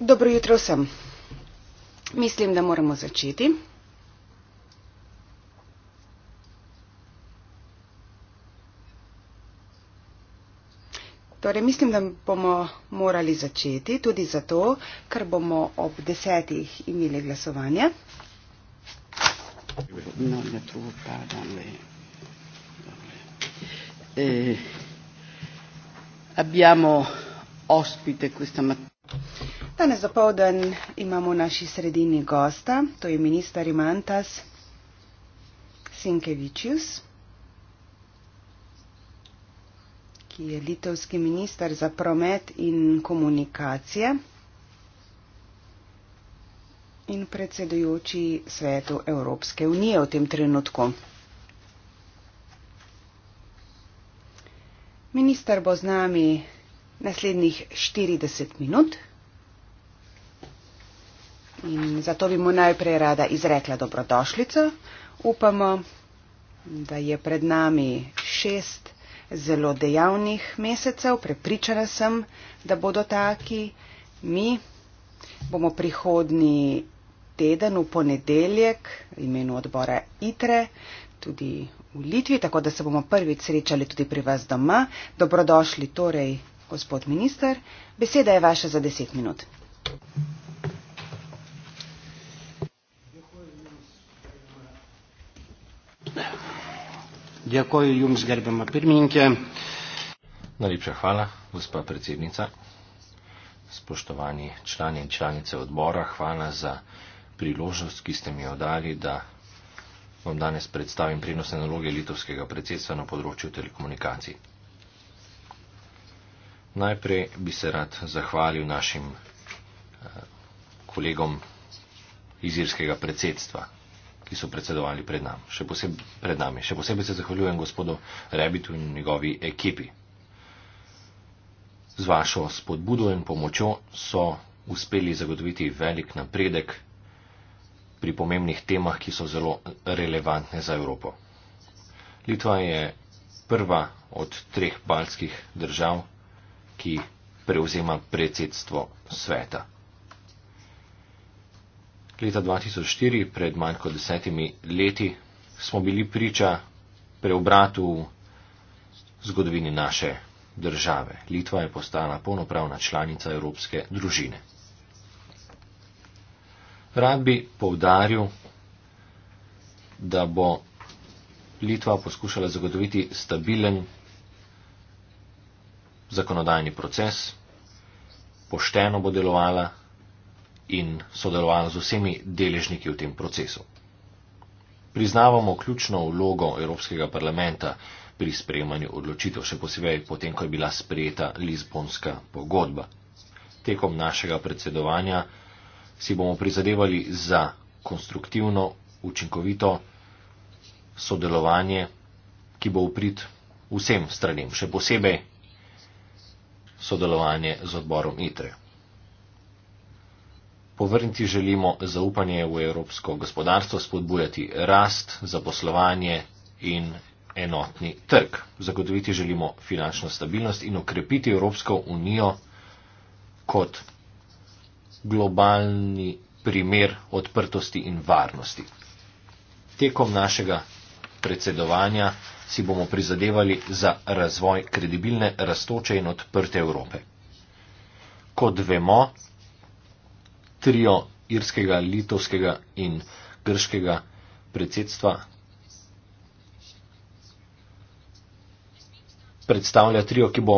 Dobro jutro vsem. Mislim, da moramo začeti. Torej, mislim, da bomo morali začeti tudi zato, ker bomo ob desetih imeli glasovanje. No, ne tu upadam. Eh, abbiamo. Eh, ospite questa mattina. Danes dopoledne imamo v naši sredini gosta, to je minister Imantas Sinkevičius, ki je litovski minister za promet in komunikacije in predsedujoči svetu Evropske unije v tem trenutku. Minister bo z nami naslednjih 40 minut. In zato bi mu najprej rada izrekla dobrodošljico. Upamo, da je pred nami šest zelo dejavnih mesecev. Prepričana sem, da bodo taki. Mi bomo prihodni teden v ponedeljek v imenu odbora ITRE tudi v Litvi, tako da se bomo prvič srečali tudi pri vas doma. Dobrodošli torej Gospod minister, beseda je vaša za deset minut. Dziękuję Jums, gerbiama pirmininkė. Najlepša hvala, gospa predsednica. Spoštovani člani in članice odbora, hvala za priložnost, ki ste mi jo dali, da vam danes predstavim prenosne naloge litovskega predsedstva na področju telekomunikacij. Najprej bi se rad zahvalil našim eh, kolegom iz irskega predsedstva, ki so predsedovali pred, nam, še poseb, pred nami. Še posebej se zahvaljujem gospodu Rebitu in njegovi ekipi. Z vašo spodbudo in pomočjo so uspeli zagotoviti velik napredek pri pomembnih temah, ki so zelo relevantne za Evropo. Litva je prva od treh baltskih držav, ki prevzema predsedstvo sveta. Leta 2004, pred manj kot desetimi leti, smo bili priča preobratu v zgodovini naše države. Litva je postala polnopravna članica Evropske družine. Rad bi povdaril, da bo Litva poskušala zagotoviti stabilen zakonodajni proces, pošteno bo delovala in sodelovala z vsemi deležniki v tem procesu. Priznavamo ključno vlogo Evropskega parlamenta pri sprejemanju odločitev, še posebej potem, ko je bila sprejeta Lizbonska pogodba. Tekom našega predsedovanja si bomo prizadevali za konstruktivno, učinkovito sodelovanje, ki bo uprit vsem stranem, še posebej sodelovanje z odborom ITRE. Povrniti želimo zaupanje v evropsko gospodarstvo, spodbujati rast, zaposlovanje in enotni trg. Zagotoviti želimo finančno stabilnost in okrepiti Evropsko unijo kot globalni primer odprtosti in varnosti. Tekom našega predsedovanja si bomo prizadevali za razvoj kredibilne, raztoče in odprte Evrope. Kot vemo, trio irskega, litovskega in grškega predsedstva predstavlja trio, ki bo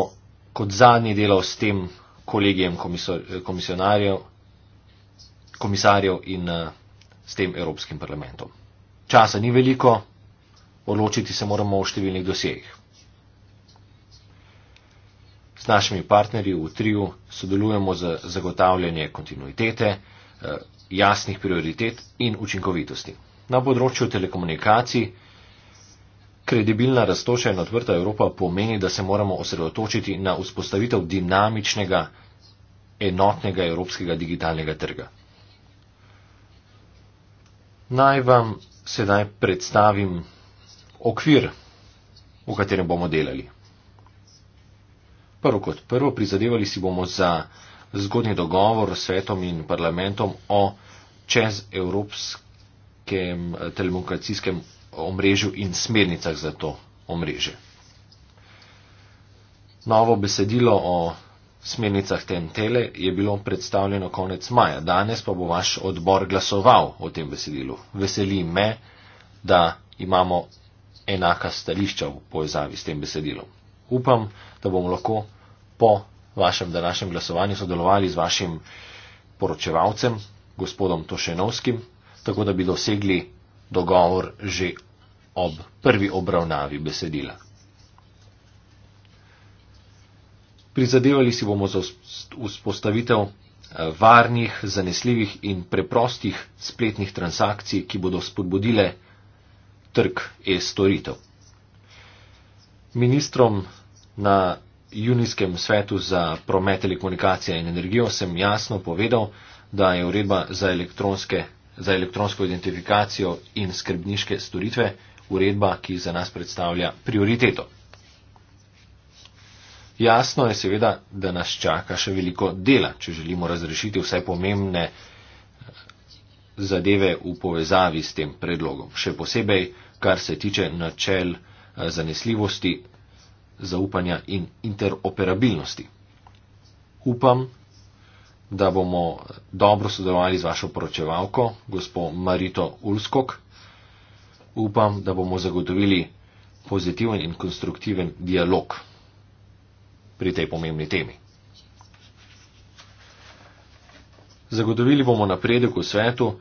kot zadnji delal s tem kolegijem komisionarjev, komisarjev in eh, s tem Evropskim parlamentom. Časa ni veliko, Odločiti se moramo o številnih dosjejih. S našimi partnerji v triju sodelujemo za zagotavljanje kontinuitete, eh, jasnih prioritet in učinkovitosti. Na področju telekomunikacij kredibilna, raztoča in odprta Evropa pomeni, da se moramo osredotočiti na vzpostavitev dinamičnega, enotnega evropskega digitalnega trga. Naj vam sedaj predstavim okvir, v katerem bomo delali. Prvo kot prvo prizadevali si bomo za zgodni dogovor s svetom in parlamentom o čezevropskem eh, telemokracijskem omrežju in smernicah za to omrežje. Novo besedilo o smernicah TNT-le je bilo predstavljeno konec maja. Danes pa bo vaš odbor glasoval o tem besedilu. Veseli me, da imamo enaka stališča v povezavi s tem besedilom. Upam, da bomo lahko po vašem današnjem glasovanju sodelovali z vašim poročevalcem, gospodom Tošenovskim, tako da bi dosegli dogovor že ob prvi obravnavi besedila. Prizadevali si bomo za vzpostavitev eh, varnih, zanesljivih in preprostih spletnih transakcij, ki bodo spodbudile trg e-storitev. Ministrom na junijskem svetu za promet, telekomunikacije in energijo sem jasno povedal, da je uredba za, za elektronsko identifikacijo in skrbniške storitve uredba, ki za nas predstavlja prioriteto. Jasno je seveda, da nas čaka še veliko dela, če želimo razrešiti vse pomembne zadeve v povezavi s tem predlogom, še posebej, kar se tiče načel eh, zanesljivosti, zaupanja in interoperabilnosti. Upam, da bomo dobro sodelovali z vašo poročevalko, gospod Marito Ulskok. Upam, da bomo zagotovili pozitiven in konstruktiven dialog pri tej pomembni temi. Zagotovili bomo napredek v svetu,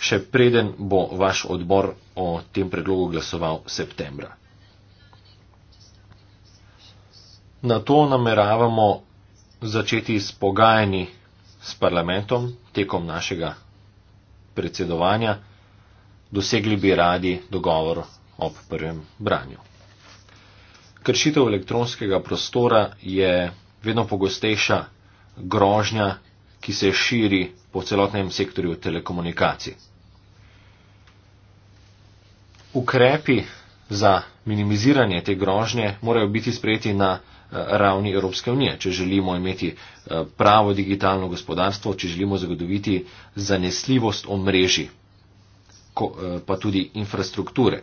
še preden bo vaš odbor o tem predlogu glasoval septembra. Na to nameravamo začeti s pogajanji s parlamentom tekom našega predsedovanja. Dosegli bi radi dogovor ob prvem branju. Kršitev elektronskega prostora je vedno pogostejša grožnja, ki se širi po celotnem sektorju telekomunikacij ukrepi za minimiziranje te grožnje morajo biti sprejeti na eh, ravni Evropske unije, če želimo imeti eh, pravo digitalno gospodarstvo, če želimo zagotoviti zanesljivost omrežji, eh, pa tudi infrastrukture.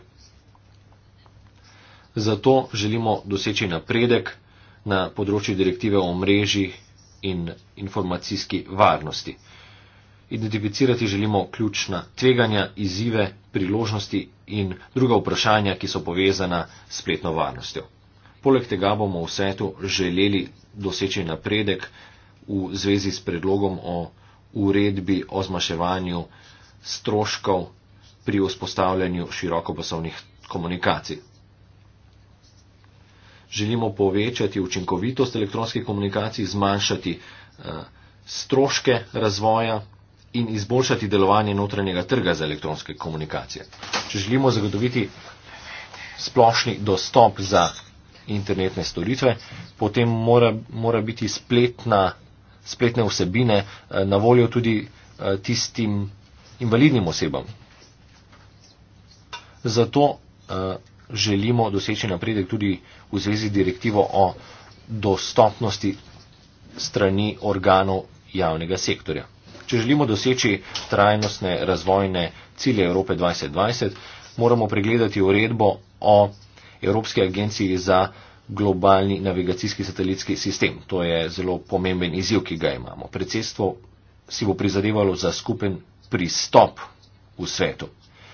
Zato želimo doseči napredek na področju direktive o mreži in informacijski varnosti. Identificirati želimo ključna tveganja, izzive, priložnosti in druga vprašanja, ki so povezana s spletno varnostjo. Poleg tega bomo v svetu želeli doseči napredek v zvezi s predlogom o uredbi o zmaševanju stroškov pri vzpostavljanju širokopasovnih komunikacij. Želimo povečati učinkovitost elektronskih komunikacij, zmanjšati eh, stroške razvoja in izboljšati delovanje notranjega trga za elektronske komunikacije. Če želimo zagotoviti splošni dostop za internetne storitve, potem mora, mora biti spletna, spletne vsebine eh, na voljo tudi eh, tistim invalidnim osebam. Zato uh, želimo doseči napredek tudi v zvezi direktivo o dostopnosti strani organov javnega sektorja če želimo doseči trajnostne razvojne cilje Evrope 2020, moramo pregledati uredbo o Evropski agenciji za globalni navigacijski satelitski sistem. To je zelo pomemben izjiv, ki ga imamo. Predsedstvo si bo prizadevalo za skupen pristop v svetu.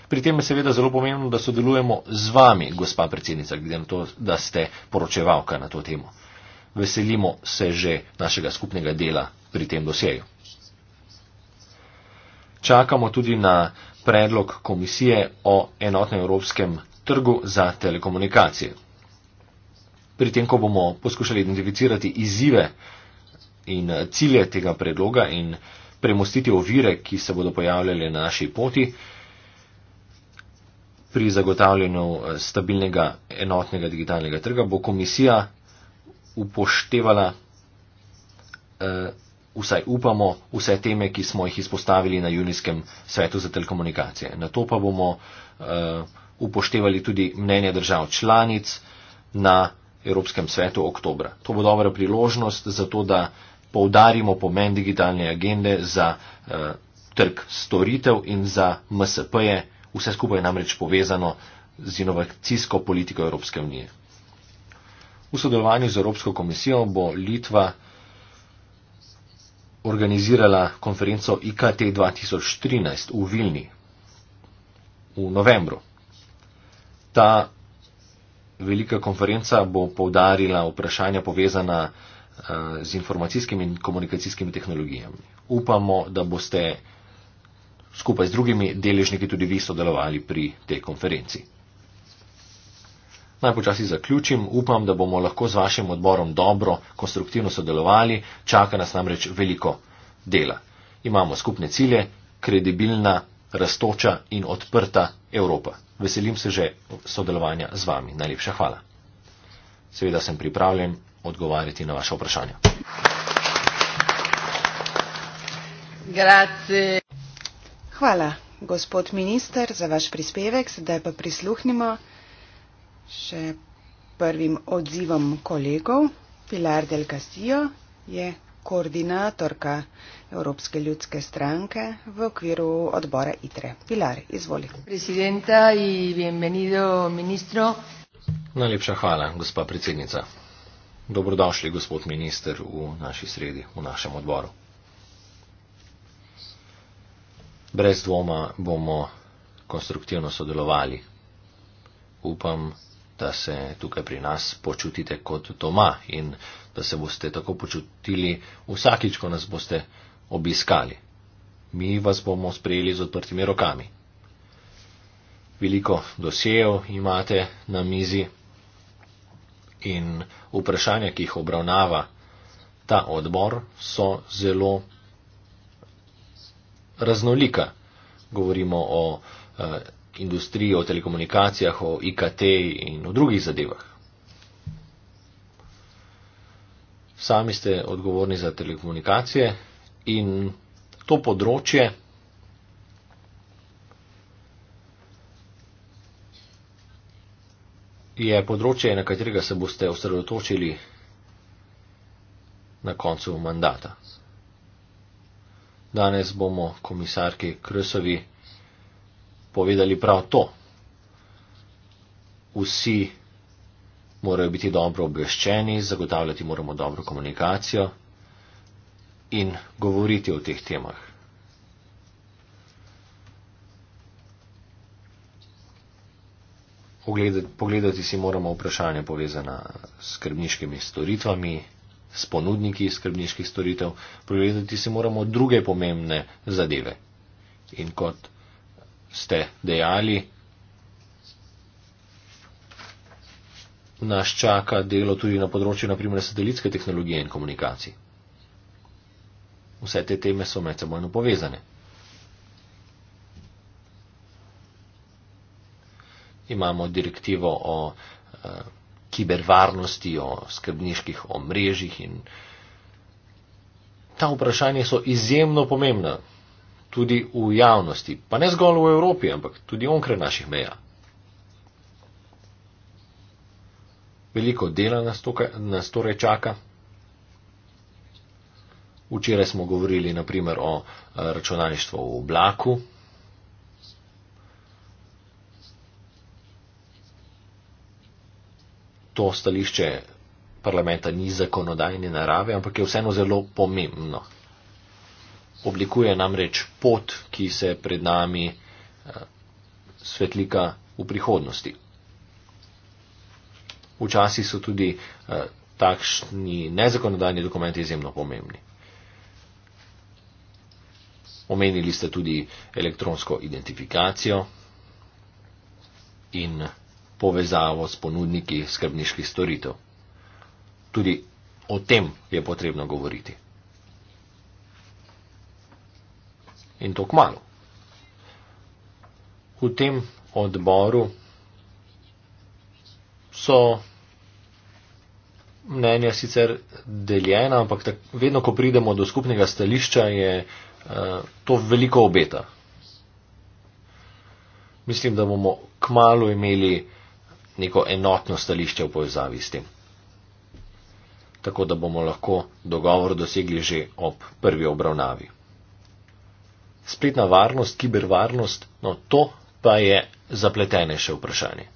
Pri tem je seveda zelo pomembno, da sodelujemo z vami, gospa predsednica, glede na to, da ste poročevalka na to temo. Veselimo se že našega skupnega dela pri tem dosjeju čakamo tudi na predlog komisije o enotnem evropskem trgu za telekomunikacije. Pri tem, ko bomo poskušali identificirati izzive in cilje tega predloga in premostiti ovire, ki se bodo pojavljale na naši poti pri zagotavljanju eh, stabilnega enotnega digitalnega trga, bo komisija upoštevala eh, vsaj upamo, vse teme, ki smo jih izpostavili na junijskem svetu za telekomunikacije. Na to pa bomo uh, upoštevali tudi mnenje držav članic na Evropskem svetu oktobra. To bo dobra priložnost za to, da poudarimo pomen digitalne agende za uh, trg storitev in za MSP-je. Vse skupaj je namreč povezano z inovacijsko politiko Evropske unije. V sodelovanju z Evropsko komisijo bo Litva organizirala konferenco IKT 2013 v Vilni v novembru. Ta velika konferenca bo povdarila vprašanja povezana eh, z informacijskimi in komunikacijskimi tehnologijami. Upamo, da boste skupaj z drugimi deležniki tudi vi sodelovali pri tej konferenci. Naj počasi zaključim. Upam, da bomo lahko z vašim odborom dobro, konstruktivno sodelovali. Čaka nas namreč veliko dela. Imamo skupne cilje, kredibilna, rastoča in odprta Evropa. Veselim se že sodelovanja z vami. Najlepša hvala. Seveda sem pripravljen odgovarjati na vaše vprašanje. Grazie. Hvala, gospod minister, za vaš prispevek. Zdaj pa prisluhnimo še prvim odzivom kolegov. Pilar del Castillo je koordinatorka Evropske ljudske stranke v okviru odbora ITRE. Pilar, izvoli. Najlepša hvala, gospa predsednica. Dobrodošli, gospod minister, v naši sredi, v našem odboru. Brez dvoma bomo konstruktivno sodelovali. Upam, da se tukaj pri nas počutite kot doma in da se boste tako počutili vsakič, ko nas boste obiskali. Mi vas bomo sprejeli z odprtimi rokami. Veliko dosejev imate na mizi in vprašanja, ki jih obravnava ta odbor, so zelo raznolika. Govorimo o eh, industriji, o telekomunikacijah, o IKT in o drugih zadevah. Sami ste odgovorni za telekomunikacije in to področje je področje, na katerega se boste osredotočili na koncu mandata. Danes bomo komisarki Krsovi povedali prav to. Vsi morajo biti dobro obveščeni, zagotavljati moramo dobro komunikacijo in govoriti o teh temah. Pogledati si moramo vprašanja povezana s skrbniškimi storitvami, s ponudniki skrbniških storitev, pogledati si moramo druge pomembne zadeve. In kot ste dejali, nas čaka delo tudi na področju naprimer satelitske tehnologije in komunikacij. Vse te teme so med sebojno povezane. Imamo direktivo o e, kibervarnosti, o skrbniških omrežjih in ta vprašanja so izjemno pomembna tudi v javnosti, pa ne zgolj v Evropi, ampak tudi onkraj naših meja. Veliko dela nas, tukaj, nas torej čaka. Včeraj smo govorili naprimer o eh, računalništvu v oblaku. To stališče parlamenta ni zakonodajne narave, ampak je vseeno zelo pomembno oblikuje namreč pot, ki se pred nami eh, svetlika v prihodnosti. Včasih so tudi eh, takšni nezakonodajni dokumenti izjemno pomembni. Omenili ste tudi elektronsko identifikacijo in povezavo s ponudniki skrbniških storitev. Tudi o tem je potrebno govoriti. in to kmalo. V tem odboru so mnenja sicer deljena, ampak tak, vedno, ko pridemo do skupnega stališča, je uh, to veliko obeta. Mislim, da bomo kmalo imeli neko enotno stališče v povezavi s tem. Tako da bomo lahko dogovor dosegli že ob prvi obravnavi spletna varnost, kibervarnost, no to pa je zapletene še vprašanje.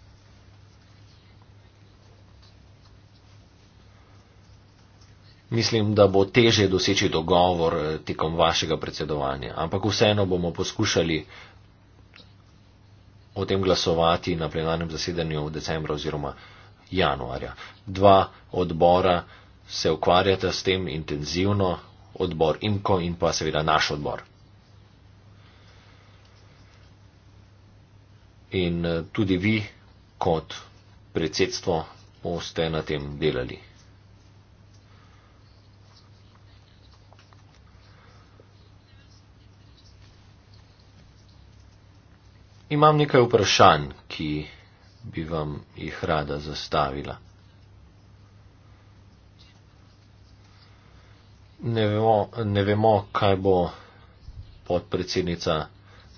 Mislim, da bo teže doseči dogovor eh, tekom vašega predsedovanja, ampak vseeno bomo poskušali o tem glasovati na plenarnem zasedanju v decembru oziroma januarja. Dva odbora se ukvarjata s tem intenzivno, odbor IMKO in pa seveda naš odbor. in eh, tudi vi kot predsedstvo boste na tem delali. Imam nekaj vprašanj, ki bi vam jih rada zastavila. Ne vemo, ne vemo kaj bo podpredsednica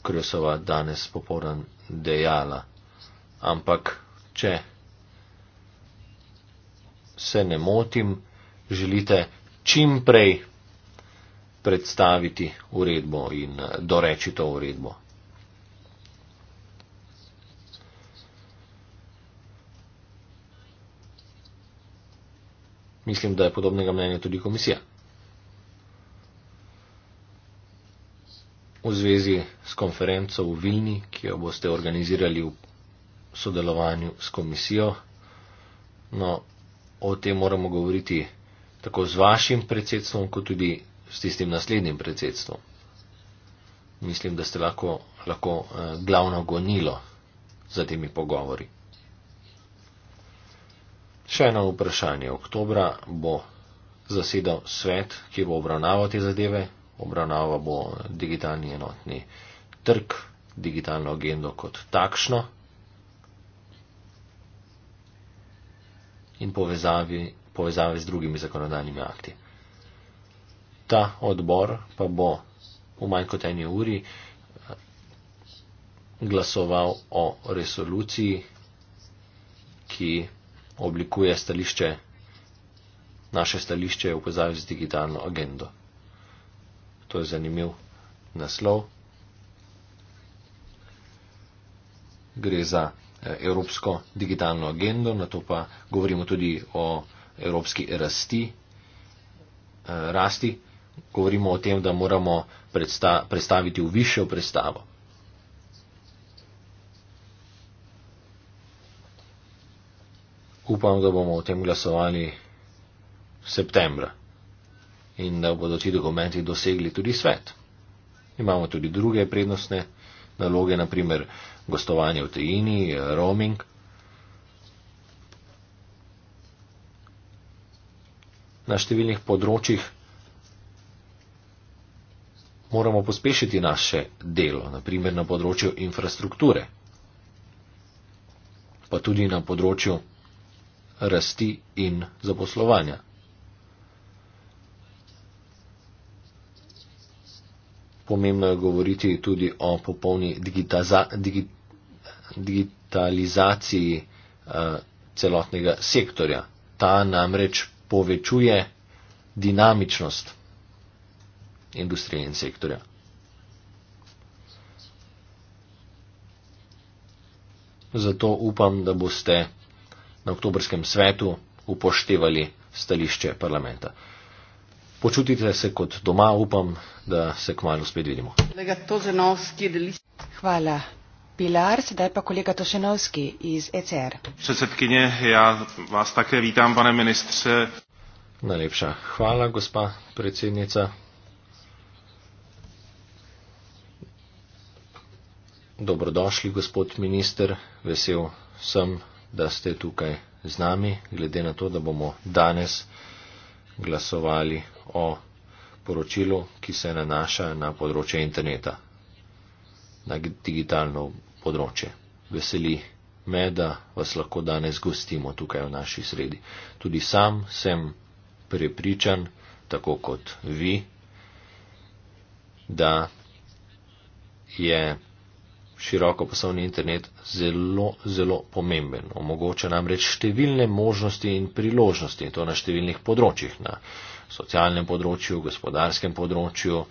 Krjosova danes popoldan dejala. Ampak, če se ne motim, želite čim prej predstaviti uredbo in eh, doreči to uredbo. Mislim, da je podobnega mnenja tudi komisija. v zvezi s konferenco v Vilni, ki jo boste organizirali v sodelovanju s komisijo. No, o tem moramo govoriti tako z vašim predsedstvom, kot tudi s tistim naslednjim predsedstvom. Mislim, da ste lahko, lahko eh, glavno gonilo za temi pogovori. Še eno vprašanje. Oktobra bo zasedal svet, ki bo obravnaval te zadeve, obravnavamo digitalni enotni trg, digitalno agendo kot takšno in povezavi, povezave z drugimi zakonodajnimi akti. Ta odbor pa bo v manj kot eni uri eh, glasoval o resoluciji, ki oblikuje stališče, naše stališče v povezavi z digitalno agendo to je zanimiv naslov. Gre za eh, Evropsko digitalno agendo, na to pa govorimo tudi o evropski rasti, eh, rasti. govorimo o tem, da moramo predsta, predstaviti v višjo predstavo. Upam, da bomo o tem glasovali septembra in da bodo ti dokumenti dosegli tudi svet. Imamo tudi druge prednostne naloge, naprimer gostovanje v tajini, roaming. Na številnih področjih moramo pospešiti naše delo, naprimer na področju infrastrukture, pa tudi na področju rasti in zaposlovanja. pomembno je govoriti tudi o popolni digi digitalizaciji uh, celotnega sektorja. Ta namreč povečuje dinamičnost industrije in sektorja. Zato upam, da boste na oktobrskem svetu upoštevali stališče parlamenta počutite se kot doma, upam, da se kmalo spet vidimo. Hvala. Pilar, sedaj pa kolega Tošenovski iz ECR. Predsedkinje, ja vas také vítam, pane ministře. Najlepša hvala, gospa predsednica. Dobrodošli, gospod minister, vesel sem, da ste tukaj z nami, glede na to, da bomo danes glasovali o poročilu, ki se nanaša na področje interneta, na digitalno področje. Veseli me, da vas lahko danes gostimo tukaj v naši sredi. Tudi sam sem prepričan, tako kot vi, da je široko poslovni internet zelo, zelo pomemben. Omogoča namreč številne možnosti in priložnosti, in to na številnih področjih, na socialnem področju, gospodarskem področju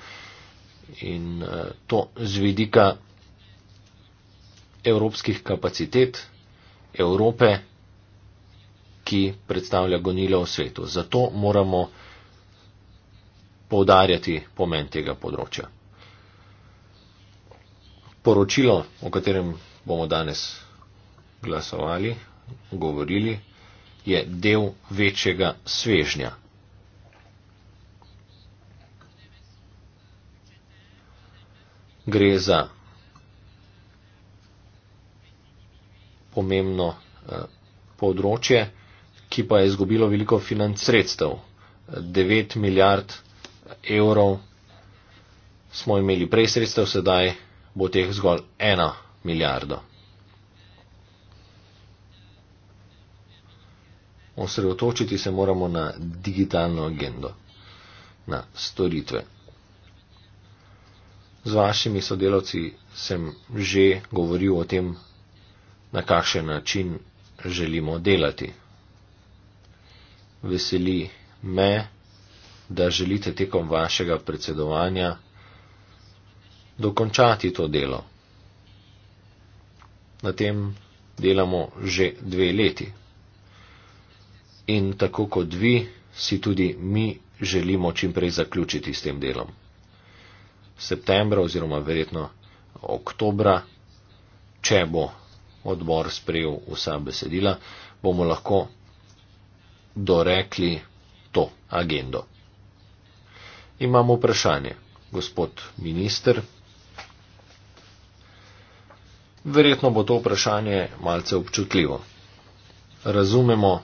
in eh, to z vidika evropskih kapacitet Evrope, ki predstavlja gonilo v svetu. Zato moramo povdarjati pomen tega področja. Poročilo, o katerem bomo danes glasovali, govorili, je del večjega svežnja. gre za pomembno eh, področje, ki pa je izgubilo veliko financ sredstev. 9 milijard evrov smo imeli prej sredstev, sedaj bo teh zgolj ena milijarda. Osredotočiti se moramo na digitalno agendo, na storitve z vašimi sodelavci sem že govoril o tem, na kakšen način želimo delati. Veseli me, da želite tekom vašega predsedovanja dokončati to delo. Na tem delamo že dve leti. In tako kot vi, si tudi mi želimo čimprej zaključiti s tem delom septembra oziroma verjetno oktobra, če bo odbor sprejel vsa besedila, bomo lahko dorekli to agendo. Imamo vprašanje, gospod minister. Verjetno bo to vprašanje malce občutljivo. Razumemo,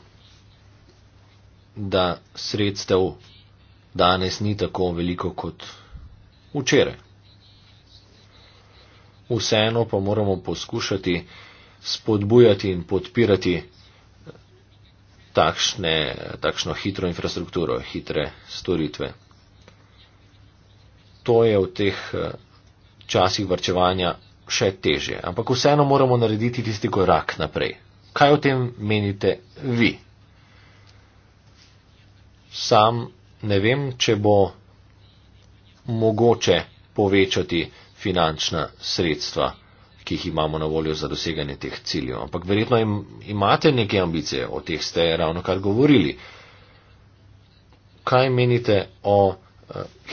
da sredstev danes ni tako veliko kot včeraj. Vseeno pa moramo poskušati spodbujati in podpirati takšne, takšno hitro infrastrukturo, hitre storitve. To je v teh eh, časih vrčevanja še teže, ampak vseeno moramo narediti tisti korak naprej. Kaj o tem menite vi? Sam ne vem, če bo mogoče povečati finančna sredstva, ki jih imamo na voljo za doseganje teh ciljev. Ampak verjetno im, imate neke ambicije, o teh ste ravno kar govorili. Kaj menite o uh,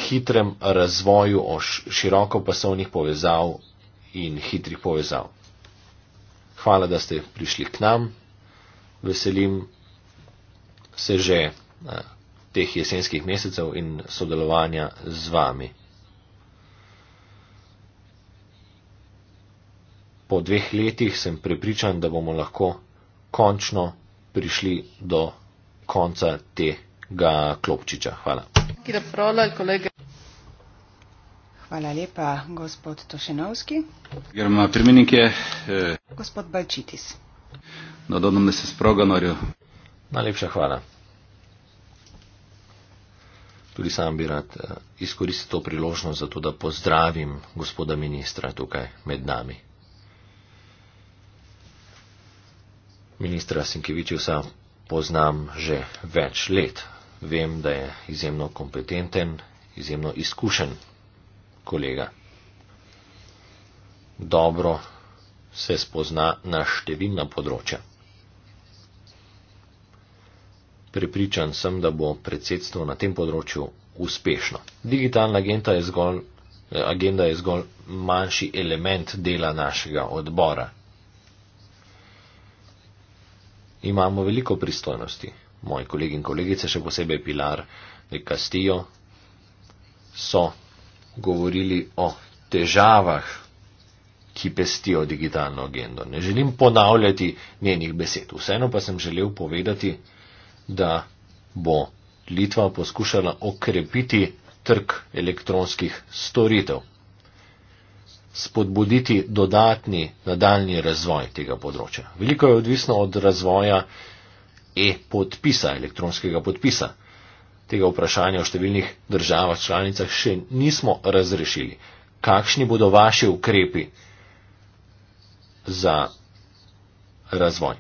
hitrem razvoju, o širokopasovnih povezav in hitrih povezav? Hvala, da ste prišli k nam. Veselim se že. Uh, teh jesenskih mesecev in sodelovanja z vami. Po dveh letih sem prepričan, da bomo lahko končno prišli do konca tega klopčiča. Hvala. Hvala lepa, gospod Tošenovski. Germa Priminik je. E, gospod Balčitis. Na dodnem mesecu sproganorju. Najlepša hvala. Tudi sam bi rad eh, izkoristil to priložnost za to, da pozdravim gospoda ministra tukaj med nami. Ministra Sinkevičevsa poznam že več let. Vem, da je izjemno kompetenten, izjemno izkušen kolega. Dobro se spozna na številna področja. Prepričan sem, da bo predsedstvo na tem področju uspešno. Digitalna agenda je zgolj, eh, agenda je zgolj manjši element dela našega odbora. Imamo veliko pristojnosti. Moji kolegi in kolegice, še posebej Pilar de Castillo, so govorili o težavah, ki pestijo digitalno agendo. Ne želim ponavljati njenih besed. Vseeno pa sem želel povedati, da da bo Litva poskušala okrepiti trg elektronskih storitev, spodbuditi dodatni nadaljni razvoj tega področja. Veliko je odvisno od razvoja e-podpisa, elektronskega podpisa. Tega vprašanja v številnih državah članicah še nismo razrešili. Kakšni bodo vaši ukrepi za razvoj?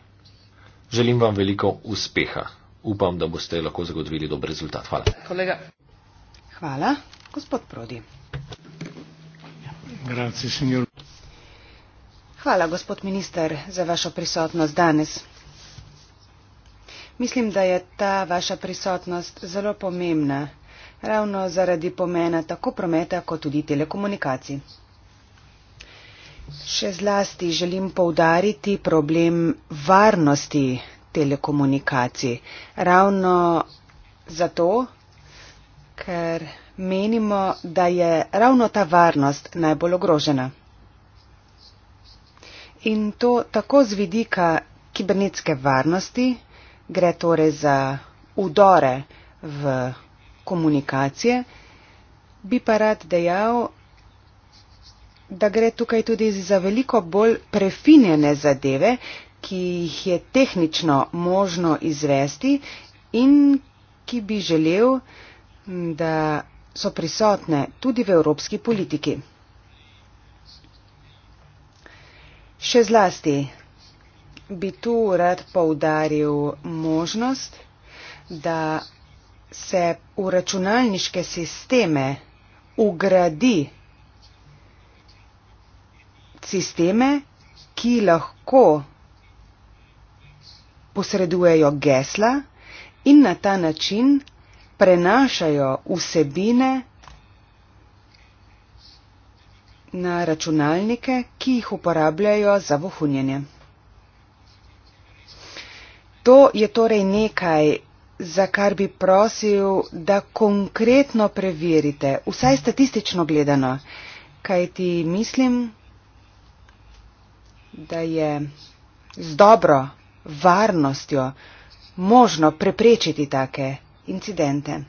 Želim vam veliko uspeha upam, da boste lahko zagotovili dober rezultat. Hvala. Kolega. Hvala. Gospod Prodi. Grazie, signor. Hvala, gospod minister, za vašo prisotnost danes. Mislim, da je ta vaša prisotnost zelo pomembna, ravno zaradi pomena tako prometa kot tudi telekomunikacij. Še zlasti želim poudariti problem varnosti telekomunikacij. Ravno zato, ker menimo, da je ravno ta varnost najbolj ogrožena. In to tako z vidika kibernetske varnosti, gre torej za udore v komunikacije, bi pa rad dejal, da gre tukaj tudi za veliko bolj prefinjene zadeve, ki jih je tehnično možno izvesti in ki bi želel, da so prisotne tudi v evropski politiki. Še zlasti bi tu rad poudaril možnost, da se v računalniške sisteme ugradi sisteme, ki lahko posredujejo gesla in na ta način prenašajo vsebine na računalnike, ki jih uporabljajo za vohunjenje. To je torej nekaj, za kar bi prosil, da konkretno preverite, vsaj statistično gledano, kaj ti mislim, da je z dobro varnostjo možno preprečiti take incidente.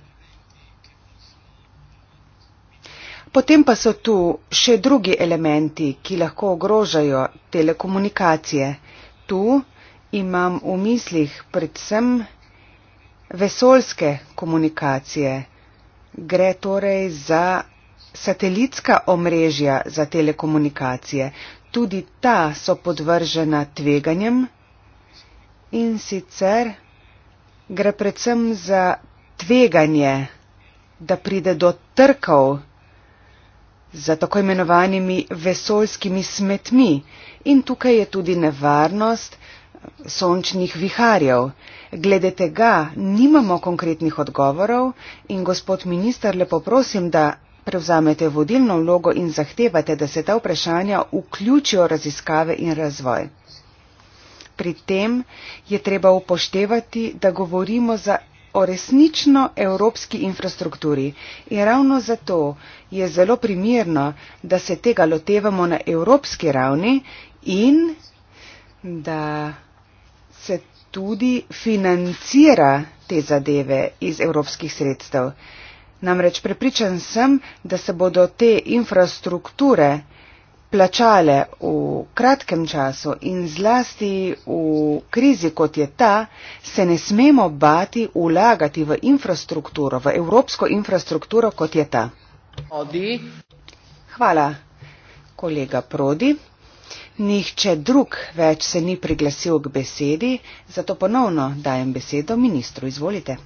Potem pa so tu še drugi elementi, ki lahko ogrožajo telekomunikacije. Tu imam v mislih predvsem vesolske komunikacije. Gre torej za satelitska omrežja za telekomunikacije. Tudi ta so podvržena tveganjem. In sicer gre predvsem za tveganje, da pride do trkov za tako imenovanimi vesoljskimi smetmi. In tukaj je tudi nevarnost sončnih viharjev. Glede tega nimamo konkretnih odgovorov in gospod minister, lepo prosim, da prevzamete vodilno vlogo in zahtevate, da se ta vprašanja vključijo v raziskave in razvoj. Pri tem je treba upoštevati, da govorimo za o resnično evropski infrastrukturi in ravno zato je zelo primirno, da se tega lotevamo na evropski ravni in da se tudi financira te zadeve iz evropskih sredstev. Namreč prepričan sem, da se bodo te infrastrukture plačale v kratkem času in zlasti v krizi, kot je ta, se ne smemo bati ulagati v infrastrukturo, v evropsko infrastrukturo, kot je ta. Odi. Hvala, kolega Prodi. Nihče drug več se ni priglasil k besedi, zato ponovno dajem besedo ministru. Izvolite.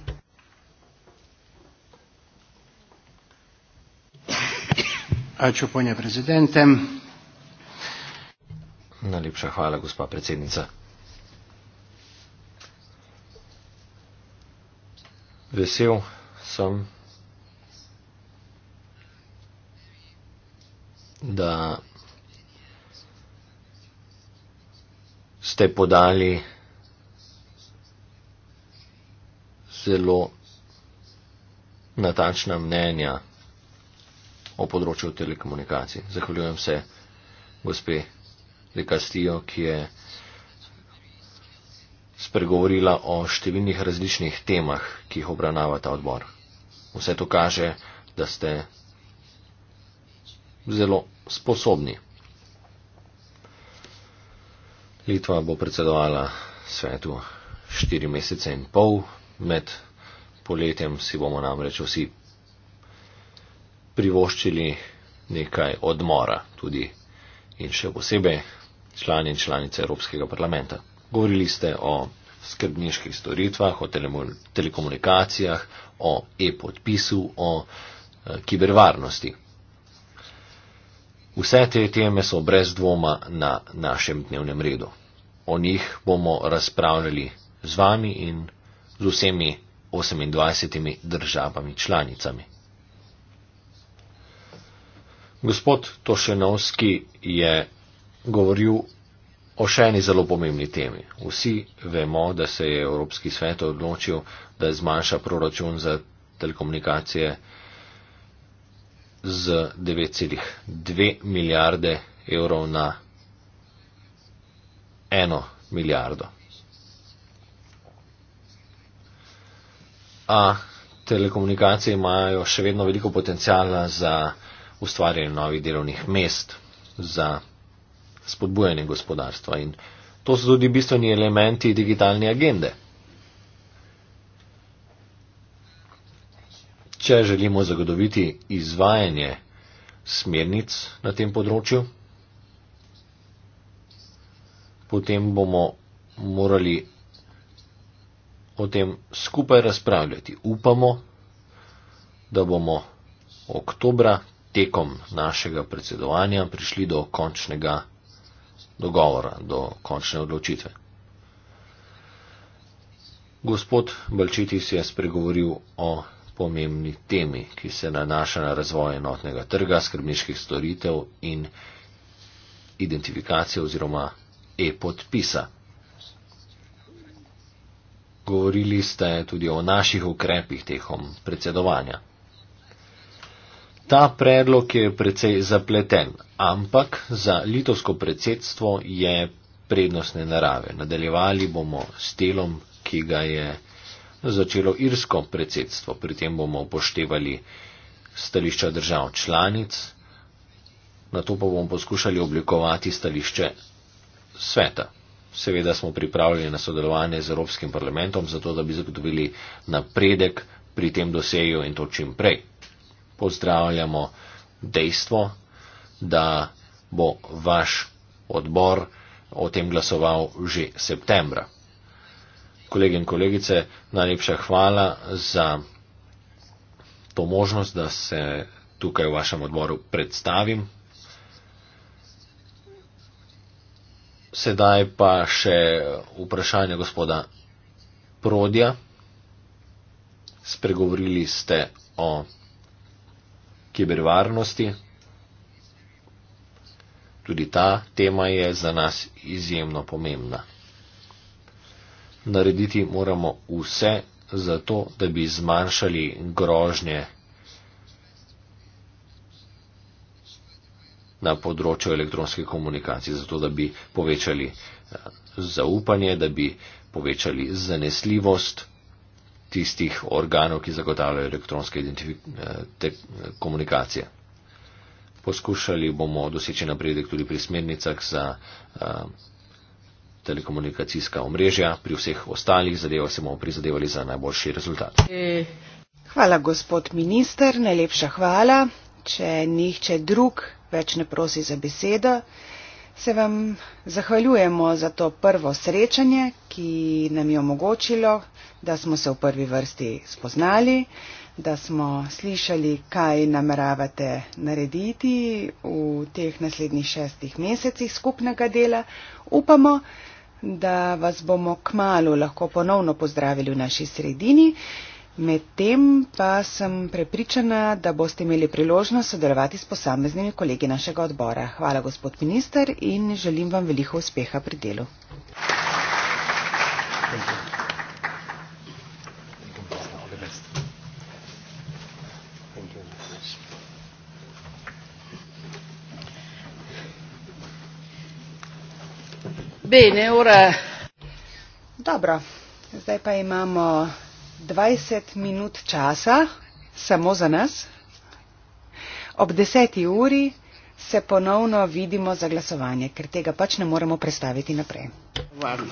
Ačiū, ponia prezidentė. Najlepša hvala, gospa predsednica. Vesel sem, da ste podali zelo natačna mnenja o področju telekomunikacij. Zahvaljujem se, gospe de Castillo, ki je spregovorila o številnih različnih temah, ki jih obravnava ta odbor. Vse to kaže, da ste zelo sposobni. Litva bo predsedovala svetu štiri mesece in pol, med poletjem si bomo namreč vsi privoščili nekaj odmora tudi in še posebej člani in članice Evropskega parlamenta. Govorili ste o skrbniških storitvah, o telekomunikacijah, o e-podpisu, o eh, kibervarnosti. Vse te teme so brez dvoma na našem dnevnem redu. O njih bomo razpravljali z vami in z vsemi 28 državami članicami. Gospod Tošenovski je govoril o še eni zelo pomembni temi. Vsi vemo, da se je Evropski svet odločil, da zmanjša proračun za telekomunikacije z 9,2 milijarde evrov na eno milijardo. A telekomunikacije imajo še vedno veliko potencijala za ustvarjanje novih delovnih mest, za spodbujanje gospodarstva in to so tudi bistveni elementi digitalne agende. Če želimo zagotoviti izvajanje smernic na tem področju, potem bomo morali o tem skupaj razpravljati. Upamo, da bomo oktobra tekom našega predsedovanja prišli do končnega dogovora, do končne odločitve. Gospod Balčitis je spregovoril o pomembni temi, ki se nanaša na razvoj enotnega trga, skrbniških storitev in identifikacije oziroma e-podpisa. Govorili ste tudi o naših ukrepih tehom predsedovanja. Ta predlog je precej zapleten, ampak za litovsko predsedstvo je prednostne narave. Nadaljevali bomo s telom, ki ga je začelo irsko predsedstvo. Pri tem bomo upoštevali stališča držav članic, na to pa bomo poskušali oblikovati stališče sveta. Seveda smo pripravljeni na sodelovanje z Evropskim parlamentom, zato da bi zagotovili napredek pri tem doseju in to čim prej pozdravljamo dejstvo, da bo vaš odbor o tem glasoval že septembra. Kolegi in kolegice, najlepša hvala za to možnost, da se tukaj v vašem odboru predstavim. Sedaj pa še vprašanje gospoda Prodja. Spregovorili ste o kibervarnosti. Tudi ta tema je za nas izjemno pomembna. Narediti moramo vse za to, da bi zmanjšali grožnje na področju elektronske komunikacije, zato da bi povečali eh, zaupanje, da bi povečali zanesljivost tistih organov, ki zagotavljajo elektronske eh, eh, komunikacije. Poskušali bomo doseči napredek tudi pri smernicah za eh, telekomunikacijska omrežja, pri vseh ostalih zadevah se bomo prizadevali za najboljši rezultat. Hvala, gospod minister, najlepša hvala. Če nihče drug več ne prosi za besedo, se vam zahvaljujemo za to prvo srečanje, ki nam je omogočilo da smo se v prvi vrsti spoznali, da smo slišali, kaj nameravate narediti v teh naslednjih šestih mesecih skupnega dela. Upamo, da vas bomo k malu lahko ponovno pozdravili v naši sredini. Medtem pa sem prepričana, da boste imeli priložnost sodelovati s posameznimi kolegi našega odbora. Hvala, gospod minister, in želim vam veliko uspeha pri delu. Thank you. Bene, ora. Dobro, zdaj pa imamo 20 minut časa, samo za nas. Ob 10. uri se ponovno vidimo za glasovanje, ker tega pač ne moremo predstaviti naprej. Varno.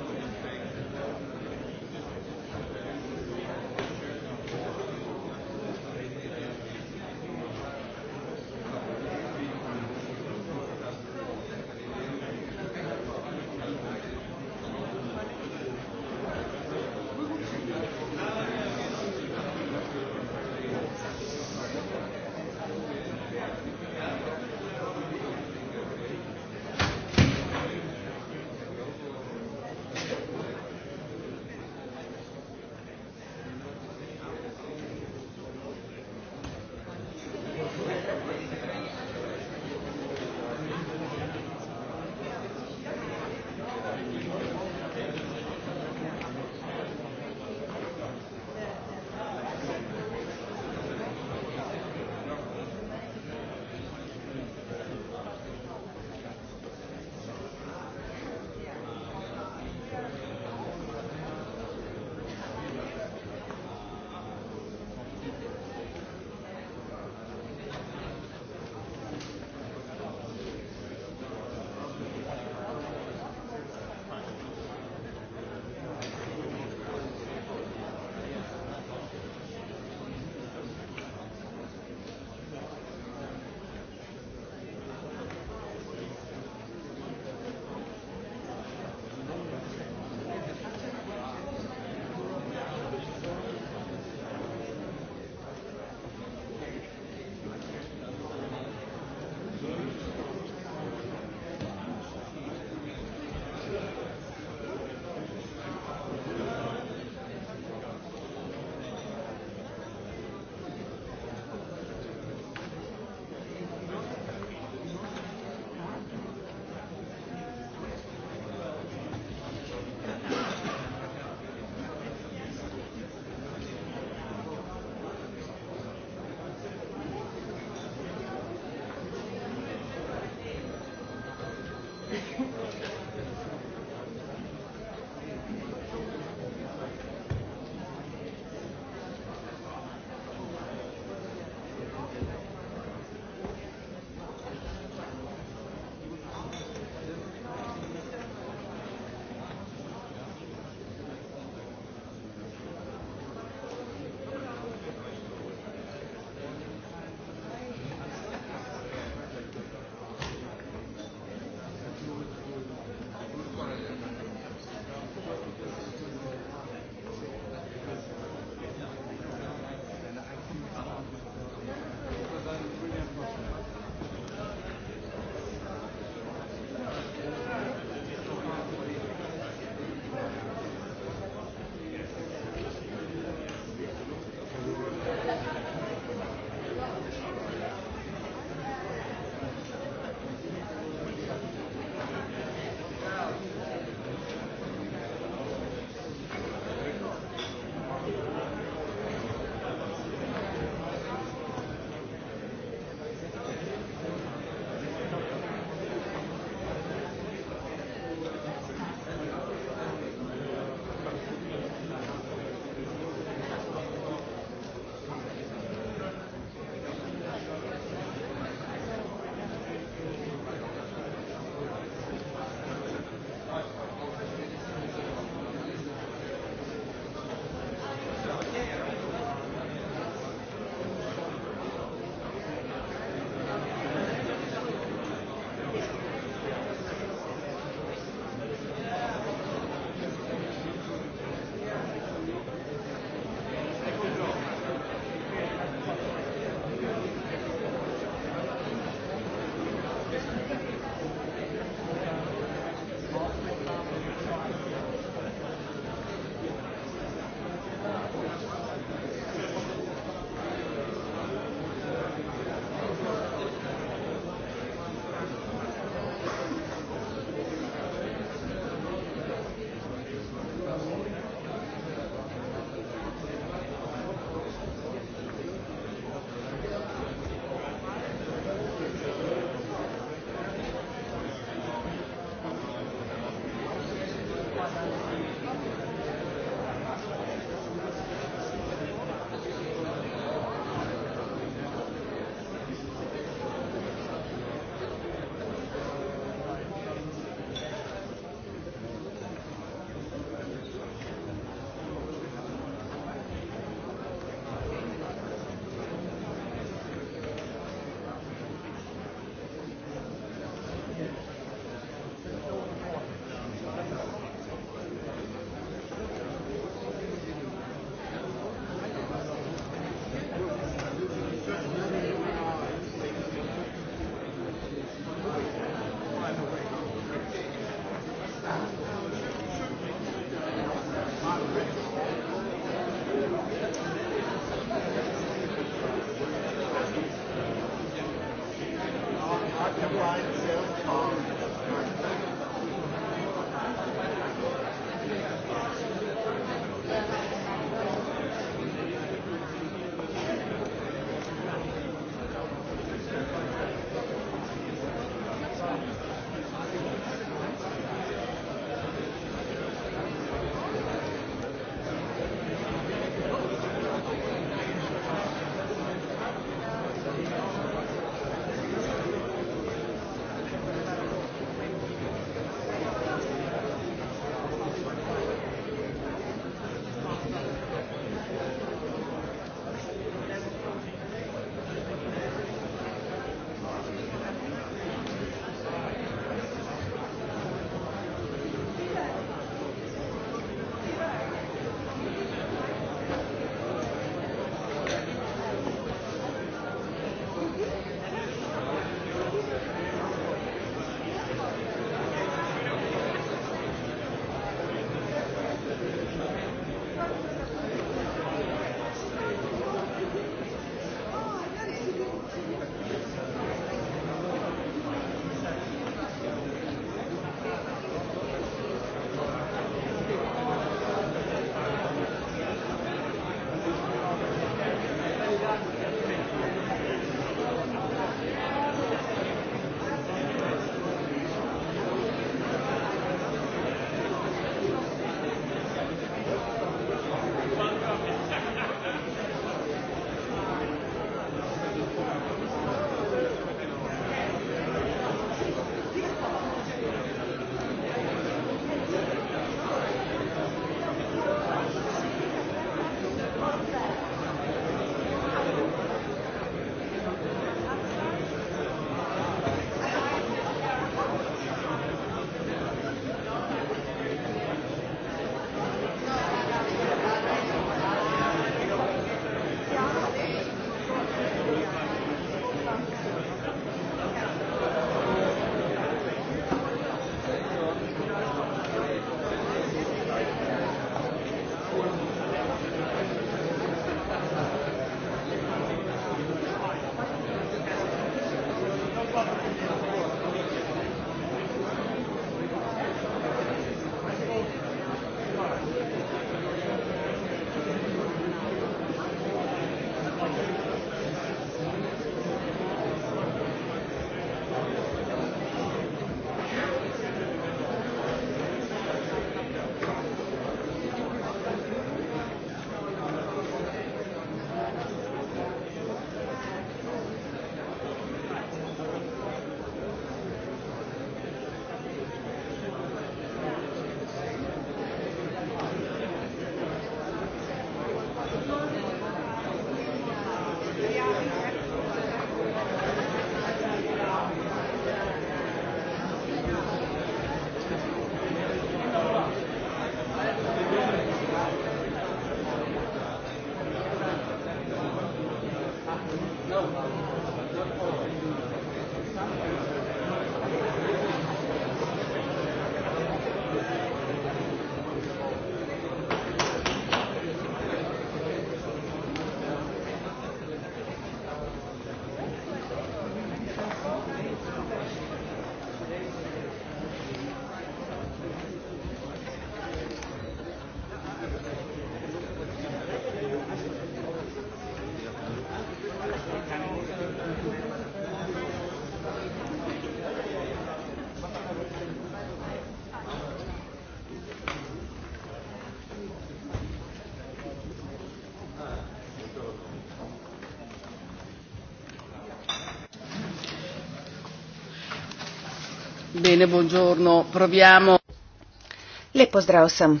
Lep pozdrav vsem.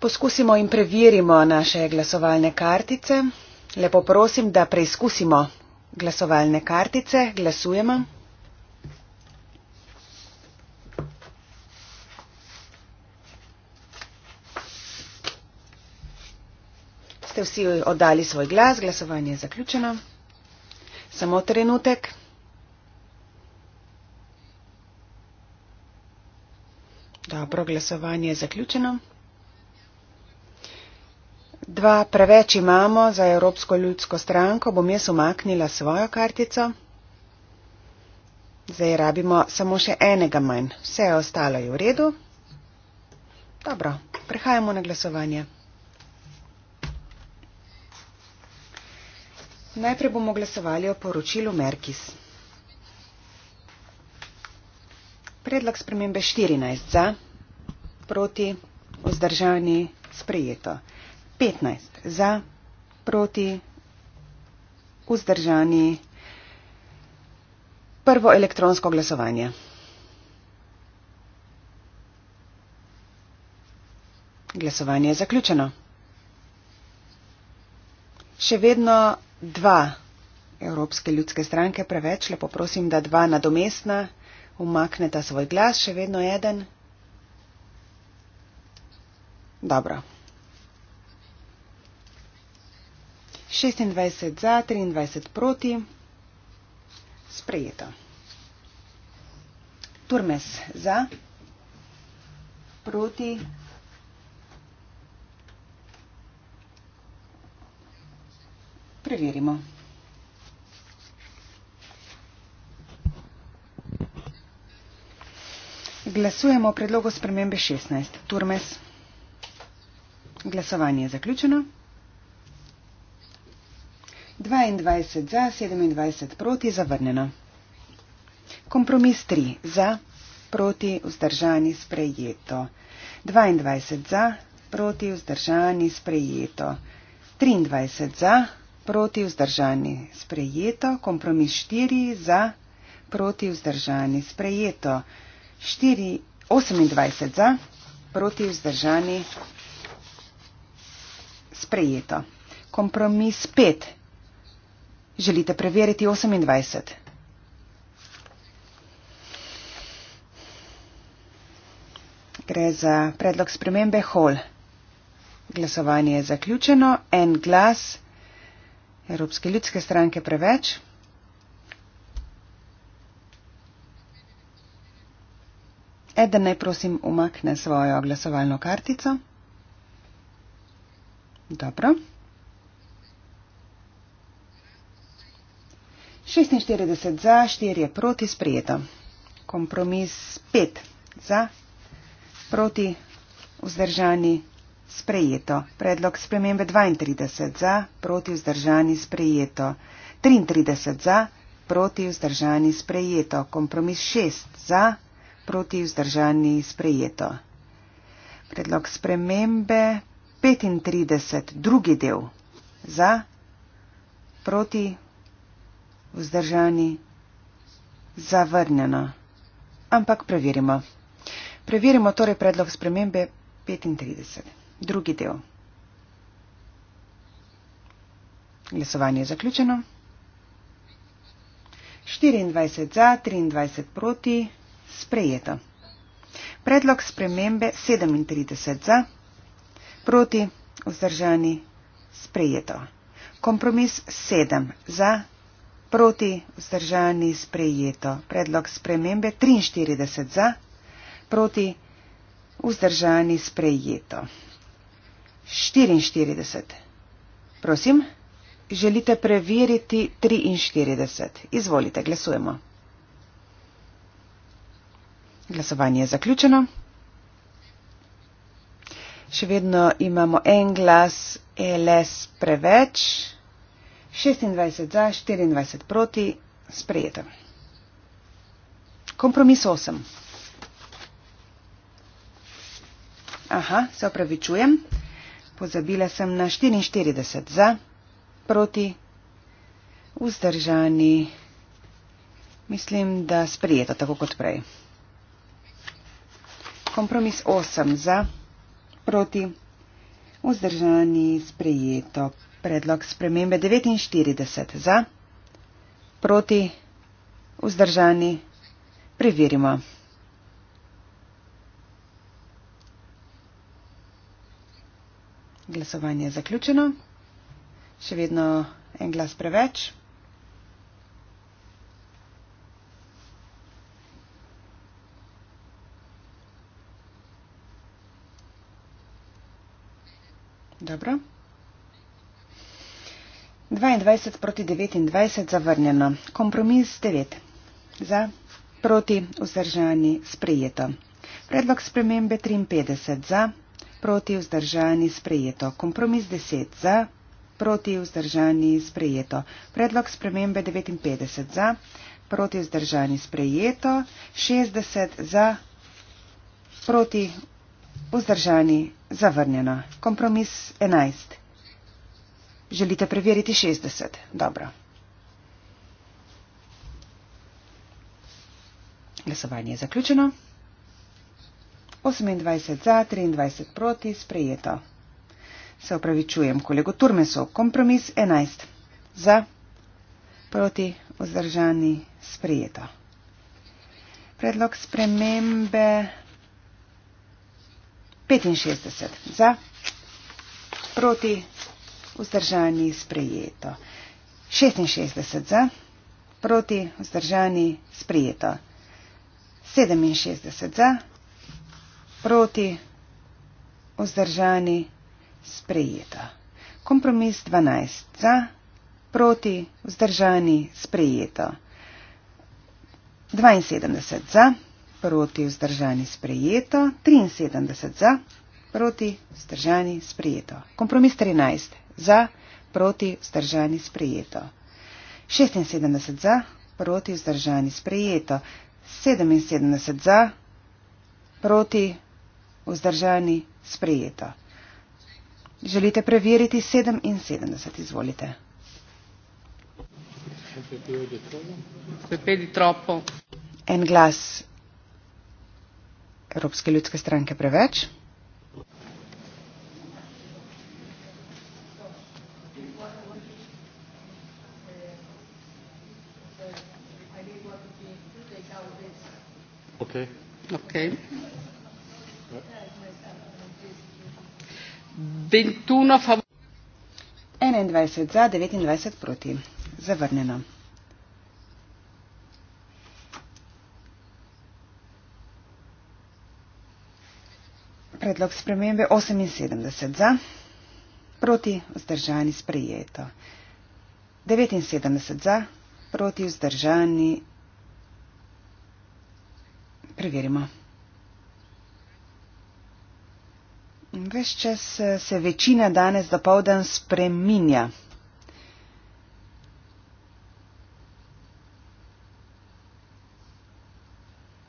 Poskusimo in preverimo naše glasovalne kartice. Lepo prosim, da preizkusimo glasovalne kartice. Glasujemo. Ste vsi oddali svoj glas, glasovanje je zaključeno. Samo trenutek. dobro, glasovanje je zaključeno. Dva preveč imamo za Evropsko ljudsko stranko, bom jaz umaknila svojo kartico. Zdaj rabimo samo še enega manj, vse ostalo je v redu. Dobro, prehajamo na glasovanje. Najprej bomo glasovali o poročilu Merkis. Predlog spremembe 14 za proti, vzdržani, sprejeto. 15 za, proti, vzdržani, prvo elektronsko glasovanje. Glasovanje je zaključeno. Še vedno dva Evropske ljudske stranke, preveč lepo prosim, da dva nadomestna umakneta svoj glas, še vedno eden. Dobro. 26 za, 23 proti. Sprejeto. Turmes za, proti. Preverimo. Glasujemo o predlogu spremembe 16. Turmes za. Glasovanje je zaključeno. 22 za, 27 proti, zavrnjeno. Kompromis 3 za, proti, vzdržani, sprejeto. 22 za, proti, vzdržani, sprejeto. 23 za, proti, vzdržani, sprejeto. Kompromis 4 za, proti, vzdržani, sprejeto. 4, 28 za, proti, vzdržani, sprejeto sprejeto. Kompromis 5. Želite preveriti 28. Gre za predlog spremembe HOL. Glasovanje je zaključeno. En glas Evropske ljudske stranke preveč. Eden naj prosim umakne svojo glasovalno kartico. Dobro. 46 za, 4 je proti, sprijeto. Kompromis 5 za, proti, vzdržani, sprijeto. Predlog spremembe 32 za, proti, vzdržani, sprijeto. 33 za, proti, vzdržani, sprijeto. Kompromis 6 za, proti, vzdržani, sprijeto. Predlog spremembe 35, drugi del za, proti, vzdržani, zavrnjena. Ampak preverimo. Preverimo torej predlog spremembe 35, drugi del. Glasovanje je zaključeno. 24 za, 23 proti, sprejeto. Predlog spremembe 37 za proti, vzdržani, sprejeto. Kompromis 7 za, proti, vzdržani, sprejeto. Predlog spremembe 43 za, proti, vzdržani, sprejeto. 44. Prosim, želite preveriti 43. Izvolite, glasujemo. Glasovanje je zaključeno še vedno imamo en glas LS preveč, 26 za, 24 proti, sprejeto. Kompromis 8. Aha, se opravičujem, pozabila sem na 44 za, proti, vzdržani, mislim, da sprijeta tako kot prej. Kompromis 8 za, proti. Vzdržani sprejeto. Predlog spremembe 49 za. Proti. Vzdržani. Preverimo. Glasovanje je zaključeno. Še vedno en glas preveč. Dobro. 22 proti 29 zavrnjeno. Kompromis 9. Za proti vzdržani sprejeto. Predlog spremembe 53 za proti vzdržani sprejeto. Kompromis 10 za proti vzdržani sprejeto. Predlog spremembe 59 za proti vzdržani sprejeto. 60 za proti Vzdržani, zavrnjeno. Kompromis 11. Želite preveriti 60. Dobro. Glasovanje je zaključeno. 28 za, 23 proti, sprejeto. Se upravičujem kolego Turmesu. Kompromis 11. Za, proti, vzdržani, sprejeto. Predlog spremembe. 65 za, proti, vzdržani, sprejeto. 66 za, proti, vzdržani, sprejeto. 67 za, proti, vzdržani, sprejeto. Kompromis 12 za, proti, vzdržani, sprejeto. 72 za, proti, vzdržani, sprejeto proti vzdržani sprejeto, 73 za, proti vzdržani sprejeto. Kompromis 13 za, proti vzdržani sprejeto. 76 za, proti vzdržani sprejeto. 77 za, proti vzdržani sprejeto. Želite preveriti 77, izvolite. En glas Evropske ljudske stranke preveč? Okay. Okay. 21 za, 29 proti. Zavrnjeno. predlog spremembe 78 za, proti vzdržani sprejeto. 79 za, proti vzdržani. Preverimo. Ves čas eh, se večina danes do povdan spreminja.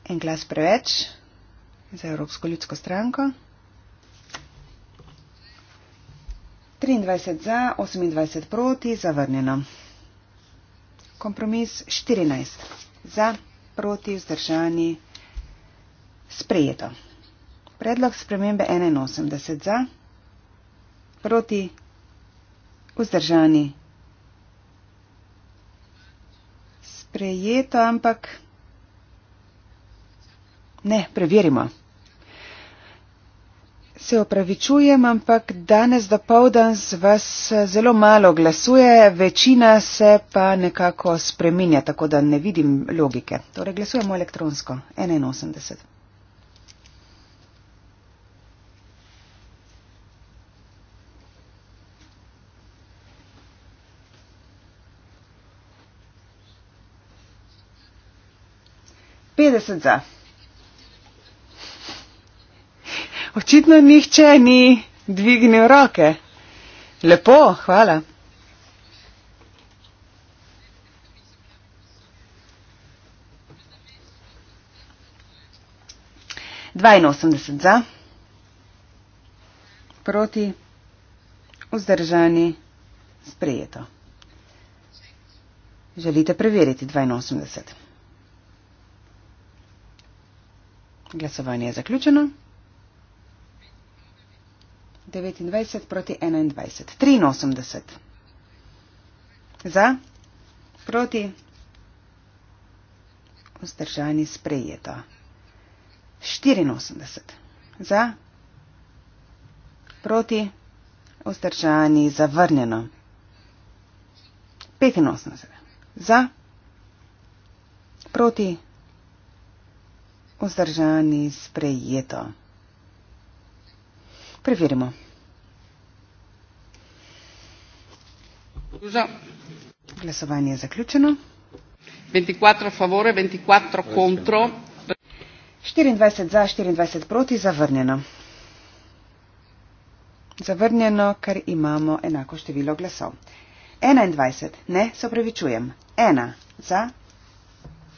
En glas preveč za Evropsko ljudsko stranko. 23 za, 28 proti, zavrnjeno. Kompromis 14 za, proti, vzdržani, sprejeto. Predlog spremembe 81 za, proti, vzdržani, sprejeto, ampak ne, preverimo. Se opravičujem, ampak danes do povdan z vas zelo malo glasuje, večina se pa nekako spreminja, tako da ne vidim logike. Torej glasujemo elektronsko. 81. Petdeset za. Očitno nihče ni dvignil roke. Lepo, hvala. Dvainosemdeset za, proti, vzdržani, sprejeto. Želite preveriti dvainosemdeset? Glasovanje je zaključeno. 29 proti 21. 83. Za, proti, vzdržani sprejeto. 84. Za, proti, vzdržani zavrnjeno. 85. Za, proti, vzdržani sprejeto. Preverimo. Glasovanje je zaključeno. 24 favore, 24 kontro. 24 za, 24 proti, zavrnjeno. Zavrnjeno, ker imamo enako število glasov. 21, ne, se upravičujem. 1 za,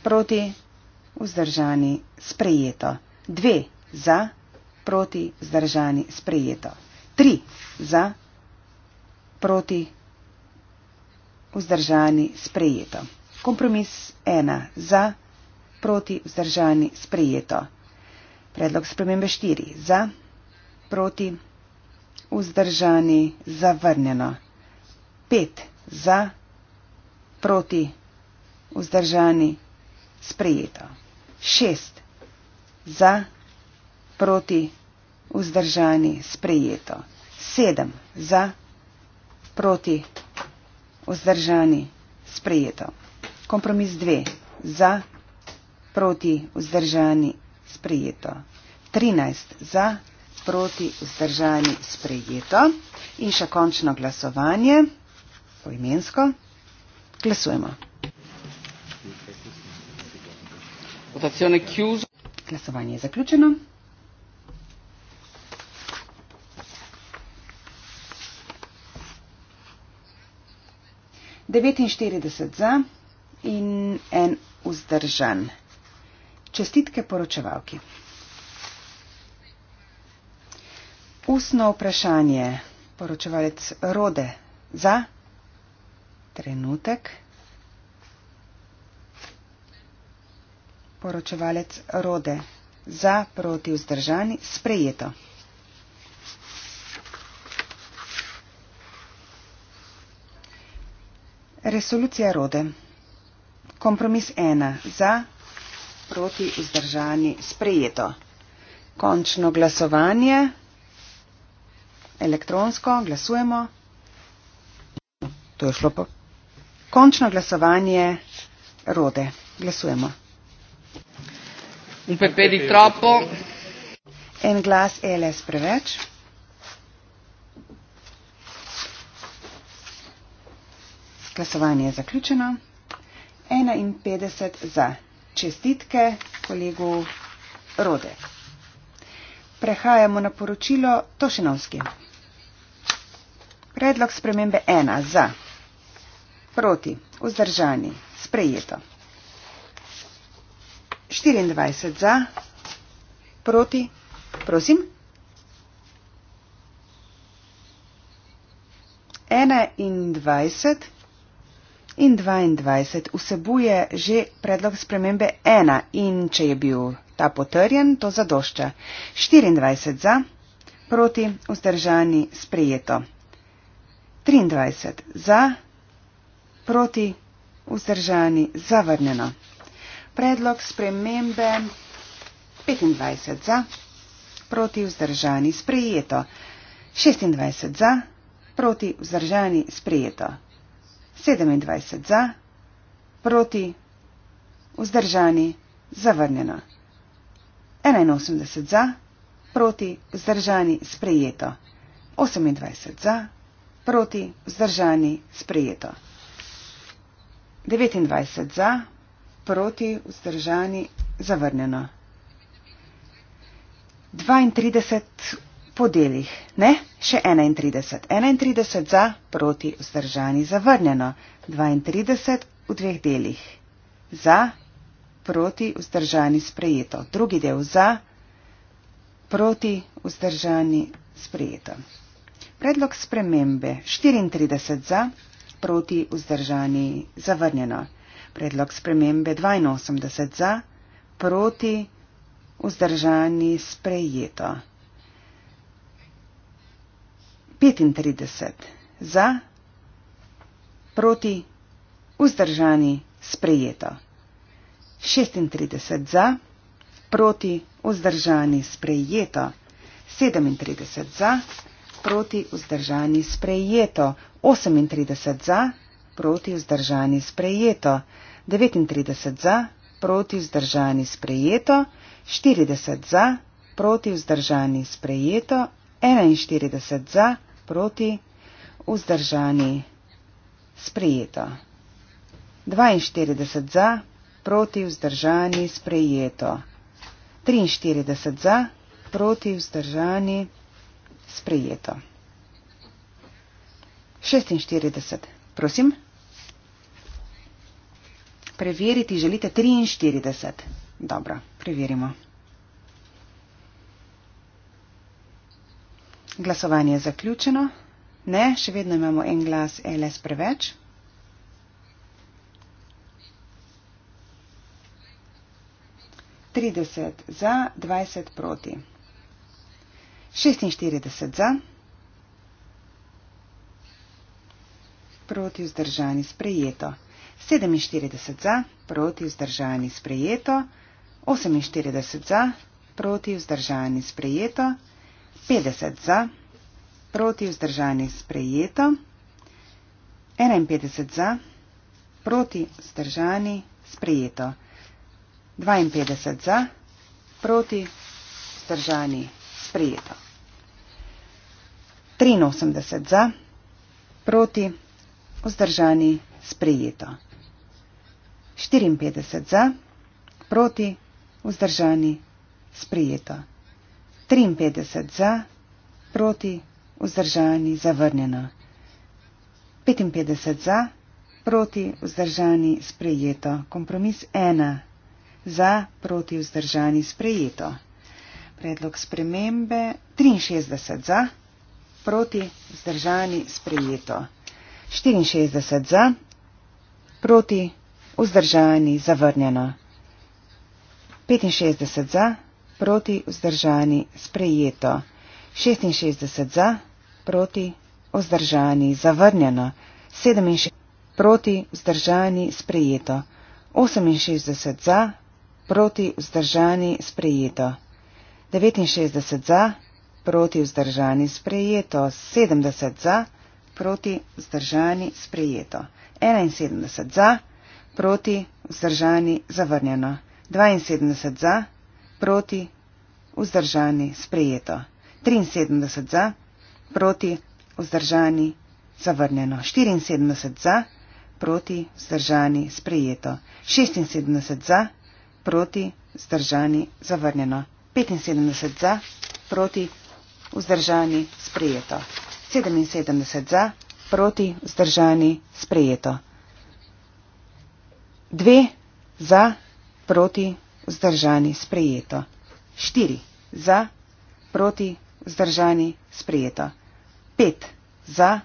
proti, vzdržani, sprejeto. 2 za, proti, vzdržani, sprejeto. 3 za, proti, vzdržani vzdržani, sprejeto. Kompromis 1 za, proti, vzdržani, sprejeto. Predlog spremembe 4 za, proti, vzdržani, zavrnjeno. 5 za, proti, vzdržani, sprejeto. 6 za, proti, vzdržani, sprejeto. 7 za, proti, vzdržani vzdržani, sprejeto. Kompromis dve, za, proti, vzdržani, sprejeto. Trinajst, za, proti, vzdržani, sprejeto. In še končno glasovanje, poimensko, glasujemo. Glasovanje je zaključeno. 49 za in en vzdržan. Čestitke poročevalki. Usno vprašanje. Poročevalec Rode za trenutek. Poročevalec Rode za proti vzdržani sprejeto. Resolucija Rode. Kompromis ena za, proti vzdržani sprejeto. Končno glasovanje. Elektronsko glasujemo. To je šlo pa. Končno glasovanje Rode. Glasujemo. Un pepe di troppo. En glas LS preveč. Glasovanje je zaključeno. 51 za čestitke kolegu Rode. Prehajamo na poročilo Tošinovski. Predlog spremembe 1 za, proti, vzdržani, sprejeto. 24 za, proti, prosim. 21 za in 22 vsebuje že predlog spremembe 1 in če je bil ta potrjen, to zadošča. 24 za, proti, vzdržani, sprejeto. 23 za, proti, vzdržani, zavrnjeno. Predlog spremembe 25 za, proti, vzdržani, sprejeto. 26 za, proti, vzdržani, sprejeto. 27 za, proti, vzdržani, zavrnjeno. 81 za, proti, vzdržani, sprejeto. 28 za, proti, vzdržani, sprejeto. 29 za, proti, vzdržani, zavrnjeno. 32 po delih. Ne, še 31. 31 za, proti, vzdržani, zavrnjeno. 32 v dveh delih. Za, proti, vzdržani, sprejeto. Drugi del za, proti, vzdržani, sprejeto. Predlog spremembe 34 za, proti, vzdržani, zavrnjeno. Predlog spremembe 82 za, proti, vzdržani, sprejeto. 35 za, proti, vzdržani, sprejeto. 36 za, proti, vzdržani, sprejeto. 37 za, proti, vzdržani, sprejeto. 38 za, proti, vzdržani, sprejeto. 39 za, proti, vzdržani, sprejeto. 40 za, proti, vzdržani, sprejeto. 41 za, proti, vzdržani, sprejeto proti, vzdržani, sprejeto. 42 za, proti, vzdržani, sprejeto. 43 za, proti, vzdržani, sprejeto. 46, prosim. Preveriti želite 43. Dobro, preverimo. Glasovanje je zaključeno. Ne, še vedno imamo en glas LS preveč. Trideset za, dvajset proti. Šestinštirideset za. Proti vzdržani sprejeto. Sedeminštirideset za, proti vzdržani sprejeto. Oseminštirideset za, proti vzdržani sprejeto. 50 za, proti vzdržani sprejeto, 51 za, proti vzdržani sprejeto, 52 za, proti vzdržani sprejeto, 83 za, proti vzdržani sprejeto, 54 za, proti vzdržani sprejeto. 54 za, 53 za, proti, vzdržani, zavrnjeno. 55 za, proti, vzdržani, sprejeto. Kompromis 1 za, proti, vzdržani, sprejeto. Predlog spremembe 63 za, proti, vzdržani, sprejeto. 64 za, proti, vzdržani, zavrnjeno. 65 za, proti, vzdržani, zavrnjeno proti vzdržani sprejeto. 66 za, proti vzdržani zavrnjeno. 67 proti vzdržani sprejeto. 68 za, proti vzdržani sprejeto. 69 za, proti vzdržani sprejeto. 70 za, proti vzdržani sprejeto. 71 za, proti vzdržani zavrnjeno. 72 za, proti vzdržani zavrnjeno proti, vzdržani, sprejeto. 73 za, proti, vzdržani, zavrnjeno. 74 za, proti, vzdržani, sprejeto. 76 za, proti, vzdržani, zavrnjeno. 75 za, proti, vzdržani, sprejeto. 77 za, proti, vzdržani, sprejeto. 2 za, proti, vzdržani vzdržani, sprejeto. 4. Za, proti, vzdržani, sprejeto. 5. Za,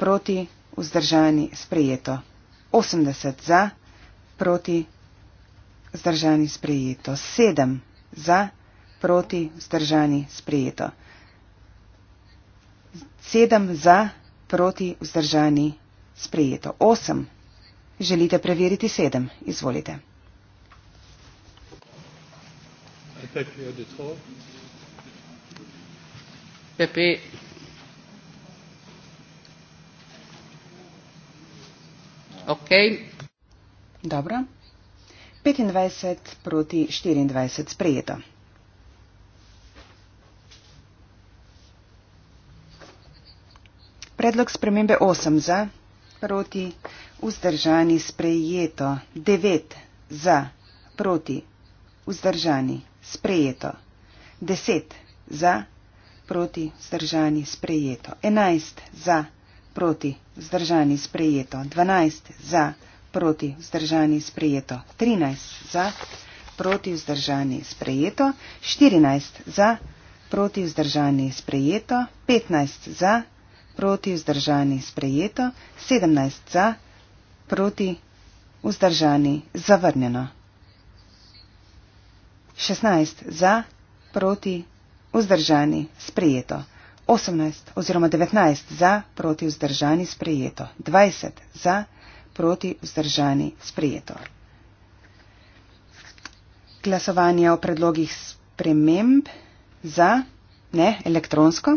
proti, vzdržani, sprejeto. 80. Za, proti, vzdržani, sprejeto. 7. Za, proti, vzdržani, sprejeto. 7. Za, proti, vzdržani, sprejeto. 8. Želite preveriti 7? Izvolite. très clair de trop. Pepe. Ok. Dobro. 25 proti 24 sprejeto. Predlog spremembe 8 za proti vzdržani sprejeto. 9 za proti vzdržani sprejeto. 10 za, proti, zdržani, sprejeto. 11 za, proti, zdržani, sprejeto. 12 za, proti, zdržani, sprejeto. 13 za, proti, zdržani, sprejeto. 14 za, proti, zdržani, sprejeto. 15 za, proti, zdržani, sprejeto. 17 za, proti, zdržani, zavrnjeno. 16 za, proti, vzdržani, sprejeto. 18 oziroma 19 za, proti, vzdržani, sprejeto. 20 za, proti, vzdržani, sprejeto. Glasovanje o predlogih sprememb za, ne, elektronsko.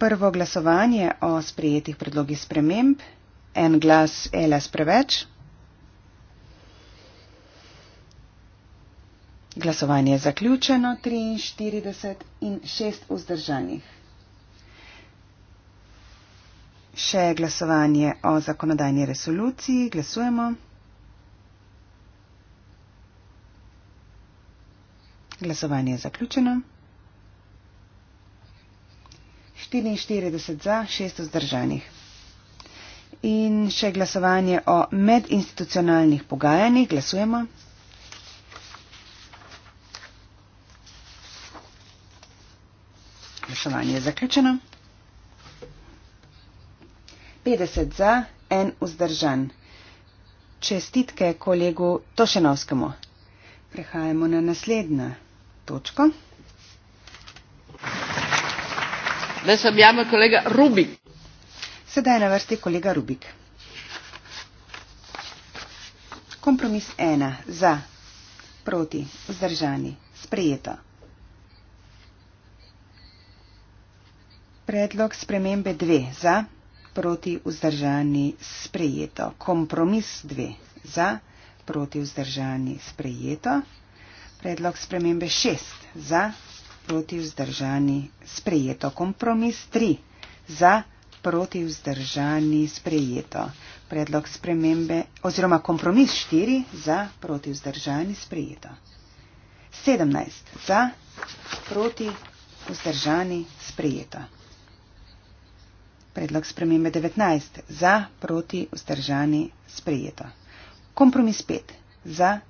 Prvo glasovanje o sprejetih predlogih sprememb, en glas, elas preveč. Glasovanje je zaključeno, 43 in 6 vzdržanih. Še glasovanje o zakonodajni resoluciji. Glasujemo. Glasovanje je zaključeno. 44 za, 6 vzdržanih. In še glasovanje o medinstitucionalnih pogajanjih. Glasujemo. glasovanje zaključeno. 50 za, en vzdržan. Čestitke kolegu Tošenovskemu. Prehajamo na naslednjo točko. Zdaj sem jame kolega Rubik. Sedaj je na vrsti kolega Rubik. Kompromis ena za, proti, vzdržani, sprejeto. Predlog spremembe dve za, proti vzdržani sprejeto. Kompromis dve za, proti vzdržani sprejeto. Predlog spremembe šest za, proti vzdržani sprejeto. Kompromis tri za, proti vzdržani sprejeto. Predlog spremembe oziroma kompromis štiri za, proti vzdržani sprejeto. Sedemnajst za, proti vzdržani sprejeto predlog spremembe 19. Za, proti, vzdržani, sprejeto. Kompromis 5. Za,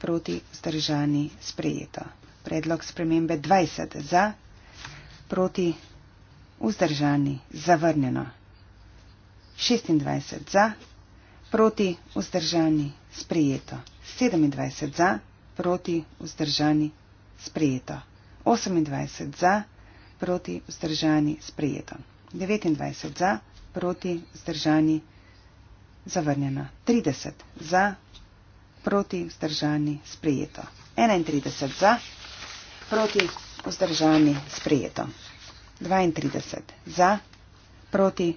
proti, vzdržani, sprejeto. Predlog spremembe 20. Za, proti, vzdržani, zavrnjeno. 26. Za, proti, vzdržani, sprejeto. 27. Za, proti, vzdržani, sprejeto. 28. Za, proti, vzdržani, sprejeto. 29 za, proti, zdržani, zavrnjeno. 30 za, proti, zdržani, sprejeto. 31 za, proti, vzdržani, sprejeto. 32 za, proti,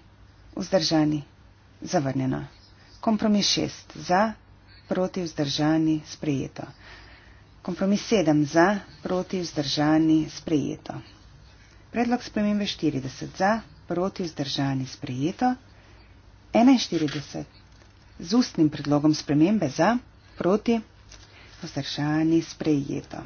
vzdržani, zavrnjeno. Kompromis 6 za, proti, vzdržani, sprejeto. Kompromis 7 za, proti, vzdržani, sprejeto. Predlog spremembe 40 za, proti vzdržani sprejeto, 41 z ustnim predlogom spremembe za, proti vzdržani sprejeto.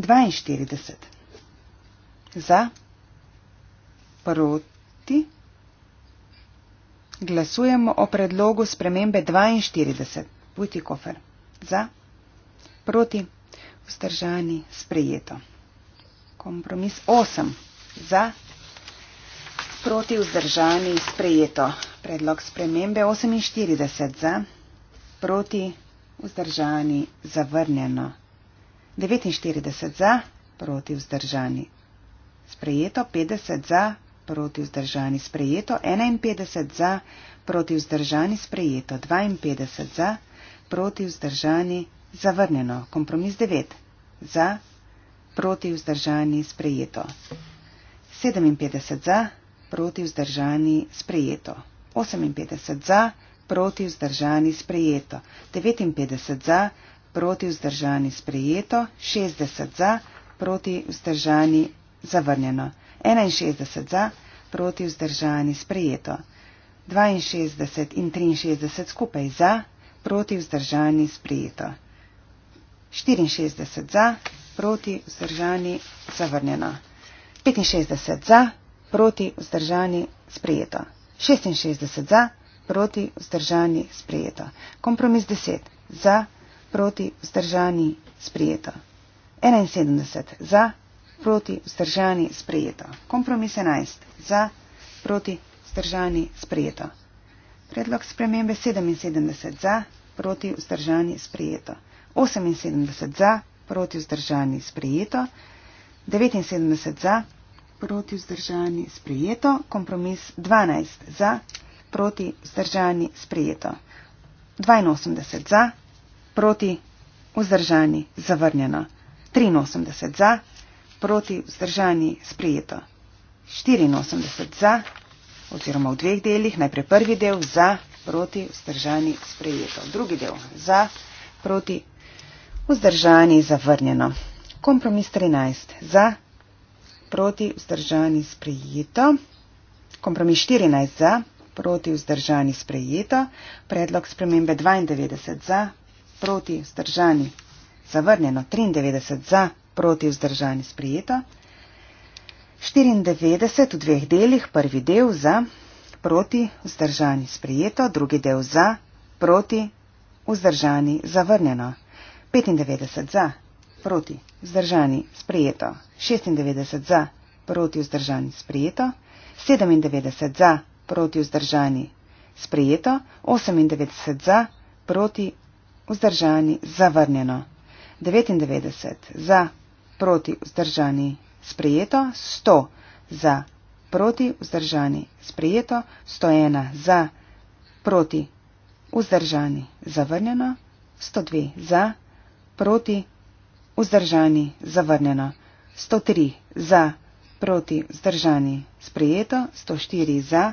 Dvainštirideset za, proti, glasujemo o predlogu spremembe dvainštirideset, Vujti Kofer, za, proti, vzdržani, sprejeto. Kompromis 8. Za, proti vzdržani, sprejeto. Predlog spremembe 48. Za, proti vzdržani, zavrnjeno. 49. Za, proti vzdržani, sprejeto. 50. Za, proti vzdržani, sprejeto. 51. Za, proti vzdržani, sprejeto. 52. Za, proti vzdržani, sprejeto. Zavrnjeno. Kompromis 9. Za. Proti vzdržani sprejeto. 57 za. Proti vzdržani sprejeto. 58 za. Proti vzdržani sprejeto. 59 za. Proti vzdržani sprejeto. 60 za. Proti vzdržani zavrnjeno. 61 za. Proti vzdržani sprejeto. 62 in 63 skupaj za. Proti vzdržani sprejeto. 64 za, proti, vzdržani, zavrnjena. 65 za, proti, vzdržani, sprejeto. 66 za, proti, vzdržani, sprejeto. Kompromis 10 za, proti, vzdržani, sprejeto. 71 za, proti, vzdržani, sprejeto. Kompromis 11 za, proti, vzdržani, sprejeto. Predlog spremembe 77 za, proti, vzdržani, sprejeto. 78 za, proti vzdržani, sprejeto. 79 za, proti vzdržani, sprejeto. Kompromis 12 za, proti vzdržani, sprejeto. 82 za, proti vzdržani, zavrnjeno. 83 za, proti vzdržani, sprejeto. 84 za, oziroma v dveh delih, najprej prvi del za, proti vzdržani, sprejeto. Drugi del za, proti Vzdržani zavrnjeno. Kompromis 13. Za. Proti vzdržani sprejeto. Kompromis 14. Za. Proti vzdržani sprejeto. Predlog spremembe 92. Za. Proti vzdržani zavrnjeno. 93. Za. Proti vzdržani sprejeto. 94 v dveh delih, prvi del za, proti, vzdržani sprejeto, drugi del za, proti, vzdržani zavrnjeno. 95 za, proti, vzdržani, sprejeto. 96 za, proti, vzdržani, sprejeto. 97 za, proti, vzdržani, sprejeto. 98 za, proti, vzdržani, zavrnjeno. 99 za, proti, vzdržani, sprejeto. 100 za, proti, vzdržani, sprejeto. 101 za, proti, vzdržani, zavrnjeno. 102 za, proti, vzdržani, zavrnjeno, 103 za, proti, vzdržani, sprejeto, 104 za,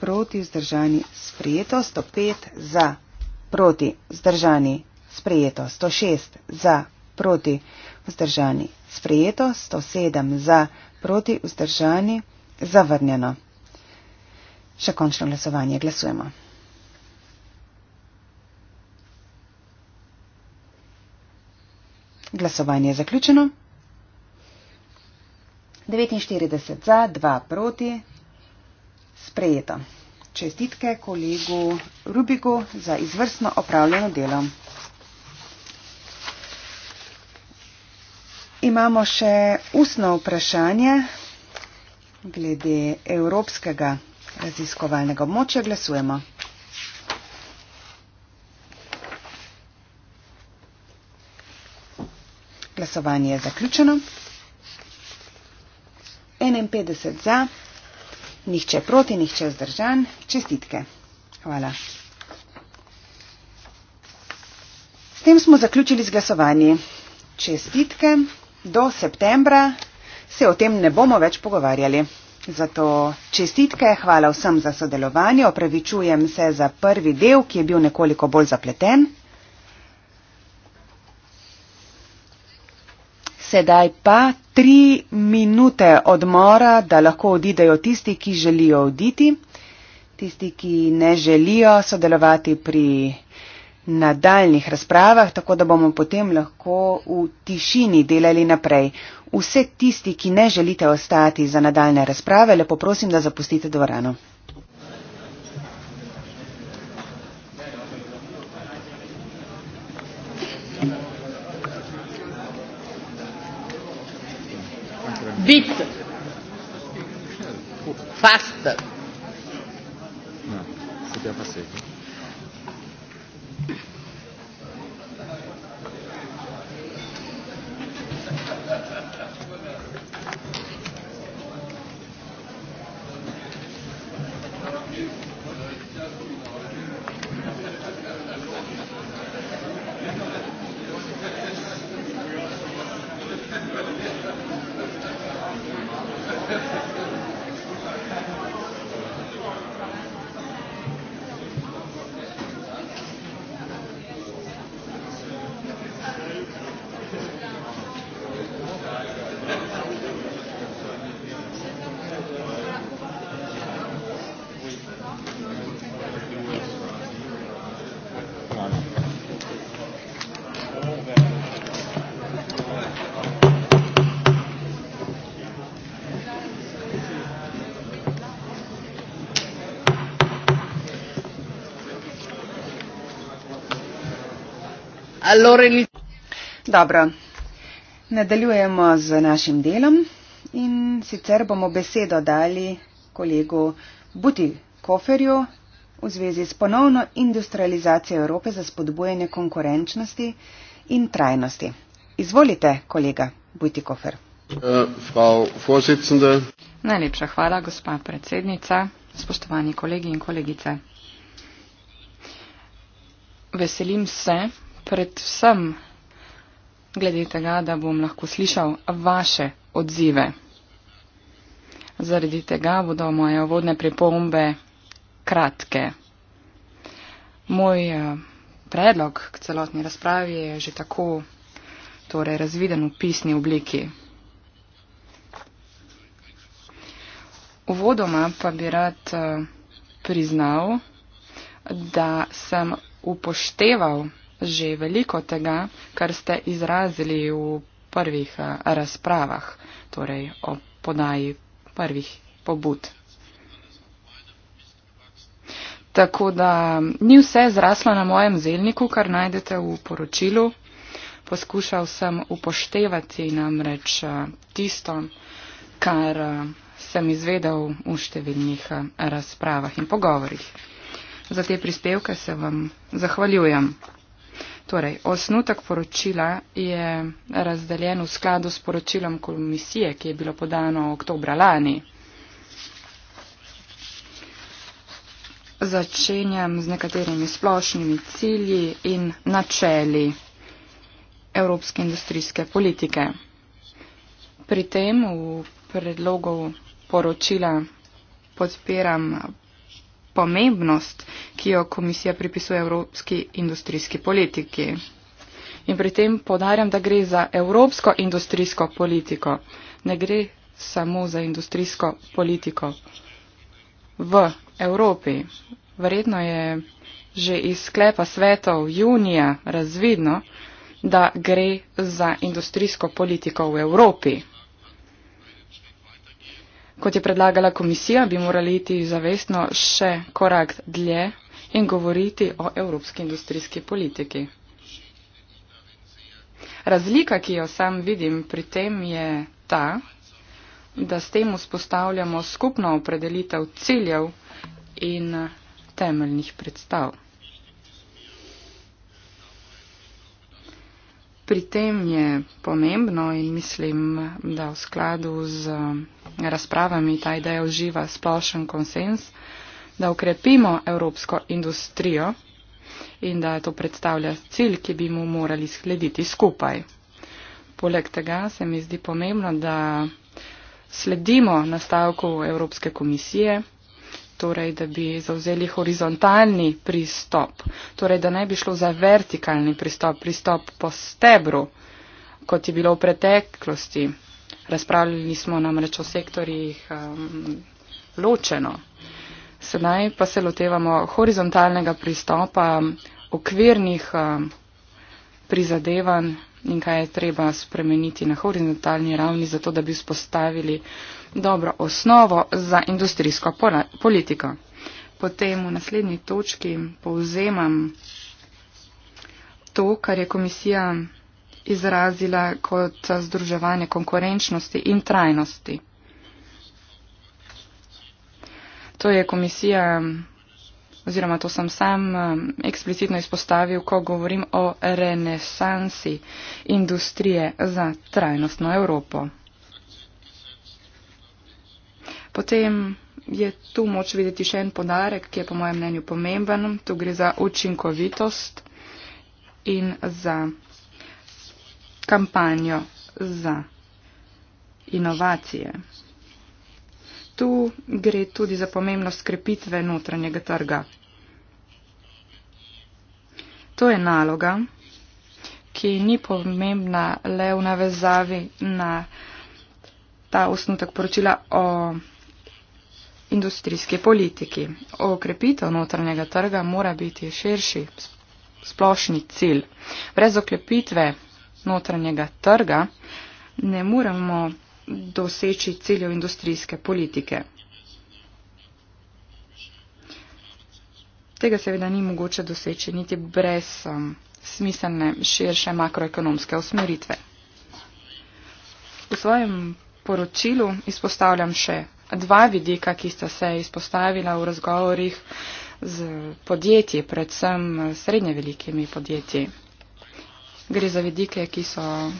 proti, vzdržani, sprejeto, 105 za, proti, vzdržani, sprejeto, 106 za, proti, vzdržani, sprejeto, 107 za, proti, vzdržani, zavrnjeno. Še končno glasovanje glasujemo. Glasovanje je zaključeno. 49 za, 2 proti. Sprejeto. Čestitke kolegu Rubigu za izvrstno opravljeno delo. Imamo še ustno vprašanje glede Evropskega raziskovalnega območja. Glasujemo. Glasovanje je zaključeno. 51 za, nihče proti, nihče vzdržan. Čestitke. Hvala. S tem smo zaključili z glasovanjem. Čestitke. Do septembra se o tem ne bomo več pogovarjali. Zato čestitke, hvala vsem za sodelovanje, opravičujem se za prvi del, ki je bil nekoliko bolj zapleten. Sedaj pa tri minute odmora, da lahko odidejo tisti, ki želijo oditi. Tisti, ki ne želijo sodelovati pri nadaljnih razpravah, tako da bomo potem lahko v tišini delali naprej. Vse tisti, ki ne želite ostati za nadaljne razprave, lepo prosim, da zapustite dvorano. vite, fast. Non, c'est bien passé. Dobro, nadaljujemo z našim delom in sicer bomo besedo dali kolegu Buti Koferju v zvezi s ponovno industrializacijo Evrope za spodbujanje konkurenčnosti in trajnosti. Izvolite, kolega Buti Kofer. Uh, Najlepša hvala, gospa predsednica, spoštovani kolegi in kolegice. Veselim se, predvsem glede tega, da bom lahko slišal vaše odzive. Zaradi tega bodo moje vodne pripombe kratke. Moj eh, predlog k celotni razpravi je že tako torej razviden v pisni obliki. Uvodoma pa bi rad eh, priznal, da sem upošteval že veliko tega, kar ste izrazili v prvih eh, razpravah, torej o podaji prvih pobud. Tako da ni vse zraslo na mojem zelniku, kar najdete v poročilu. Poskušal sem upoštevati namreč eh, tisto, kar eh, sem izvedel v številnih razpravah in pogovorih. Za te prispevke se vam zahvaljujem. Torej, osnutek poročila je razdeljen v skladu s poročilom komisije, ki je bilo podano oktobra lani. Začenjam z nekaterimi splošnimi cilji in načeli evropske industrijske politike. Pri tem v predlogu poročila podpiram pomembnost, ki jo komisija pripisuje evropski industrijski politiki. In pri tem podarjam, da gre za evropsko industrijsko politiko. Ne gre samo za industrijsko politiko v Evropi. Verjetno je že iz sklepa svetov junija razvidno, da gre za industrijsko politiko v Evropi. Kot je predlagala komisija, bi morali iti zavestno še korak dlje in govoriti o evropski industrijski politiki. Razlika, ki jo sam vidim pri tem, je ta, da s tem vzpostavljamo skupno opredelitev ciljev in temeljnih predstav. Pri tem je pomembno in mislim, da v skladu z razpravami ta ideja uživa splošen konsens, da ukrepimo evropsko industrijo in da to predstavlja cilj, ki bi mu morali slediti skupaj. Poleg tega se mi zdi pomembno, da sledimo nastavku Evropske komisije torej da bi zauzeli horizontalni pristop, torej da ne bi šlo za vertikalni pristop, pristop po stebru, kot je bilo v preteklosti. Razpravljali smo namreč o sektorjih um, ločeno. Sedaj pa se lotevamo horizontalnega pristopa, okvirnih um, prizadevanj in kaj je treba spremeniti na horizontalni ravni, zato da bi vzpostavili dobro osnovo za industrijsko politiko. Potem v naslednji točki povzemam to, kar je komisija izrazila kot združevanje konkurenčnosti in trajnosti. To je komisija, oziroma to sem sam eksplicitno izpostavil, ko govorim o renesansi industrije za trajnostno Evropo. Potem je tu moč videti še en podarek, ki je po mojem mnenju pomemben. Tu gre za učinkovitost in za kampanjo za inovacije. Tu gre tudi za pomembnost krepitve notranjega trga. To je naloga, ki ni pomembna le v navezavi na ta osnutek poročila o industrijski politiki. Okrepitev notranjega trga mora biti širši splošni cilj. Brez okrepitve notranjega trga ne moremo doseči ciljev industrijske politike. Tega seveda ni mogoče doseči niti brez um, smiselne širše makroekonomske usmeritve. V svojem poročilu izpostavljam še dva vidika, ki sta se izpostavila v razgovorih z podjetji, predvsem srednje velikimi podjetji. Gre za vidike, ki so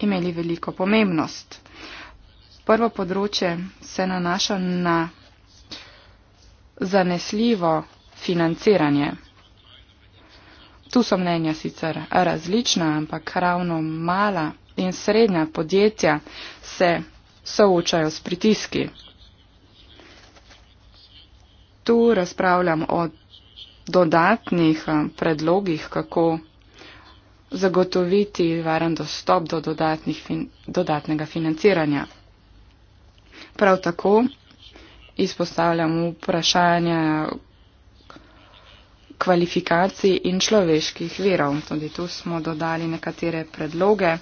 imeli veliko pomembnost. Prvo področje se nanaša na zanesljivo financiranje. Tu so mnenja sicer različna, ampak ravno mala in srednja podjetja se soočajo s pritiski. Tu razpravljam o dodatnih eh, predlogih, kako zagotoviti varen dostop do fin dodatnega financiranja. Prav tako izpostavljam vprašanje, kvalifikacij in človeških virov. Tudi tu smo dodali nekatere predloge,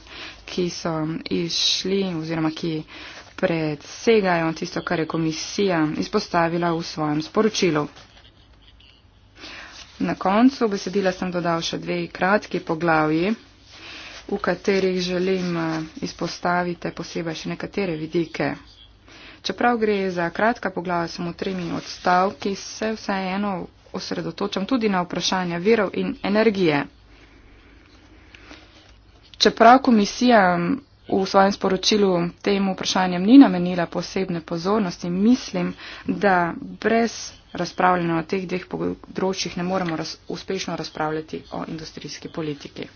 ki so išli oziroma ki predsegajo tisto, kar je komisija izpostavila v svojem sporočilu. Na koncu besedila sem dodal še dve kratki poglavji, v katerih želim eh, izpostaviti posebej še nekatere vidike. Čeprav gre za kratka poglavja samo tremi odstavki, se vseeno osredotočam tudi na vprašanje virov in energije. Čeprav komisija v svojem sporočilu temu vprašanjem ni namenila posebne pozornosti, mislim, da brez razpravljanja o teh dveh področjih ne moremo raz, uspešno razpravljati o industrijski politiki.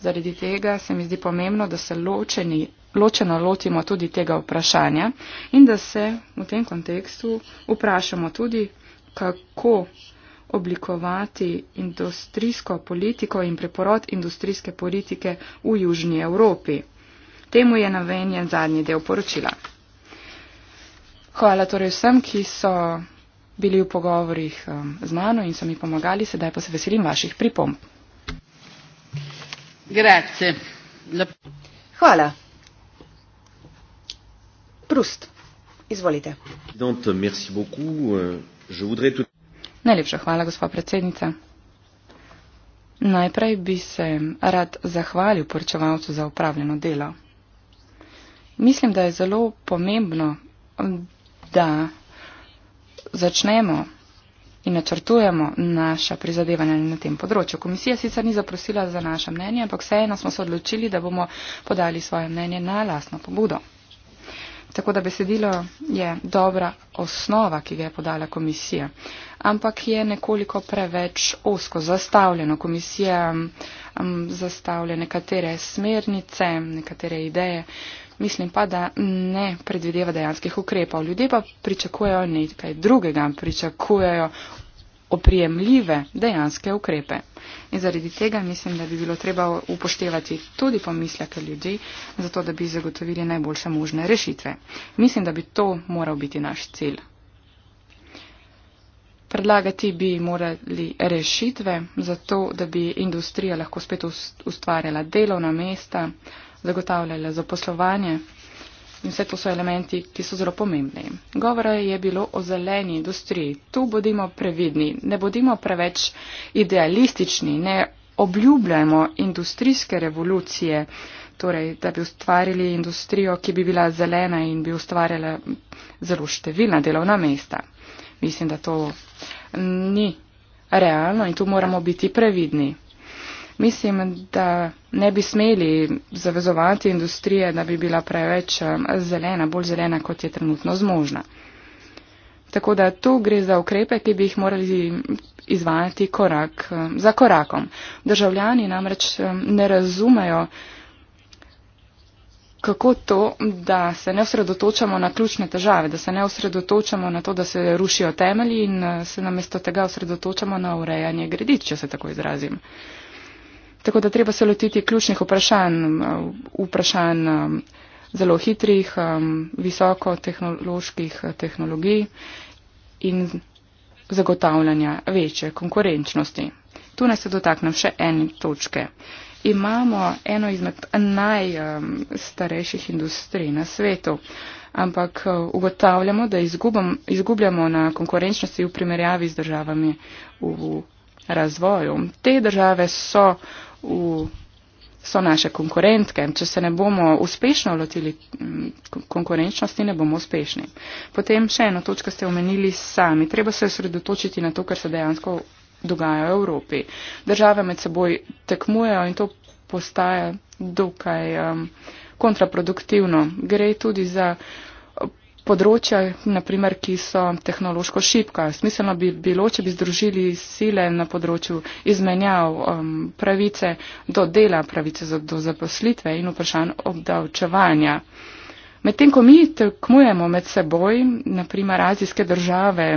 Zaradi tega se mi zdi pomembno, da se ločeni, ločeno lotimo tudi tega vprašanja in da se v tem kontekstu vprašamo tudi, kako oblikovati industrijsko politiko in preporod industrijske politike v Južnji Evropi. Temu je navenjen zadnji del poročila. Hvala torej vsem, ki so bili v pogovorih um, z mano in so mi pomagali, sedaj pa se veselim vaših pripomb. Grazie. Hvala. Prust. Izvolite. Donc, merci beaucoup. Euh, Tudi... Najlepša hvala, gospod predsednica. Najprej bi se rad zahvalil poročevalcu za upravljeno delo. Mislim, da je zelo pomembno, da začnemo in načrtujemo naša prizadevanja na tem področju. Komisija sicer ni zaprosila za naše mnenje, ampak vseeno smo se odločili, da bomo podali svoje mnenje na lastno pobudo. Tako da besedilo je dobra osnova, ki ga je podala komisija, ampak je nekoliko preveč osko zastavljeno. Komisija um, zastavlja nekatere smernice, nekatere ideje, mislim pa, da ne predvideva dejanskih ukrepov. Ljudje pa pričakujejo nekaj drugega, pričakujejo oprijemljive dejanske ukrepe. In zaradi tega mislim, da bi bilo treba upoštevati tudi pomisleke ljudi, zato da bi zagotovili najboljše možne rešitve. Mislim, da bi to moral biti naš cilj. Predlagati bi morali rešitve, zato da bi industrija lahko spet ustvarjala delovna mesta, zagotavljala zaposlovanje In vse to so elementi, ki so zelo pomembni. Govora je bilo o zeleni industriji. Tu bodimo previdni, ne bodimo preveč idealistični, ne obljubljamo industrijske revolucije, torej, da bi ustvarili industrijo, ki bi bila zelena in bi ustvarjala zelo številna delovna mesta. Mislim, da to ni realno in tu moramo biti previdni. Mislim, da ne bi smeli zavezovati industrije, da bi bila preveč um, zelena, bolj zelena, kot je trenutno zmožna. Tako da tu gre za ukrepe, ki bi jih morali izvajati korak um, za korakom. Državljani namreč um, ne razumejo, kako to, da se ne osredotočamo na ključne težave, da se ne osredotočamo na to, da se rušijo temelji in uh, se namesto tega osredotočamo na urejanje gredič, če se tako izrazim. Tako da treba se lotiti ključnih vprašanj, vprašanj um, zelo hitrih, um, visoko tehnoloških uh, tehnologij in zagotavljanja večje konkurenčnosti. Tu nas se dotaknem še ene točke. Imamo eno izmed najstarejših um, industrij na svetu, ampak uh, ugotavljamo, da izgubam, izgubljamo na konkurenčnosti v primerjavi z državami v razvoju. Te države so v, so naše konkurentke. Če se ne bomo uspešno lotili konkurenčnosti, ne bomo uspešni. Potem še eno točko ste omenili sami. Treba se osredotočiti na to, kar se dejansko dogaja v Evropi. Države med seboj tekmujejo in to postaja dokaj um, kontraproduktivno. Gre tudi za področja, naprimer, ki so tehnološko šipka. Smiselno bi bilo, če bi združili sile na področju izmenjav um, pravice do dela, pravice za, do zaposlitve in vprašanj obdavčevanja. Medtem, ko mi tekmujemo med seboj, naprimer, azijske države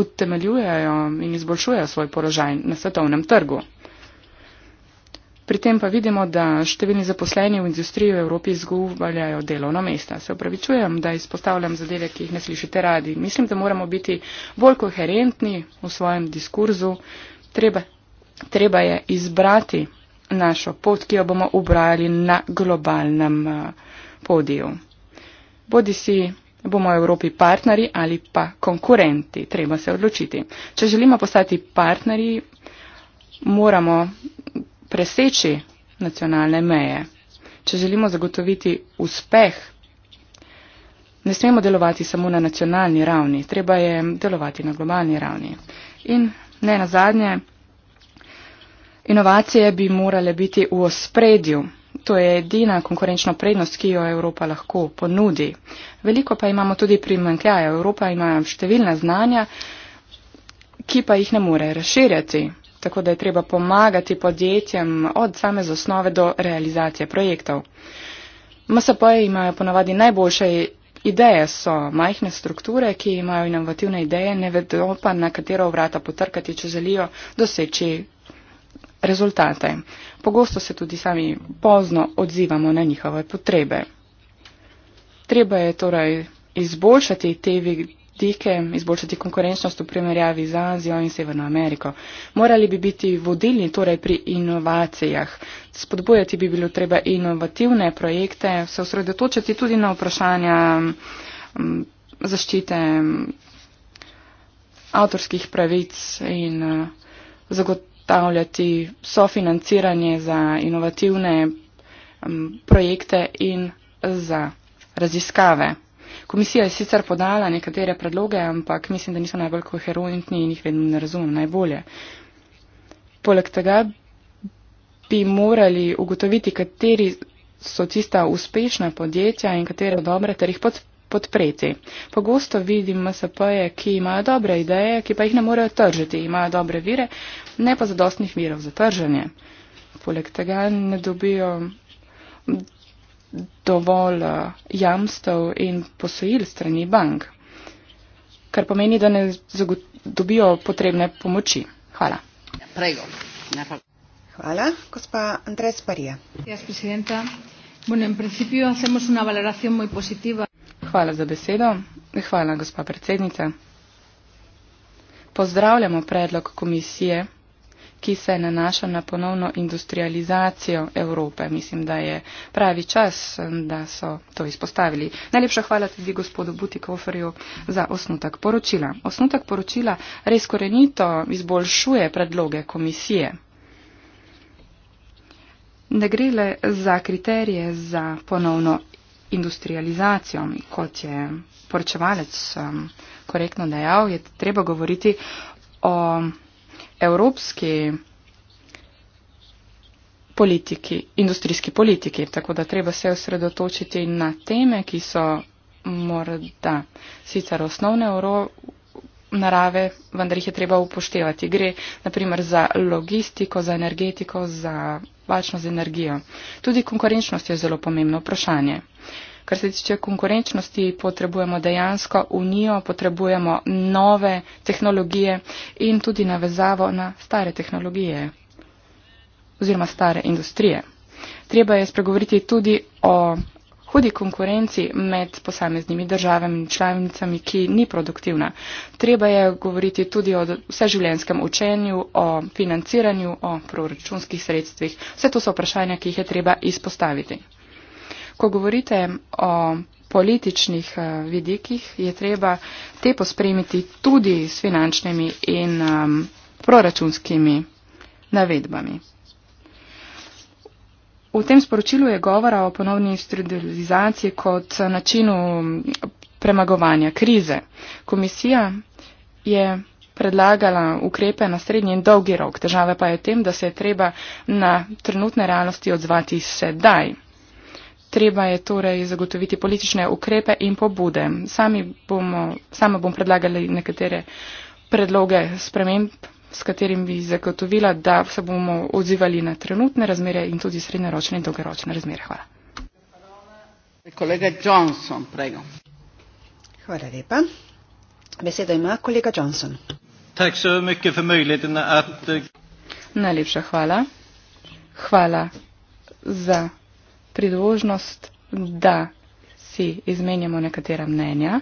utemeljujejo in izboljšujejo svoj položaj na svetovnem trgu. Pri tem pa vidimo, da številni zaposleni v industriji v Evropi izgubljajo delovno mesta. Se upravičujem, da izpostavljam zadeve, ki jih ne slišite radi. Mislim, da moramo biti bolj koherentni v svojem diskurzu. Treba, treba je izbrati našo pot, ki jo bomo ubrajali na globalnem eh, podiju. Bodi si bomo v Evropi partnerji ali pa konkurenti. Treba se odločiti. Če želimo postati partnerji, moramo preseči nacionalne meje, če želimo zagotoviti uspeh, ne smemo delovati samo na nacionalni ravni, treba je delovati na globalni ravni. In ne na zadnje, inovacije bi morale biti v ospredju. To je edina konkurenčna prednost, ki jo Evropa lahko ponudi. Veliko pa imamo tudi primankljaja. Evropa ima številna znanja, ki pa jih ne more razširjati tako da je treba pomagati podjetjem od same zasnove do realizacije projektov. MSP imajo ponavadi najboljše ideje, so majhne strukture, ki imajo inovativne ideje, ne vedo pa, na katero vrata potrkati, če želijo doseči rezultate. Pogosto se tudi sami pozno odzivamo na njihove potrebe. Treba je torej izboljšati te vidi stike, izboljšati konkurenčnost v primerjavi z Azijo in Severno Ameriko. Morali bi biti vodilni torej pri inovacijah. Spodbojati bi bilo treba inovativne projekte, se osredotočati tudi na vprašanja mm, zaščite mm, avtorskih pravic in eh, zagotavljati sofinanciranje za inovativne mm, projekte in za raziskave. Komisija je sicer podala nekatere predloge, ampak mislim, da niso najbolj koherentni in jih vedno ne razumem najbolje. Poleg tega bi morali ugotoviti, kateri so tista uspešna podjetja in katere dobre ter jih pod, podpreti. Pogosto vidim MSP-je, ki imajo dobre ideje, ki pa jih ne morejo tržiti, imajo dobre vire, ne pa zadostnih virov za trženje. Poleg tega ne dobijo, dovolj eh, jamstev in posojil strani bank, kar pomeni, da ne dobijo potrebne pomoči. Hvala. Hvala. Gospa Andres Parija. Hvala za besedo. Hvala, gospa predsednica. Pozdravljamo predlog komisije ki se nanaša na ponovno industrializacijo Evrope. Mislim, da je pravi čas, da so to izpostavili. Najlepša hvala tudi gospodu Butikoferju za osnutek poročila. Osnutek poročila res korenito izboljšuje predloge komisije. Ne gre le za kriterije za ponovno industrializacijo, kot je poročevalec um, korektno dejal, je treba govoriti o evropski politiki, industrijski politiki, tako da treba se osredotočiti na teme, ki so morda sicer osnovne euro narave, vendar jih je treba upoštevati. Gre naprimer za logistiko, za energetiko, za vačno z energijo. Tudi konkurenčnost je zelo pomembno vprašanje. Uh, Kar se tiče konkurenčnosti, potrebujemo dejansko unijo, potrebujemo nove tehnologije in tudi navezavo na stare tehnologije oziroma stare industrije. Treba je spregovoriti tudi o hudi konkurenci med posameznimi državami in članicami, ki ni produktivna. Treba je govoriti tudi o vseživljenskem učenju, o financiranju, o proračunskih sredstvih. Vse to so vprašanja, ki jih je treba izpostaviti. Ko govorite o političnih eh, vidikih, je treba te pospremiti tudi s finančnimi in um, proračunskimi navedbami. V tem sporočilu je govora o ponovni industrializaciji kot načinu ehm, premagovanja krize. Komisija je predlagala ukrepe na srednji in dolgi rok. Težava pa je v tem, da se je treba na trenutne realnosti odzvati sedaj. Treba je torej zagotoviti politične ukrepe in pobude. Bomo, sama bom predlagala nekatere predloge sprememb, s katerim bi zagotovila, da se bomo odzivali na trenutne razmere in tudi srednjeročne in dolgoročne razmere. Hvala. Kolega Johnson, prego. Hvala lepa. Besedo ima kolega Johnson. Eh, Najlepša hvala. Hvala za priložnost, da si izmenjamo nekatera mnenja,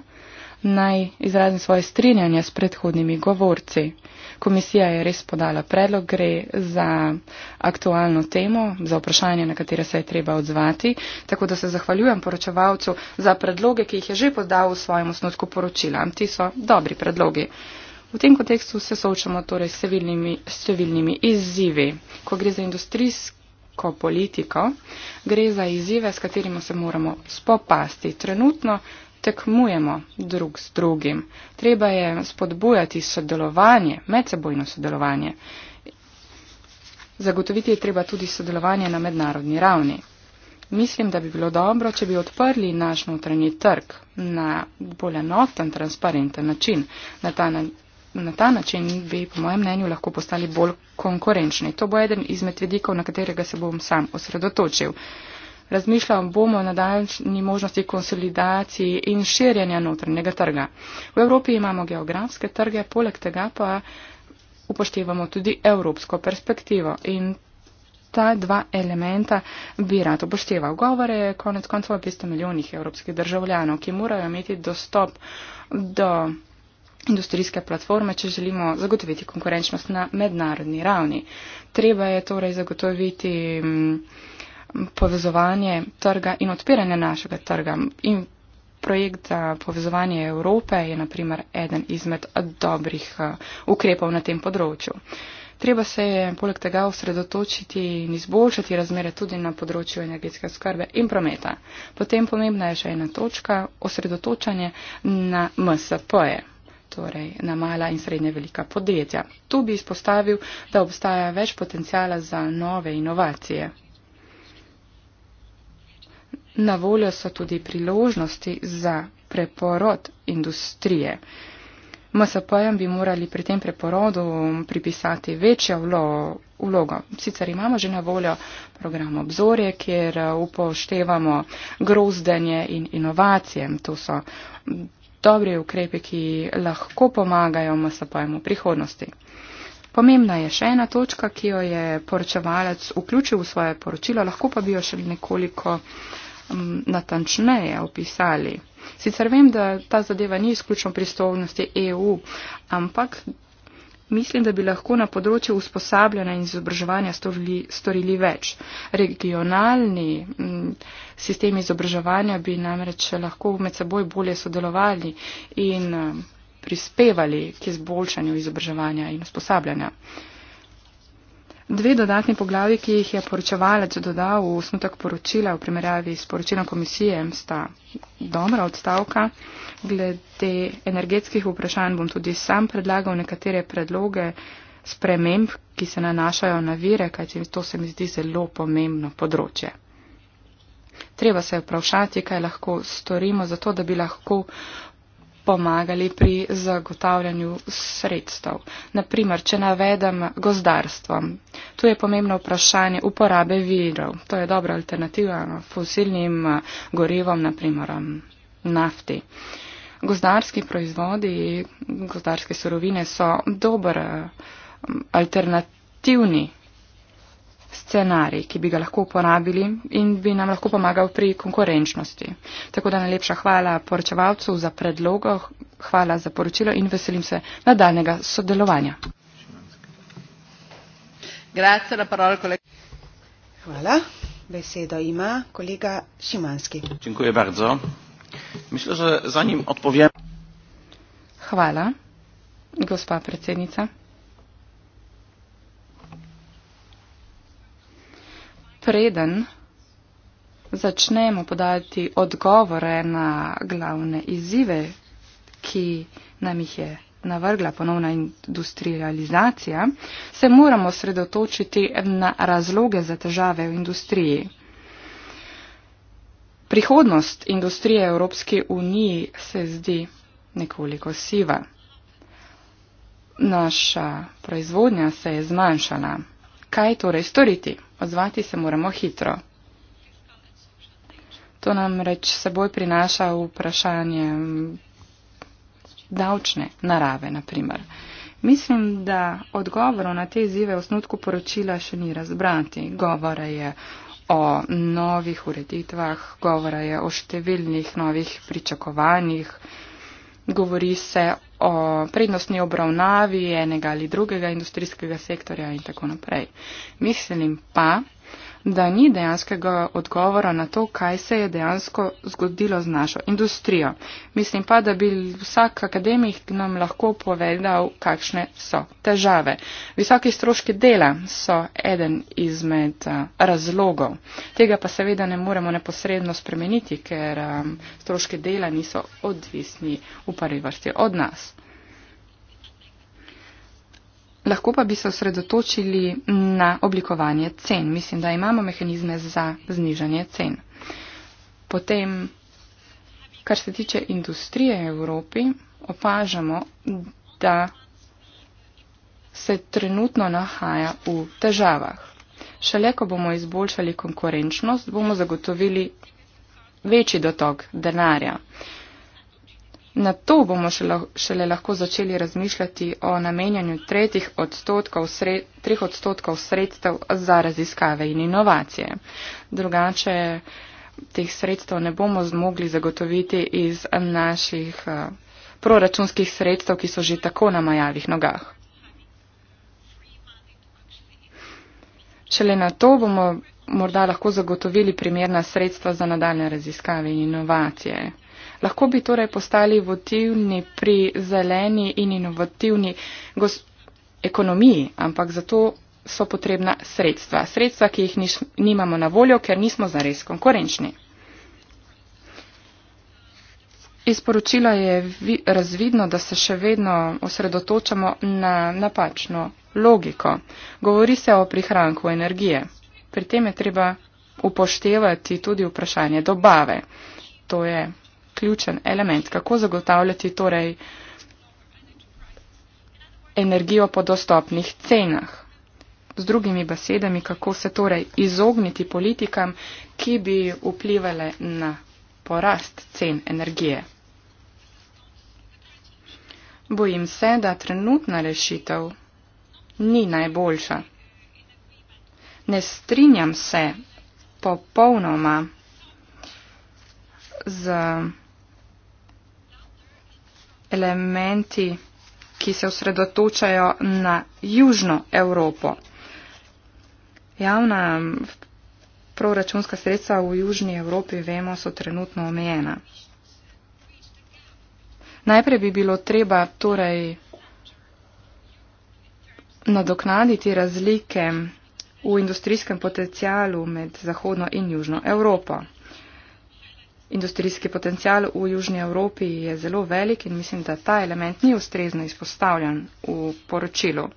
naj izrazim svoje strinjanje s predhodnimi govorci. Komisija je res podala predlog, gre za aktualno temo, za vprašanje, na katere se je treba odzvati, tako da se zahvaljujem poročevalcu za predloge, ki jih je že podal v svojem osnotku poročila. Ti so dobri predlogi. V tem kontekstu se soočamo torej s številnimi, številnimi izzivi. Ko gre za industrijski ko politiko, gre za izzive, s katerimi se moramo spopasti. Trenutno tekmujemo drug z drugim. Treba je spodbujati sodelovanje, medsebojno sodelovanje. Zagotoviti je treba tudi sodelovanje na mednarodni ravni. Mislim, da bi bilo dobro, če bi odprli naš notranji trg na bolj enoten, transparenten način. Na ta na ta način bi, po mojem mnenju, lahko postali bolj konkurenčni. To bo eden izmed vidikov, na katerega se bom sam osredotočil. Razmišljam bomo o nadaljni možnosti konsolidacije in širjenja notranjega trga. V Evropi imamo geografske trge, poleg tega pa upoštevamo tudi evropsko perspektivo. In ta dva elementa bi rad upošteval. Govore je konec koncev o 500 milijonih evropskih državljanov, ki morajo imeti dostop do industrijske platforme, če želimo zagotoviti konkurenčnost na mednarodni ravni. Treba je torej zagotoviti mm, povezovanje trga in odpiranje našega trga. In projekt za povezovanje Evrope je naprimer eden izmed dobrih eh, ukrepov na tem področju. Treba se je poleg tega osredotočiti in izboljšati razmere tudi na področju energetske skrbe in prometa. Potem pomembna je še ena točka, osredotočanje na MSP-je torej na mala in srednje velika podjetja. Tu bi izpostavil, da obstaja več potencijala za nove inovacije. Na voljo so tudi priložnosti za preporod industrije. MSP-jem bi morali pri tem preporodu pripisati večjo vlogo. Sicer imamo že na voljo program obzorje, kjer upoštevamo grozdenje in inovacije. To so dobri ukrepi, ki lahko pomagajo MSP-jem v prihodnosti. Pomembna je še ena točka, ki jo je poročevalec vključil v svoje poročilo, lahko pa bi jo še nekoliko um, natančneje opisali. Sicer vem, da ta zadeva ni izključno pristovnosti EU, ampak Mislim, da bi lahko na področju usposabljanja in izobraževanja storili, storili več. Regionalni mm, sistemi izobraževanja bi namreč lahko med seboj bolje sodelovali in eh, prispevali k izboljšanju izobraževanja in usposabljanja. Dve dodatni poglavi, ki jih je poročevalec dodal v osnutek poročila v primerjavi s poročilom komisije, sta dobra odstavka. Glede energetskih vprašanj bom tudi sam predlagal nekatere predloge sprememb, ki se nanašajo na vire, kajti to se mi zdi zelo pomembno področje. Treba se je vprašati, kaj lahko storimo za to, da bi lahko pomagali pri zagotavljanju sredstev. Naprimer, če navedem gozdarstvo, tu je pomembno vprašanje uporabe virov. To je dobra alternativa fosilnim eh, gorivom, naprimer nafti. Gozdarski proizvodi, gozdarske surovine so dober eh, alternativni scenarij, ki bi ga lahko uporabili in bi nam lahko pomagal pri konkurenčnosti. Tako da najlepša hvala poročevalcu za predlogo, hvala za poročilo in veselim se nadaljnega sodelovanja. Grazie, la parola, kolega. Hvala. Besedo ima kolega Šimanski. Dziękuję bardzo. Myślę, że zanim odpowiem. Hvala, gospa predsednica. preden začnemo podajati odgovore na glavne izzive, ki nam jih je navrgla ponovna industrializacija, se moramo sredotočiti na razloge za težave v industriji. Prihodnost industrije Evropske unije se zdi nekoliko siva. Naša proizvodnja se je zmanjšala. Kaj torej storiti? Odzvati se moramo hitro. To nam reč seboj prinaša vprašanje davčne narave, naprimer. Mislim, da odgovoro na te izzive osnutku poročila še ni razbrati. Govora je o novih ureditvah, govora je o številnih novih pričakovanjih, govori se o prednostni obravnavi enega ali drugega industrijskega sektorja in tako naprej. Mislim pa, da ni dejanskega odgovora na to, kaj se je dejansko zgodilo z našo industrijo. Mislim pa, da bi vsak akademik nam lahko povedal, kakšne so težave. Visoki stroški dela so eden izmed razlogov. Tega pa seveda ne moremo neposredno spremeniti, ker stroški dela niso odvisni v prvi vrsti od nas. Lahko pa bi se osredotočili na oblikovanje cen. Mislim, da imamo mehanizme za znižanje cen. Potem, kar se tiče industrije v Evropi, opažamo, da se trenutno nahaja v težavah. Šele, ko bomo izboljšali konkurenčnost, bomo zagotovili večji dotok denarja. Uh, Na to bomo šele lahko začeli razmišljati o namenjanju tretjih odstotkov, sre, treh odstotkov sredstev za raziskave in inovacije. Drugače teh sredstev ne bomo zmogli zagotoviti iz naših eh, proračunskih sredstev, ki so že tako na majavih nogah. Šele na to bomo morda lahko zagotovili primerna sredstva za nadaljne raziskave in inovacije lahko bi torej postali votivni pri zeleni in inovativni ekonomiji, ampak zato so potrebna sredstva. Sredstva, ki jih niš, nimamo na voljo, ker nismo zares konkurenčni. Iz poročila je vi, razvidno, da se še vedno osredotočamo na napačno logiko. Govori se o prihranku energije. Pri tem je treba upoštevati tudi vprašanje dobave. To je ključen element, kako zagotavljati torej energijo po dostopnih cenah. Z drugimi besedami, kako se torej izogniti politikam, ki bi vplivali na porast cen energije. Bojim se, da trenutna rešitev ni najboljša. Ne strinjam se popolnoma z elementi, ki se osredotočajo na Južno Evropo. Javna proračunska sredstva v Južni Evropi, vemo, so trenutno omejena. Najprej bi bilo treba torej nadoknaditi razlike v industrijskem potencialu med Zahodno in Južno Evropo industrijski potencial v Južni Evropi je zelo velik in mislim, da ta element ni ustrezno izpostavljen v poročilu.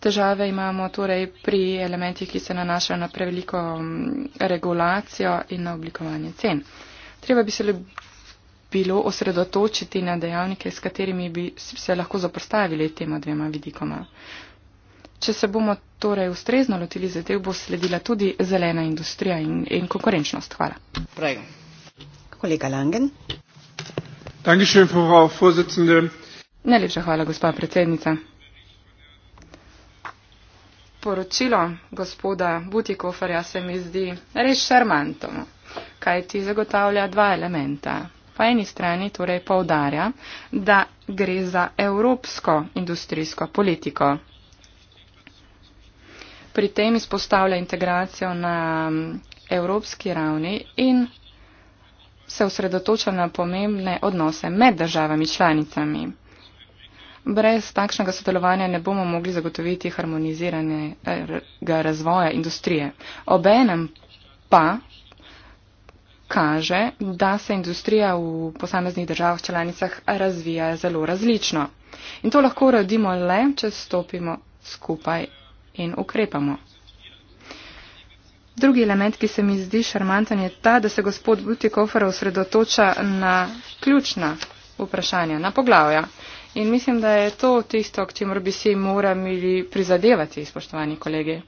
Težave imamo torej pri elementih, ki se nanašajo na preveliko mm, regulacijo in na oblikovanje cen. Treba bi se le bilo osredotočiti na dejavnike, s katerimi bi se lahko zaprstavili tema dvema vidikoma. Če se bomo torej ustrezno lotili za te, bo sledila tudi zelena industrija in, in konkurenčnost. Hvala. Prego. Kolega Langen. Dankeschön, Frau Vorsitzende. Najlepša hvala, gospa predsednica. Poročilo gospoda Butikoferja se mi zdi res šarmantno, kaj ti zagotavlja dva elementa. Po eni strani torej poudarja, da gre za evropsko industrijsko politiko, pri tem izpostavlja integracijo na evropski ravni in se osredotoča na pomembne odnose med državami članicami. Brez takšnega sodelovanja ne bomo mogli zagotoviti harmoniziranega razvoja industrije. Obenem pa kaže, da se industrija v posameznih državah članicah razvija zelo različno. In to lahko uredimo le, če stopimo skupaj in ukrepamo. Drugi element, ki se mi zdi šarmanten, je ta, da se gospod Butikofer osredotoča na ključna vprašanja, na poglavja. In mislim, da je to tisto, k čemu bi si morali prizadevati, spoštovani kolegi.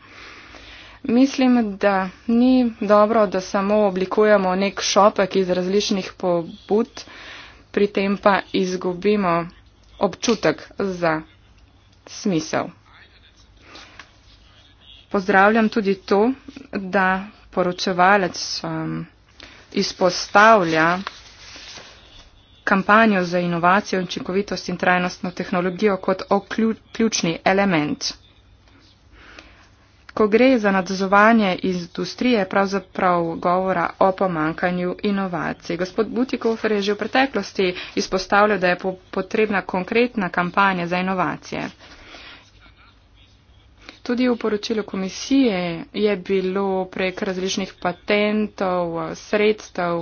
Mislim, da ni dobro, da samo oblikujemo nek šopek iz različnih pobud, pri tem pa izgubimo občutek za smisel pozdravljam tudi to, da poročevalec um, izpostavlja kampanjo za inovacijo, učinkovitost in trajnostno tehnologijo kot ključni element. Ko gre za nadzovanje industrije, pravzaprav govora o pomankanju inovacij. Gospod Butikofer je že v preteklosti izpostavljal, da je potrebna konkretna kampanja za inovacije. Tudi v poročilu komisije je bilo prek različnih patentov, sredstev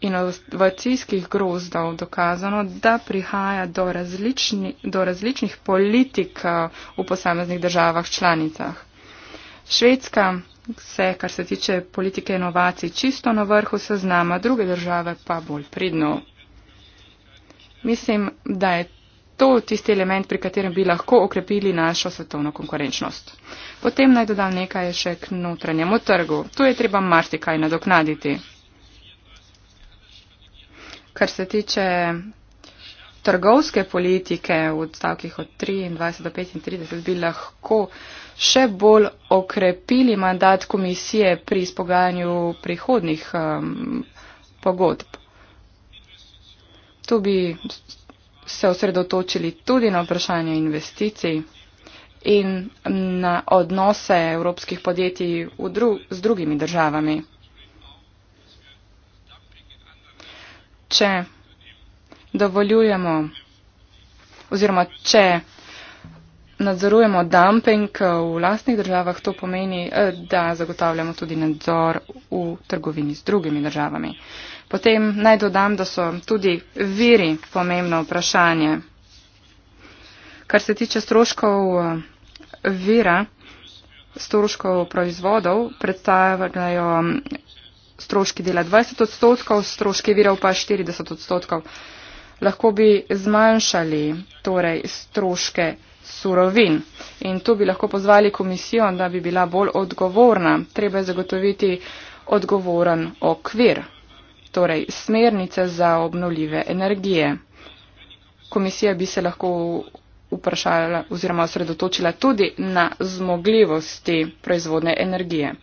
in inovacijskih grozdov dokazano, da prihaja do, različni, do različnih politik v posameznih državah članicah. Švedska se, kar se tiče politike inovacij, čisto na vrhu seznama, druge države pa bolj pridno. Mislim, da je to tisti element, pri katerem bi lahko okrepili našo svetovno konkurenčnost. Potem naj dodam nekaj še k notranjemu trgu. Tu je treba marsikaj nadoknaditi. Kar se tiče trgovske politike v odstavkih od 23 do 35, bi lahko še bolj okrepili mandat komisije pri spogajanju prihodnih um, pogodb. Tu bi se osredotočili tudi na vprašanje investicij in na odnose evropskih podjetij dru z drugimi državami. Če dovoljujemo oziroma če nadzorujemo dumping v lastnih državah, to pomeni, eh, da zagotavljamo tudi nadzor v trgovini z drugimi državami. Potem naj dodam, da so tudi viri pomembno vprašanje. Kar se tiče stroškov eh, vira, stroškov proizvodov, predstavljajo mm, stroški dela 20 odstotkov, stroški virov pa 40 odstotkov. Lahko bi zmanjšali torej, stroške surovin in tu bi lahko pozvali komisijo, da bi bila bolj odgovorna. Treba je zagotoviti odgovoren okvir torej smernice za obnovljive energije. Komisija bi se lahko vprašala oziroma osredotočila tudi na zmogljivosti proizvodne energije.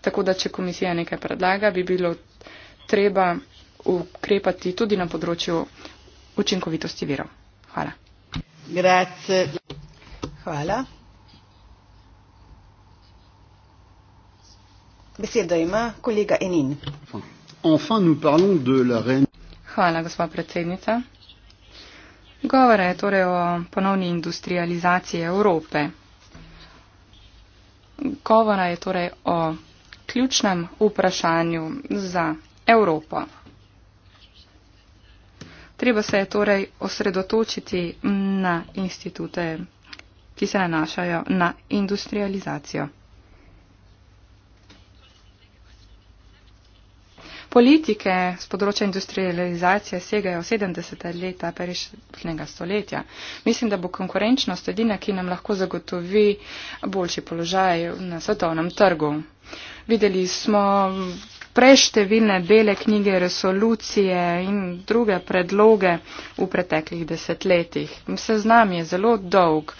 Tako da, če komisija nekaj predlaga, bi bilo treba ukrepati tudi na področju učinkovitosti virov. Hvala. Grazie. Hvala. Besedo ima kolega Enin. Hvala. Enfin, nous parlons de la reine. Hvala, gospa predsednica. Govora je torej o ponovni industrializaciji Evrope. Govora je torej o ključnem vprašanju za Evropo. Treba se je torej osredotočiti na institute, ki se nanašajo na industrializacijo. Politike z področja industrializacije segajo 70. leta perišnega stoletja. Mislim, da bo konkurenčnost edina, ki nam lahko zagotovi boljši položaj na svetovnem trgu. Videli smo preštevilne bele knjige, resolucije in druge predloge v preteklih desetletjih. Seznam je zelo dolg.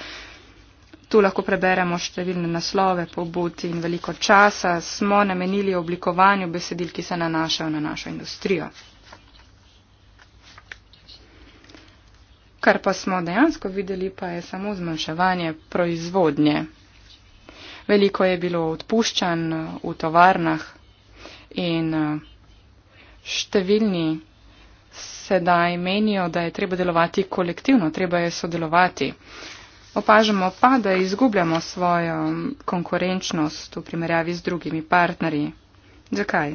Tu lahko preberemo številne naslove, pobuti in veliko časa smo namenili oblikovanju besedil, ki se nanašajo na našo industrijo. Kar pa smo dejansko videli, pa je samo zmanjševanje proizvodnje. Veliko je bilo odpuščan v tovarnah in številni sedaj menijo, da je treba delovati kolektivno, treba je sodelovati opažamo pa, da izgubljamo svojo konkurenčnost v primerjavi z drugimi partnerji. Zakaj?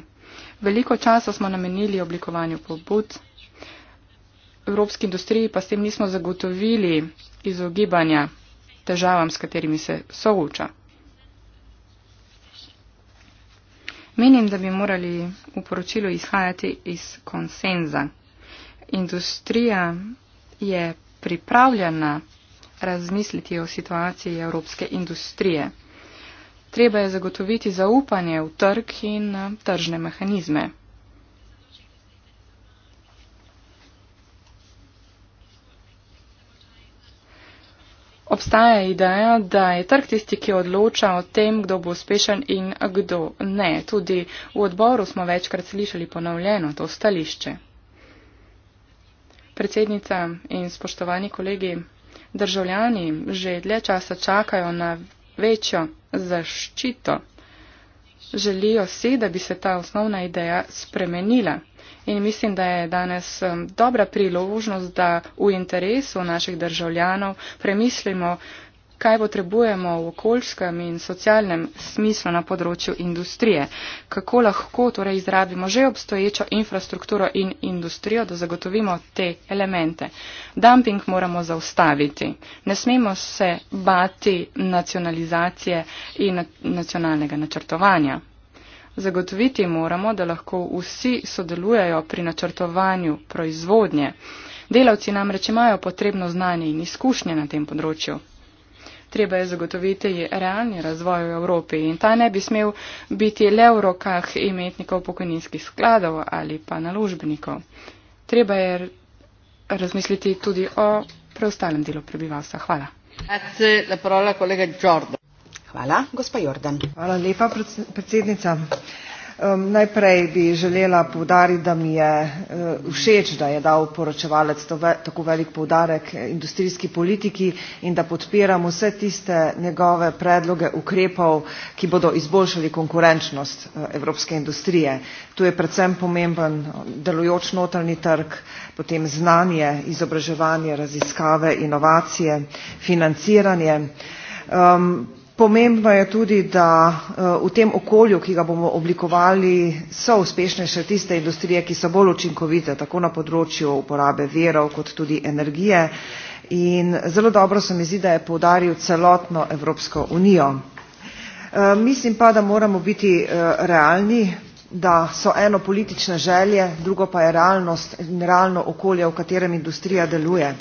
Veliko časa smo namenili oblikovanju pobud, evropski industriji pa s tem nismo zagotovili izogibanja težavam, s katerimi se souča. Menim, da bi morali v poročilu izhajati iz konsenza. Industrija je pripravljena razmisliti o situaciji evropske industrije. Treba je zagotoviti zaupanje v trg in eh, tržne mehanizme. Obstaja ideja, da je trg tisti, ki odloča o tem, kdo bo uspešen in kdo ne. Tudi v odboru smo večkrat slišali ponovljeno to stališče. Predsednica in spoštovani kolegi, državljani že dlje časa čakajo na večjo zaščito. Želijo si, da bi se ta osnovna ideja spremenila. In mislim, da je danes um, dobra priložnost, da v interesu naših državljanov premislimo, kaj potrebujemo v okoljskem in socialnem smislu na področju industrije, kako lahko torej izrabimo že obstoječo infrastrukturo in industrijo, da zagotovimo te elemente. Dumping moramo zaustaviti. Ne smemo se bati nacionalizacije in nacionalnega načrtovanja. Zagotoviti moramo, da lahko vsi sodelujejo pri načrtovanju proizvodnje. Delavci namreč imajo potrebno znanje in izkušnje na tem področju treba je zagotoviti realni razvoj v Evropi in ta ne bi smel biti le v rokah imetnikov pokojninskih skladov ali pa naložbenikov. Treba je razmisliti tudi o preostalem delu prebivalstva. Hvala. Hvala, gospa Jordan. Hvala lepa, predsednica. Um, najprej bi želela povdariti, da mi je uh, všeč, da je dal poročevalec to ve tako velik povdarek industrijski politiki in da podpiramo vse tiste njegove predloge ukrepov, ki bodo izboljšali konkurenčnost uh, evropske industrije. Tu je predvsem pomemben eh, delujoč notrni trg, potem znanje, izobraževanje, raziskave, inovacije, financiranje. Um, Pomembno je tudi, da eh, v tem okolju, ki ga bomo oblikovali, so uspešne še tiste industrije, ki so bolj učinkovite, tako na področju uporabe verov kot tudi energije. In zelo dobro se mi zdi, da je poudaril celotno Evropsko unijo. Eh, mislim pa, da moramo biti eh, realni, da so eno politične želje, drugo pa je realnost in realno okolje, v katerem industrija deluje.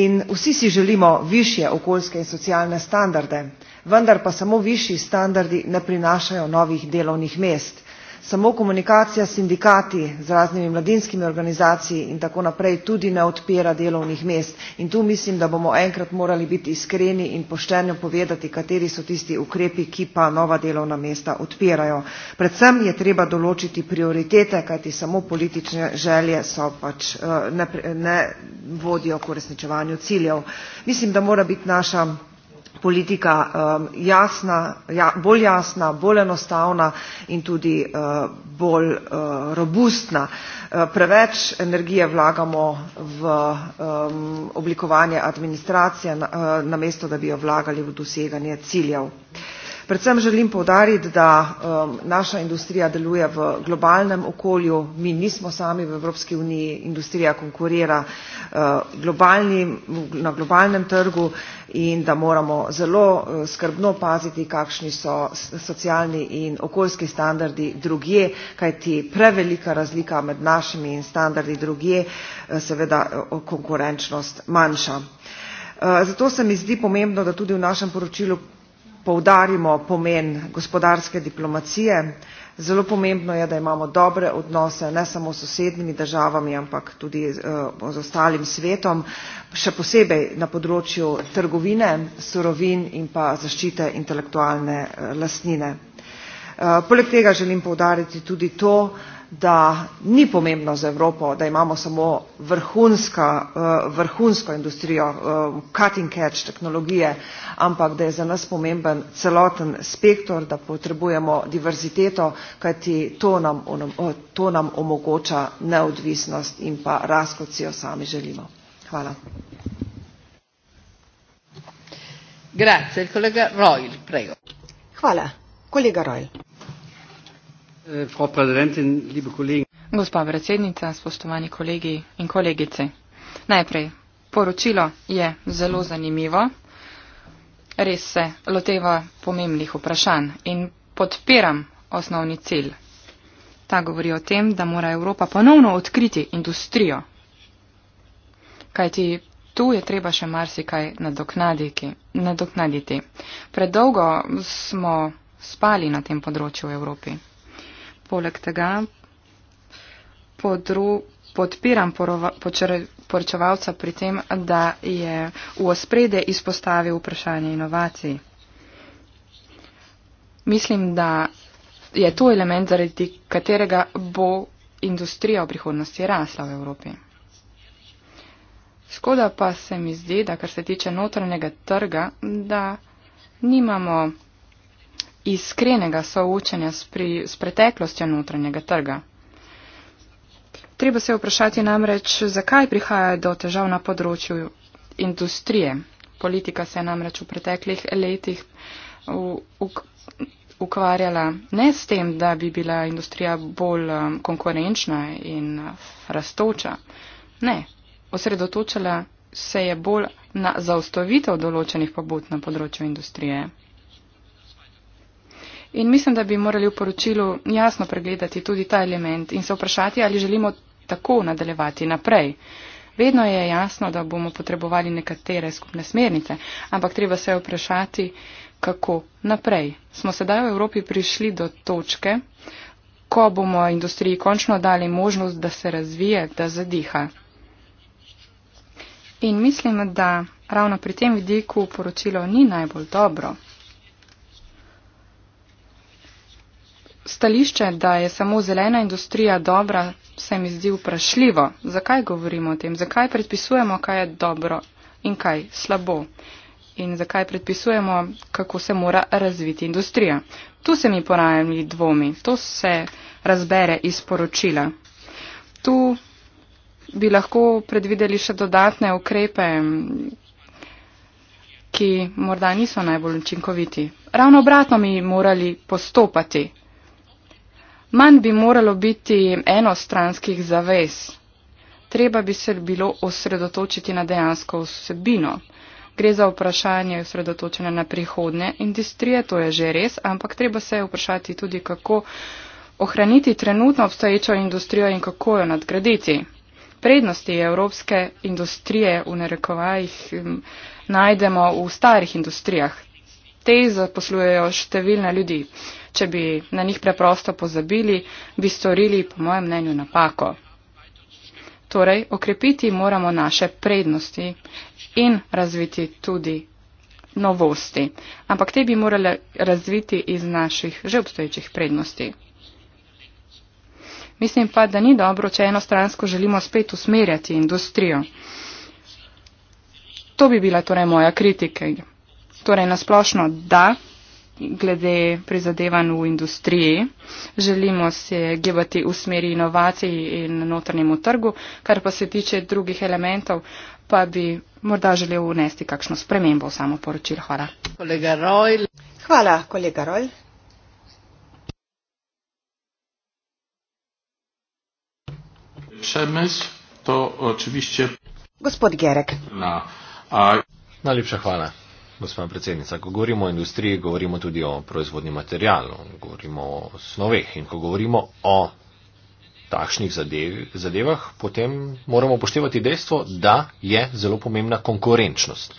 In vsi si želimo višje okoljske in socialne standarde vendar pa samo višji standardi ne prinašajo novih delovnih mest. Samo komunikacija s sindikati, z raznimi mladinskimi organizacijami in tako naprej tudi ne odpira delovnih mest. In tu mislim, da bomo enkrat morali biti iskreni in pošteno povedati, kateri so tisti ukrepi, ki pa nova delovna mesta odpirajo. Predvsem je treba določiti prioritete, kajti samo politične želje so pač eh, ne, ne vodijo k uresničevanju ciljev. Mislim, da mora biti naša politika um, jasna, ja, bolj jasna, bolj enostavna in tudi uh, bolj uh, robustna. Uh, preveč energije vlagamo v um, oblikovanje administracije, namesto da bi jo vlagali v doseganje ciljev. Predvsem želim povdariti, da um, naša industrija deluje v globalnem okolju, mi nismo sami v Evropski uniji, industrija konkurira uh, globalni, na globalnem trgu in da moramo zelo uh, skrbno paziti, kakšni so socialni in okoljski standardi drugje, kajti prevelika razlika med našimi in standardi drugje uh, seveda uh, konkurenčnost manjša. Uh, zato se mi zdi pomembno, da tudi v našem poročilu poudarimo pomen gospodarske diplomacije. Zelo pomembno je, da imamo dobre odnose ne samo s sosednjimi državami, ampak tudi uh, z ostalim svetom, še posebej na področju trgovine, surovin in pa zaščite intelektualne uh, lastnine. Uh, poleg tega želim poudariti tudi to, uh, da ni pomembno za Evropo, da imamo samo vrhunska, eh, vrhunsko industrijo, eh, cutting catch tehnologije, ampak da je za nas pomemben celoten spektr, da potrebujemo diverziteto, kajti to nam, eh, to nam omogoča neodvisnost in pa rast, kot si jo sami želimo. Hvala. Grazie, il collega Royle, prego. Hvala, collega Royle. Eh, Gospa predsednica, spoštovani kolegi in kolegice. Najprej, poročilo je zelo zanimivo, res se loteva pomembnih vprašanj in podpiram osnovni cilj. Ta govori o tem, da mora Evropa ponovno odkriti industrijo. Kajti tu je treba še marsikaj nadoknaditi. nadoknaditi. Predolgo smo spali na tem področju v Evropi poleg tega podru, podpiram poročevalca pri tem, da je v ospredje izpostavil vprašanje inovacij. Mislim, da je to element, zaradi katerega bo industrija v prihodnosti rasla v Evropi. Skoda pa se mi zdi, da kar se tiče notranjega trga, da nimamo iskrenega soočanja s, pri, s preteklostjo notranjega trga. Treba se vprašati namreč, zakaj prihaja do težav na področju industrije. Politika se je namreč v preteklih letih ukvarjala ne s tem, da bi bila industrija bolj um, konkurenčna in uh, rastoča. Ne, osredotočala se je bolj na zaustavitev določenih pobud na področju industrije. In mislim, da bi morali v poročilu jasno pregledati tudi ta element in se vprašati, ali želimo tako nadaljevati naprej. Vedno je jasno, da bomo potrebovali nekatere skupne smernice, ampak treba se vprašati, kako naprej. Smo sedaj v Evropi prišli do točke, ko bomo industriji končno dali možnost, da se razvije, da zadiha. In mislim, da ravno pri tem vidiku poročilo ni najbolj dobro. Stališče, da je samo zelena industrija dobra, se mi zdi vprašljivo. Zakaj govorimo o tem? Zakaj predpisujemo, kaj je dobro in kaj slabo? In zakaj predpisujemo, kako se mora razviti industrija? Tu se mi porajajo dvomi, to se razbere iz poročila. Tu bi lahko predvideli še dodatne ukrepe, ki morda niso najbolj učinkoviti. Ravno obratno bi morali postopati, manj bi moralo biti enostranskih zavez. Treba bi se bilo osredotočiti na dejansko vsebino. Gre za vprašanje osredotočene na prihodne industrije, to je že res, ampak treba se vprašati tudi, kako ohraniti trenutno obstoječo industrijo in kako jo nadgraditi. Prednosti evropske industrije v narekovajih hm, najdemo v starih industrijah, te zaposlujejo številne ljudi. Če bi na njih preprosto pozabili, bi storili, po mojem mnenju, napako. Torej, okrepiti moramo naše prednosti in razviti tudi novosti. Ampak te bi morali razviti iz naših že obstoječih prednosti. Mislim pa, da ni dobro, če enostransko želimo spet usmerjati industrijo. To bi bila torej moja kritika. Torej, nasplošno da, glede prizadevanj v industriji, želimo se gibati v smeri inovacij in notrnemu trgu, kar pa se tiče drugih elementov, pa bi morda želel unesti kakšno spremembo v samo poročilo. Hvala. Kolega Roj. Hvala, kolega Roj. Šemes, to očivišče. Gospod Gerek. Na, a... Najlepša hvala gospod predsednica, ko govorimo o industriji, govorimo tudi o proizvodni materialu, govorimo o snoveh in ko govorimo o takšnih zadevah, potem moramo upoštevati dejstvo, da je zelo pomembna konkurenčnost.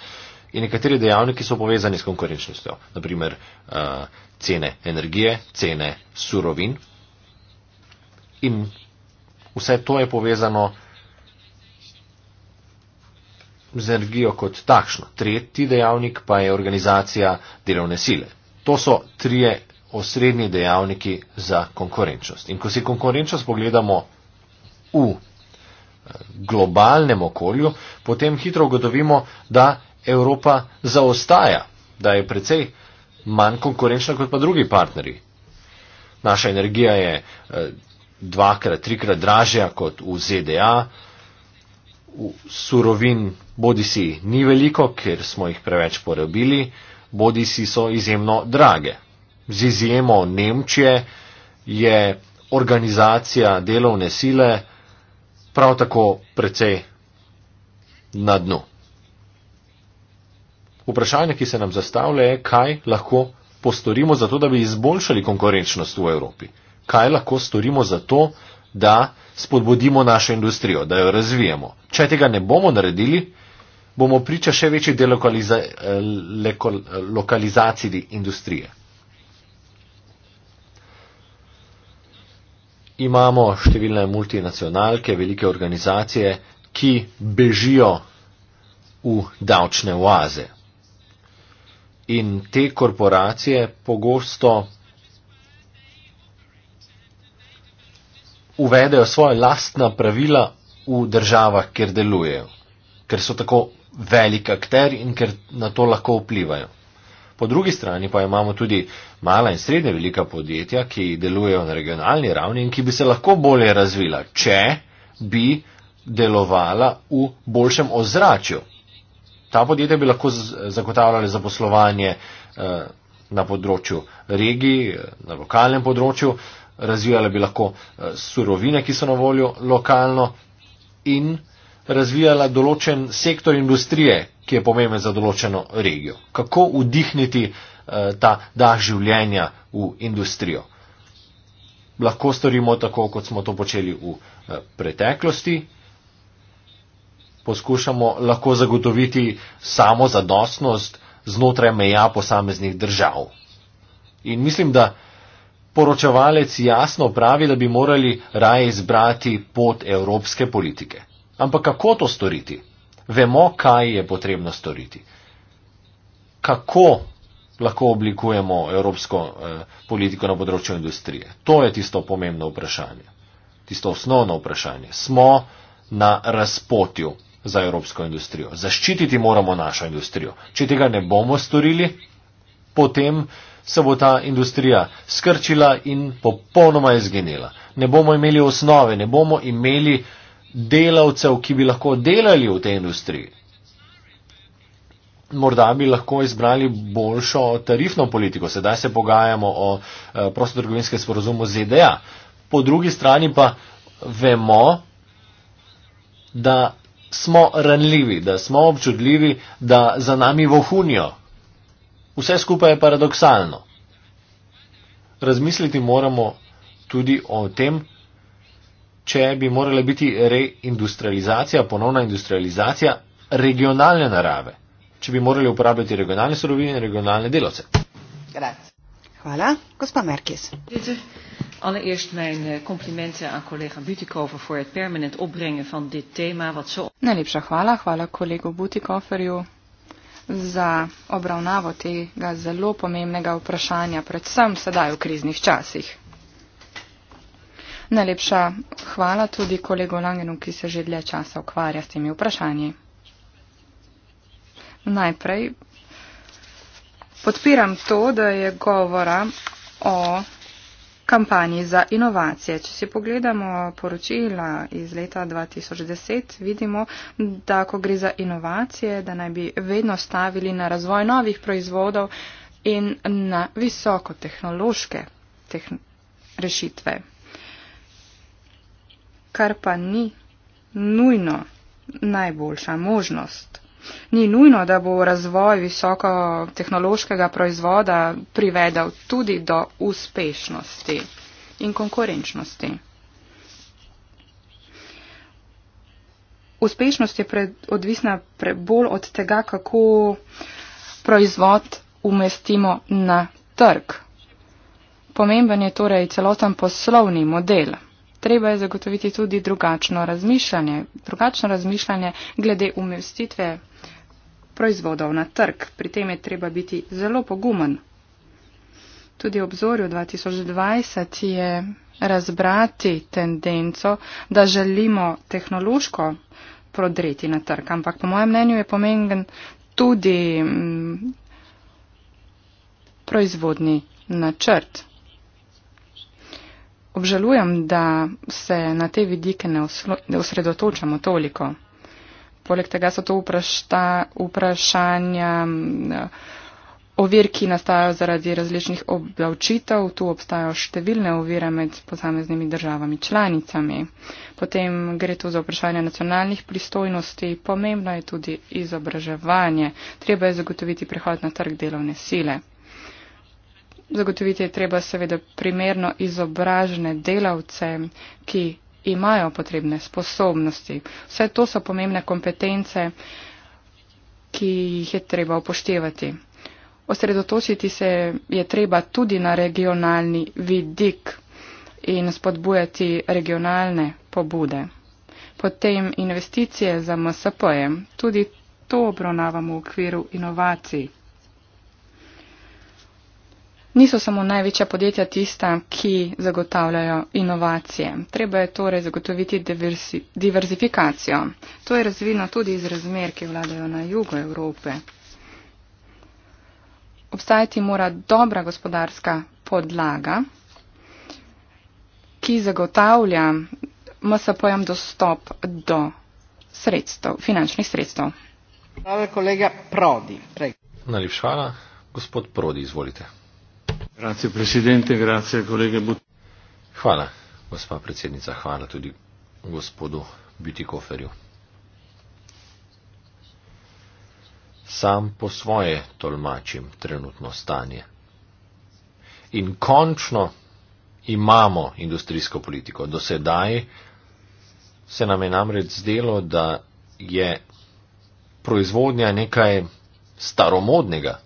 In nekateri dejavniki so povezani s konkurenčnostjo, naprimer uh, eh, cene energije, cene surovin in vse to je povezano uh, z energijo kot takšno. Tretji dejavnik pa je organizacija delovne sile. To so trije osrednji dejavniki za konkurenčnost. In ko si konkurenčnost pogledamo v eh, globalnem okolju, potem hitro ugotovimo, da Evropa zaostaja, da je precej manj konkurenčna kot pa drugi partnerji. Naša energija je eh, dvakrat, trikrat dražja kot v ZDA, surovin bodi si ni veliko, ker smo jih preveč porabili, bodi si so izjemno drage. Z izjemo Nemčije je organizacija delovne sile prav tako precej na dnu. Vprašanje, ki se nam zastavlja, je, kaj lahko postorimo za to, da bi izboljšali konkurenčnost v Evropi. Kaj lahko storimo za to, da spodbudimo našo industrijo, da jo razvijemo. Če tega ne bomo naredili, bomo priča še večji delokalizaciji industrije. Imamo številne multinacionalke, velike organizacije, ki bežijo v davčne oaze. In te korporacije pogosto uvedejo svoje lastna pravila v državah, kjer delujejo, ker so tako velik akter in ker na to lahko vplivajo. Po drugi strani pa imamo tudi mala in srednje velika podjetja, ki delujejo na regionalni ravni in ki bi se lahko bolje razvila, če bi delovala v boljšem ozračju. Ta podjetja bi lahko zagotavljali zaposlovanje eh, na področju regij, eh, na lokalnem področju, razvijale bi lahko eh, surovine, ki so na voljo lokalno in razvijala določen sektor industrije, ki je pomemben za določeno regijo. Kako vdihniti eh, ta dah življenja v industrijo? Lahko storimo tako, kot smo to počeli v eh, preteklosti. Poskušamo lahko zagotoviti samozadostnost znotraj meja posameznih držav. In mislim, da poročevalec jasno pravi, da bi morali raje izbrati pot evropske politike. Ampak kako to storiti? Vemo, kaj je potrebno storiti. Kako lahko oblikujemo evropsko eh, politiko na področju industrije? To je tisto pomembno vprašanje. Tisto osnovno vprašanje. Smo na razpotju za evropsko industrijo. Zaščititi moramo našo industrijo. Če tega ne bomo storili, potem eh, se bo ta industrija skrčila in popolnoma izginila. Ne bomo imeli osnove, ne bomo imeli delavcev, ki bi lahko delali v tej industriji. Morda bi lahko izbrali boljšo tarifno politiko, sedaj se pogajamo o eh, prostotrgovinske sporozumu ZDA. Po drugi strani pa vemo, da smo ranljivi, da smo občudljivi, da za nami vohunijo. Vse skupaj je paradoksalno. Razmisliti moramo tudi o tem, če bi morala biti reindustrializacija, ponovna industrializacija regionalne narave, če bi morali uporabljati regionalne surovine in regionalne delovce. Hvala, gospa Merkis. Allereerst mijn eh, complimenten aan collega Butikover voor het permanent opbrengen van dit thema. Wat zo... Najlepša hvala, hvala kolego Butikoverju za obravnavo tega zelo pomembnega vprašanja, predvsem sedaj v kriznih časih. Najlepša hvala tudi kolegu Langenu, ki se že dlje časa ukvarja s temi vprašanji. Najprej podpiram to, da je govora o kampanji za inovacije. Če si pogledamo poročila iz leta 2010, vidimo, da ko gre za inovacije, da naj bi vedno stavili na razvoj novih proizvodov in na visokotehnološke tehn rešitve. Kar pa ni nujno najboljša možnost ni nujno, da bo razvoj visokotehnološkega proizvoda privedel tudi do uspešnosti in konkurenčnosti. Uspešnost je pred, odvisna pre, bolj od tega, kako proizvod umestimo na trg. Pomemben je torej celoten poslovni model. Treba je zagotoviti tudi drugačno razmišljanje, drugačno razmišljanje glede umestitve proizvodov na trg. Pri tem je treba biti zelo pogumen. Tudi obzorju 2020 je razbrati tendenco, da želimo tehnološko prodreti na trg. Ampak po mojem mnenju je pomemben tudi mm, proizvodni načrt. Obžalujem, da se na te vidike ne osredotočamo toliko. Poleg tega so to vprašta, vprašanja ovir, ki nastajajo zaradi različnih obdavčitev. Tu obstajajo številne ovire med posameznimi državami članicami. Potem gre tu za vprašanje nacionalnih pristojnosti. Pomembno je tudi izobraževanje. Treba je zagotoviti prehod na trg delovne sile. Zagotoviti je treba seveda primerno izobražene delavce, ki imajo potrebne sposobnosti. Vse to so pomembne kompetence, ki jih je treba upoštevati. Osredotočiti se je treba tudi na regionalni vidik in spodbujati regionalne pobude. Potem investicije za MSP-je, tudi to obravnavamo v okviru inovacij niso samo največja podjetja tista, ki zagotavljajo inovacije. Treba je torej zagotoviti diversi, diverzifikacijo. To je razvino tudi iz razmer, ki vladajo na jugu Evrope. Obstajati mora dobra gospodarska podlaga, ki zagotavlja MSP-jem dostop do sredstev, finančnih sredstev. Hvala, kolega Prodi. Najlepša hvala. Gospod Prodi, izvolite. Hvala, gospa predsednica. Hvala tudi gospodu Bitikoferju. Sam po svoje tolmačim trenutno stanje. In končno imamo industrijsko politiko. Do sedaj se nam je namreč zdelo, da je proizvodnja nekaj staromodnega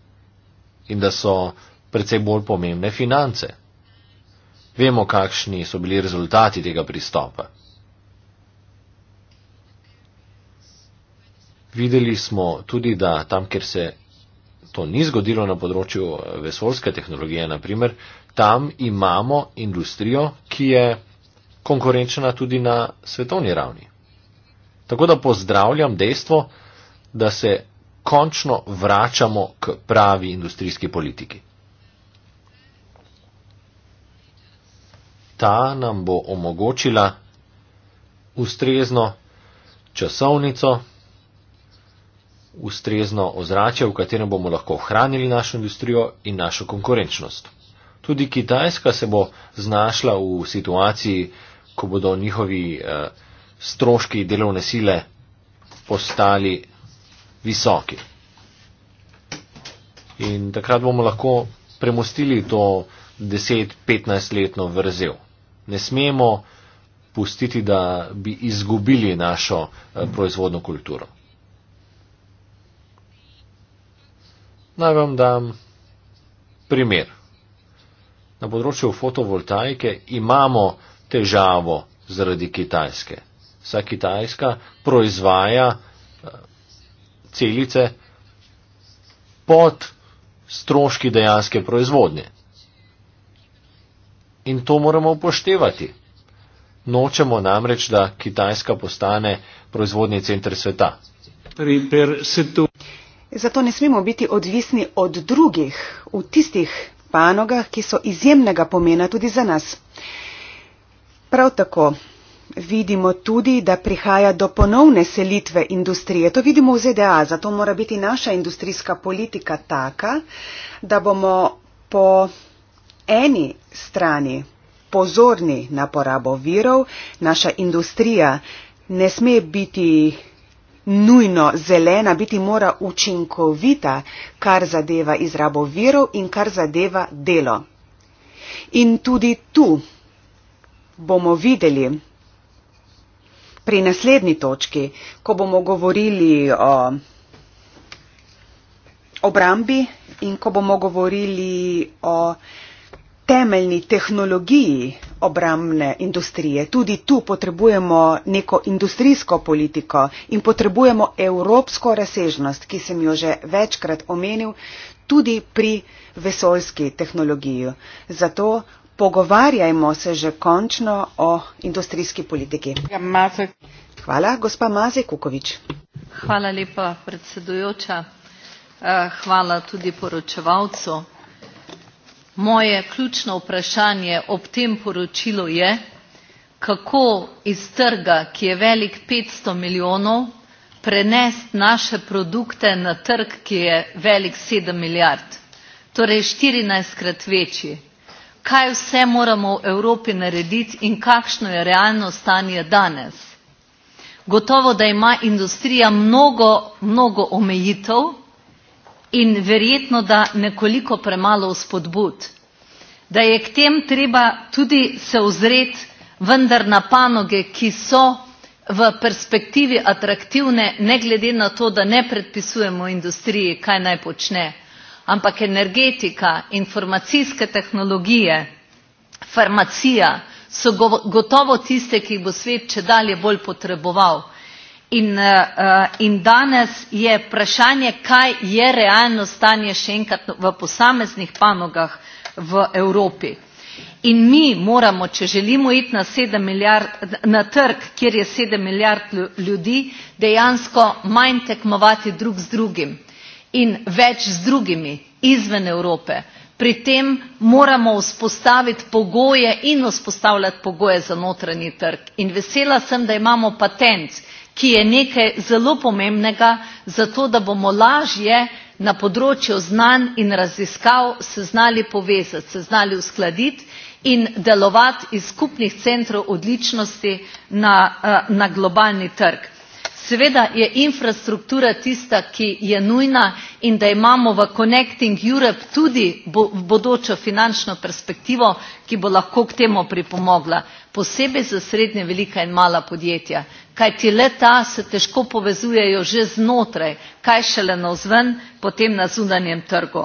in da so predvsej bolj pomembne finance. Vemo, kakšni so bili rezultati tega pristopa. Videli smo tudi, da tam, kjer se to ni zgodilo na področju eh, vesolske tehnologije, naprimer, tam imamo industrijo, ki je konkurenčna tudi na svetovni ravni. Tako da pozdravljam dejstvo, da se končno vračamo k pravi industrijski politiki. ta nam bo omogočila ustrezno časovnico, ustrezno ozračje, v katerem bomo lahko ohranili našo industrijo in našo konkurenčnost. Tudi Kitajska se bo znašla v situaciji, ko bodo njihovi eh, stroški delovne sile postali visoki. In takrat bomo lahko premustili to 10-15-letno vrzel ne smemo pustiti, da bi izgubili našo eh, proizvodno kulturo. Naj vam dam primer. Na področju fotovoltaike imamo težavo zaradi Kitajske. Vsa Kitajska proizvaja eh, celice pod stroški dejanske proizvodnje in to moramo upoštevati. Nočemo namreč, da Kitajska postane proizvodni center sveta. Zato ne smemo biti odvisni od drugih v tistih panogah, ki so izjemnega pomena tudi za nas. Prav tako vidimo tudi, da prihaja do ponovne selitve industrije. To vidimo v ZDA, zato mora biti naša industrijska politika taka, da bomo po eni strani. Pozorni na porabo virov, naša industrija ne sme biti nujno zelena, biti mora učinkovita, kar zadeva izrabo virov in kar zadeva delo. In tudi tu bomo videli pri naslednji točki, ko bomo govorili o obrambi in ko bomo govorili o temeljni tehnologiji obramne industrije. Tudi tu potrebujemo neko industrijsko politiko in potrebujemo evropsko razsežnost, ki sem jo že večkrat omenil, tudi pri vesoljski tehnologiji. Zato pogovarjajmo se že končno o industrijski politiki. Hvala, gospa Mazej Kukovič. Hvala lepa, predsedujoča. Eh, hvala tudi poročevalcu moje ključno vprašanje ob tem poročilu je kako iz trga ki je velik petsto milijonov prenesti naše produkte na trg ki je velik sedem milijard torej štirinajstkrat večji kaj vse moramo v Evropi narediti in kakšno je realno stanje danes. Gotovo, da ima industrija mnogo, mnogo omejitev, in verjetno, da nekoliko premalo vzpodbud, da je k tem treba tudi se ozret vendar na panoge, ki so v perspektivi atraktivne, ne glede na to, da ne predpisujemo industriji, kaj naj počne, ampak energetika, informacijske tehnologije, farmacija so gotovo tiste, ki jih bo svet če dalje bolj potreboval. In, uh, in danes je vprašanje, kaj je realno stanje še enkrat v posameznih panogah v Evropi. In mi moramo, če želimo iti na, milijard, na trg, kjer je sedem milijard ljudi, dejansko manj tekmovati drug z drugim in več z drugimi izven Evrope. Pri tem moramo vzpostaviti pogoje in vzpostavljati pogoje za notranji trg. In vesela sem, da imamo patent, ki je nekaj zelo pomembnega zato, da bomo lažje na področju znanj in raziskav se znali povezati, se znali uskladiti in delovati iz skupnih centrov odličnosti na, eh, na globalni trg. Seveda je infrastruktura tista, ki je nujna in da imamo v Connecting Europe tudi bo, v bodočo finančno perspektivo, ki bo lahko k temu pripomogla, posebej za srednje, velika in mala podjetja kajti le ta se težko povezujejo že znotraj, kaj šele navzven, potem na zunanjem trgu.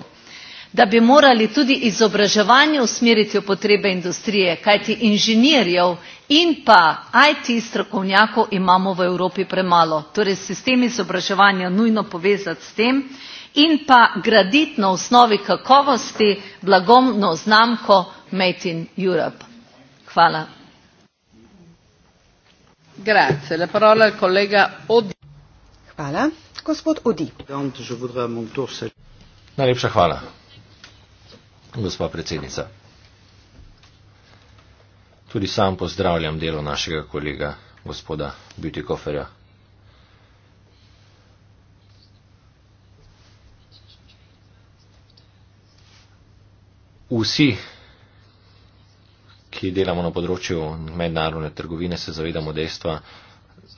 Da bi morali tudi izobraževanje usmeriti v potrebe industrije, kajti inženirjev in pa IT strokovnjakov imamo v Evropi premalo. Torej sistem izobraževanja nujno povezati s tem in pa graditi na osnovi kakovosti blagovno znamko Made in Europe. Hvala. Najlepša hvala, gospa predsednica. Tudi sam pozdravljam delo našega kolega, gospoda Bütikoferja. Vsi ki delamo na področju mednarodne trgovine, se zavedamo dejstva,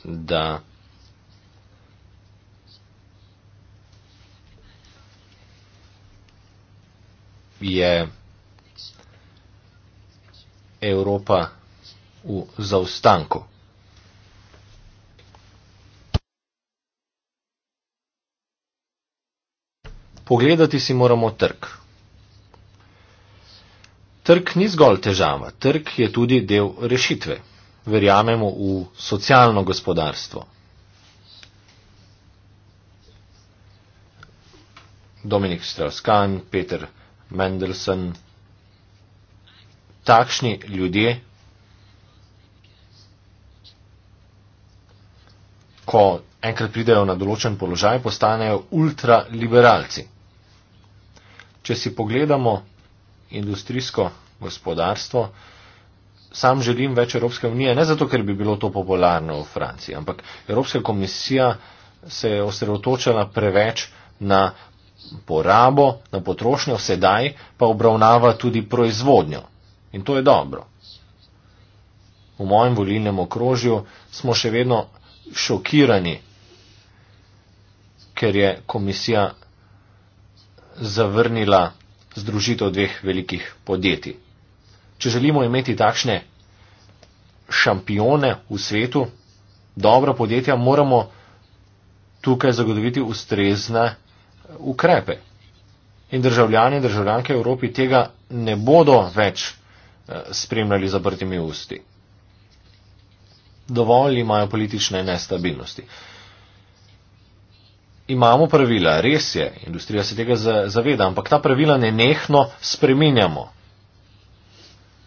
da je Evropa v zaostanku. Pogledati si moramo trg. Trg ni zgolj težava, trg je tudi del rešitve. Verjamemo v socialno gospodarstvo. Dominik Strauss-Kahn, Peter Mendelssohn, takšni ljudje, ko enkrat pridejo na določen položaj, postanejo ultraliberalci. Če si pogledamo industrijsko gospodarstvo. Sam želim več Evropske unije, ne zato, ker bi bilo to popularno v Franciji, ampak Evropska komisija se je osredotočala preveč na porabo, na potrošnjo, sedaj pa obravnava tudi proizvodnjo. In to je dobro. V mojem volilnem okrožju smo še vedno šokirani, ker je komisija zavrnila združitev dveh velikih podjetij. Če želimo imeti takšne šampione v svetu, dobra podjetja, moramo tukaj zagotoviti ustrezne ukrepe. In državljani in državljanke Evropi tega ne bodo več eh, spremljali zaprtimi usti. Dovolj imajo politične nestabilnosti imamo pravila, res je, industrija se tega zaveda, ampak ta pravila ne nehno spreminjamo.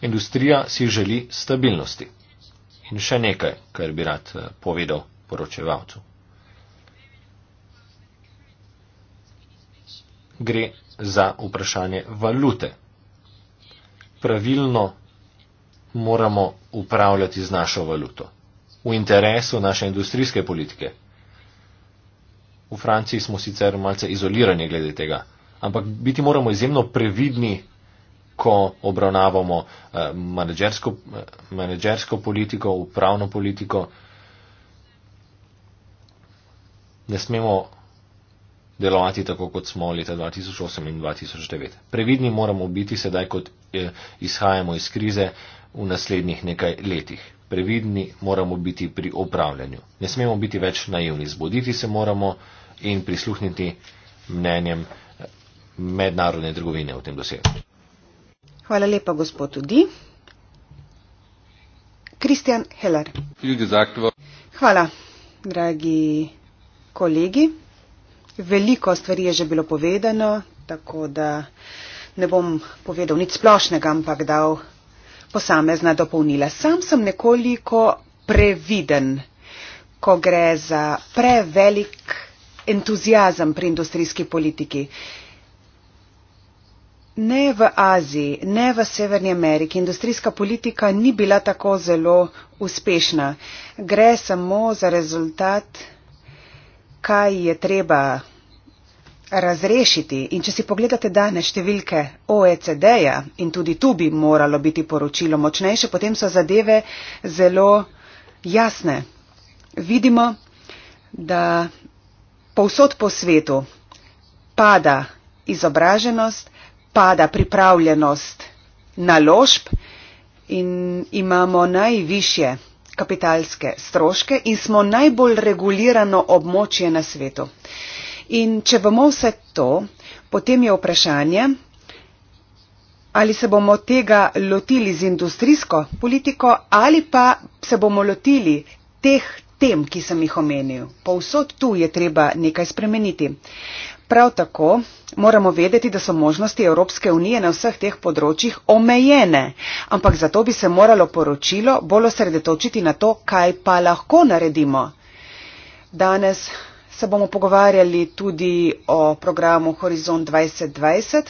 Industrija si želi stabilnosti. In še nekaj, kar bi rad eh, povedal poročevalcu. Gre za vprašanje valute. Pravilno moramo upravljati z našo valuto. V interesu naše industrijske politike V Franciji smo sicer malce izolirani glede tega, ampak biti moramo izjemno previdni, ko obravnavamo eh, manedžersko eh, politiko, upravno politiko. Ne smemo delovati tako, kot smo leta 2008 in 2009. Previdni moramo biti sedaj, kot eh, izhajamo iz krize v naslednjih nekaj letih. Previdni moramo biti pri upravljanju. Ne smemo biti več naivni. Zbuditi se moramo in prisluhniti mnenjem mednarodne trgovine v tem dosegu. Hvala lepa, gospod Tudi. Kristjan Heller. Hvala, dragi kolegi. Veliko stvari je že bilo povedano, tako da ne bom povedal nič splošnega, ampak dal posamezna dopolnila. Sam sem nekoliko previden, ko gre za prevelik entuzijazem pri industrijski politiki. Ne v Aziji, ne v Severni Ameriki industrijska politika ni bila tako zelo uspešna. Gre samo za rezultat, kaj je treba razrešiti. In če si pogledate dane številke OECD-ja, in tudi tu bi moralo biti poročilo močnejše, potem so zadeve zelo jasne. Vidimo, da povsod po svetu pada izobraženost, pada pripravljenost naložb in imamo najvišje kapitalske stroške in smo najbolj regulirano območje na svetu. In če bomo vse to, potem je vprašanje, ali se bomo tega lotili z industrijsko politiko ali pa se bomo lotili teh tem, ki sem jih omenil. Povsod tu je treba nekaj spremeniti. Prav tako moramo vedeti, da so možnosti Evropske unije na vseh teh področjih omejene, ampak zato bi se moralo poročilo bolj osredotočiti na to, kaj pa lahko naredimo. Danes se bomo pogovarjali tudi o programu Horizon 2020,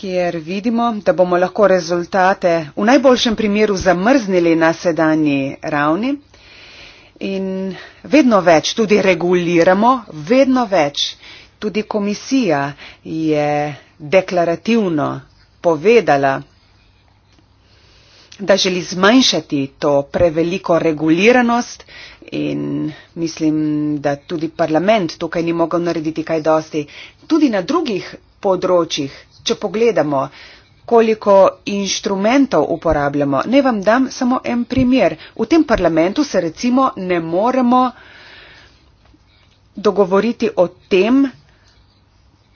kjer vidimo, da bomo lahko rezultate v najboljšem primeru zamrznili na sedanji ravni in vedno več tudi reguliramo, vedno več. Tudi komisija je deklarativno povedala, da želi zmanjšati to preveliko reguliranost in mislim, da tudi parlament tukaj ni mogel narediti kaj dosti. Tudi na drugih področjih, če pogledamo, koliko inštrumentov uporabljamo. Ne vam dam samo en primer. V tem parlamentu se recimo ne moremo dogovoriti o tem,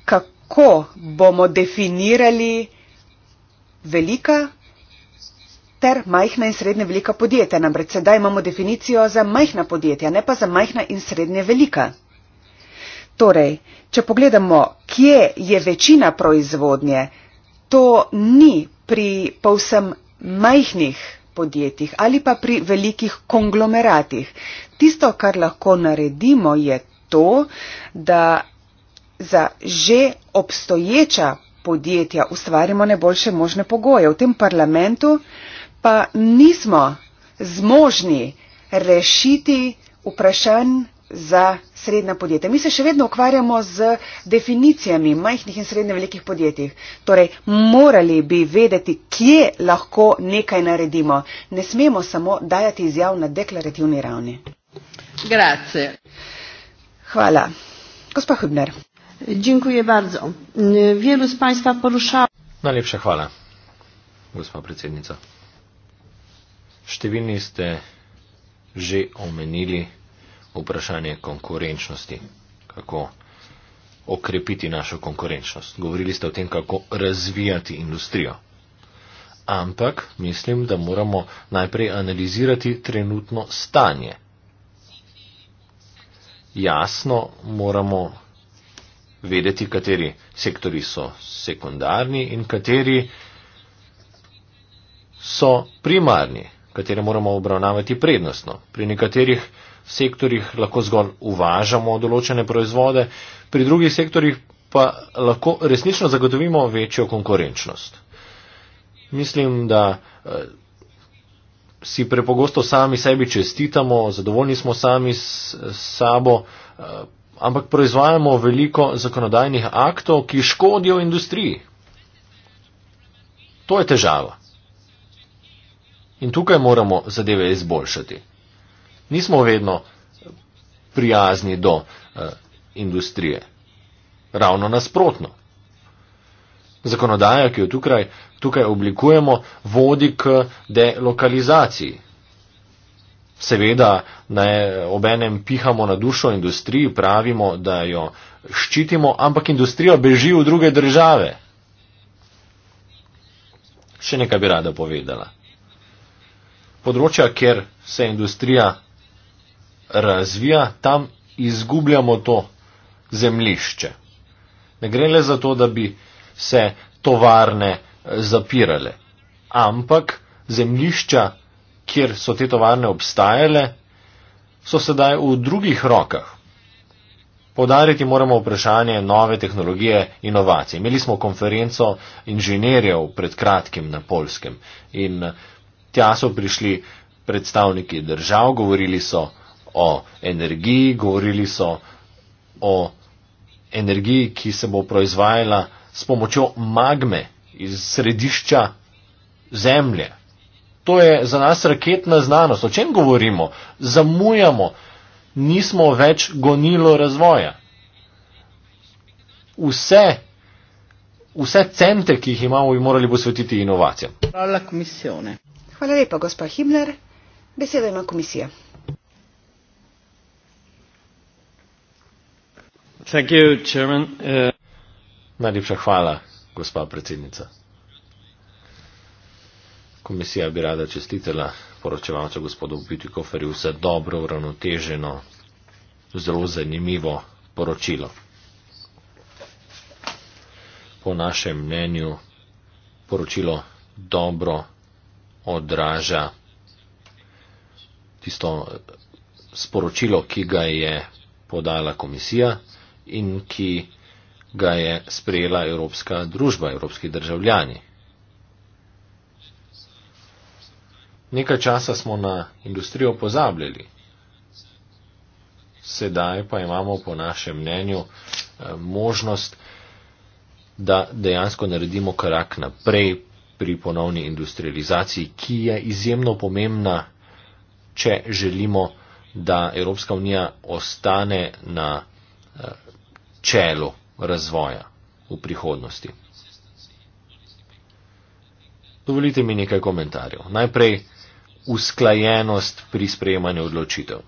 kako bomo definirali velika ter majhna in srednje velika podjetja. Namreč sedaj imamo definicijo za majhna podjetja, ne pa za majhna in srednje velika. Torej, če pogledamo, kje je večina proizvodnje, to ni pri povsem majhnih podjetjih ali pa pri velikih konglomeratih. Tisto, kar lahko naredimo, je to, da za že obstoječa podjetja ustvarimo najboljše možne pogoje. V tem parlamentu pa nismo zmožni rešiti vprašanj za srednja podjetja. Mi se še vedno ukvarjamo z definicijami majhnih in srednje velikih podjetij. Torej, morali bi vedeti, kje lahko nekaj naredimo. Ne smemo samo dajati izjav na deklarativni ravni. Grazie. Hvala. Gospa Hübner. Dziękuję bardzo. Wielu z Państwa poruszało. Najlepsza chwała, gospa przewodnicząca. Szczególnie ste już omenili vprašanje konkurenčnosti, kako okrepiti našo konkurenčnost. Govorili ste o tem, kako razvijati industrijo. Ampak mislim, da moramo najprej analizirati trenutno stanje. Jasno moramo vedeti, kateri sektori so sekundarni in kateri so primarni, katere moramo obravnavati prednostno. Pri nekaterih sektorjih lahko zgolj uvažamo določene proizvode, pri drugih sektorjih pa lahko resnično zagotovimo večjo konkurenčnost. Mislim, da eh, si prepogosto sami sebi čestitamo, zadovoljni smo sami s sabo, eh, ampak proizvajamo veliko zakonodajnih aktov, ki škodijo industriji. To je težava. In tukaj moramo zadeve izboljšati nismo vedno prijazni do eh, industrije. Ravno nasprotno. Zakonodaja, ki jo tukaj, tukaj oblikujemo, vodi k delokalizaciji. Seveda, ne eh, obenem pihamo na dušo industriji, pravimo, da jo ščitimo, ampak industrija beži v druge države. Še nekaj bi rada povedala. Področja, kjer se industrija razvija, tam izgubljamo to zemlišče. Ne gre le za to, da bi se tovarne eh, zapirale, ampak zemlišča, kjer so te tovarne obstajale, so sedaj v drugih rokah. Podariti moramo vprašanje nove tehnologije inovacij. Imeli smo konferenco inženirjev pred kratkim na Polskem in eh, tja so prišli predstavniki držav, govorili so o o energiji, govorili so o energiji, ki se bo proizvajala s pomočjo magme iz središča Zemlje. To je za nas raketna znanost. O čem govorimo? Zamujamo, nismo več gonilo razvoja. Vse, vse centre, ki jih imamo, bi morali posvetiti inovacijam. Hvala, komisijone. Hvala lepa, gospod Himler. Beseda ima komisija. Uh, Najlepša hvala, gospa predsednica. Komisija bi rada čestitela poročevalcu gospodu Bitikoferju za dobro, uravnoteženo, zelo zanimivo poročilo. Po našem mnenju poročilo dobro odraža tisto sporočilo, ki ga je podala komisija in ki ga je sprejela Evropska družba, Evropski državljani. Nekaj časa smo na industrijo pozabljali, sedaj pa imamo po našem mnenju eh, možnost, da dejansko naredimo korak naprej pri ponovni industrializaciji, ki je izjemno pomembna, če želimo, da Evropska unija ostane na eh, čelu razvoja v prihodnosti. Dovolite mi nekaj komentarjev. Najprej usklajenost pri sprejemanju odločitev.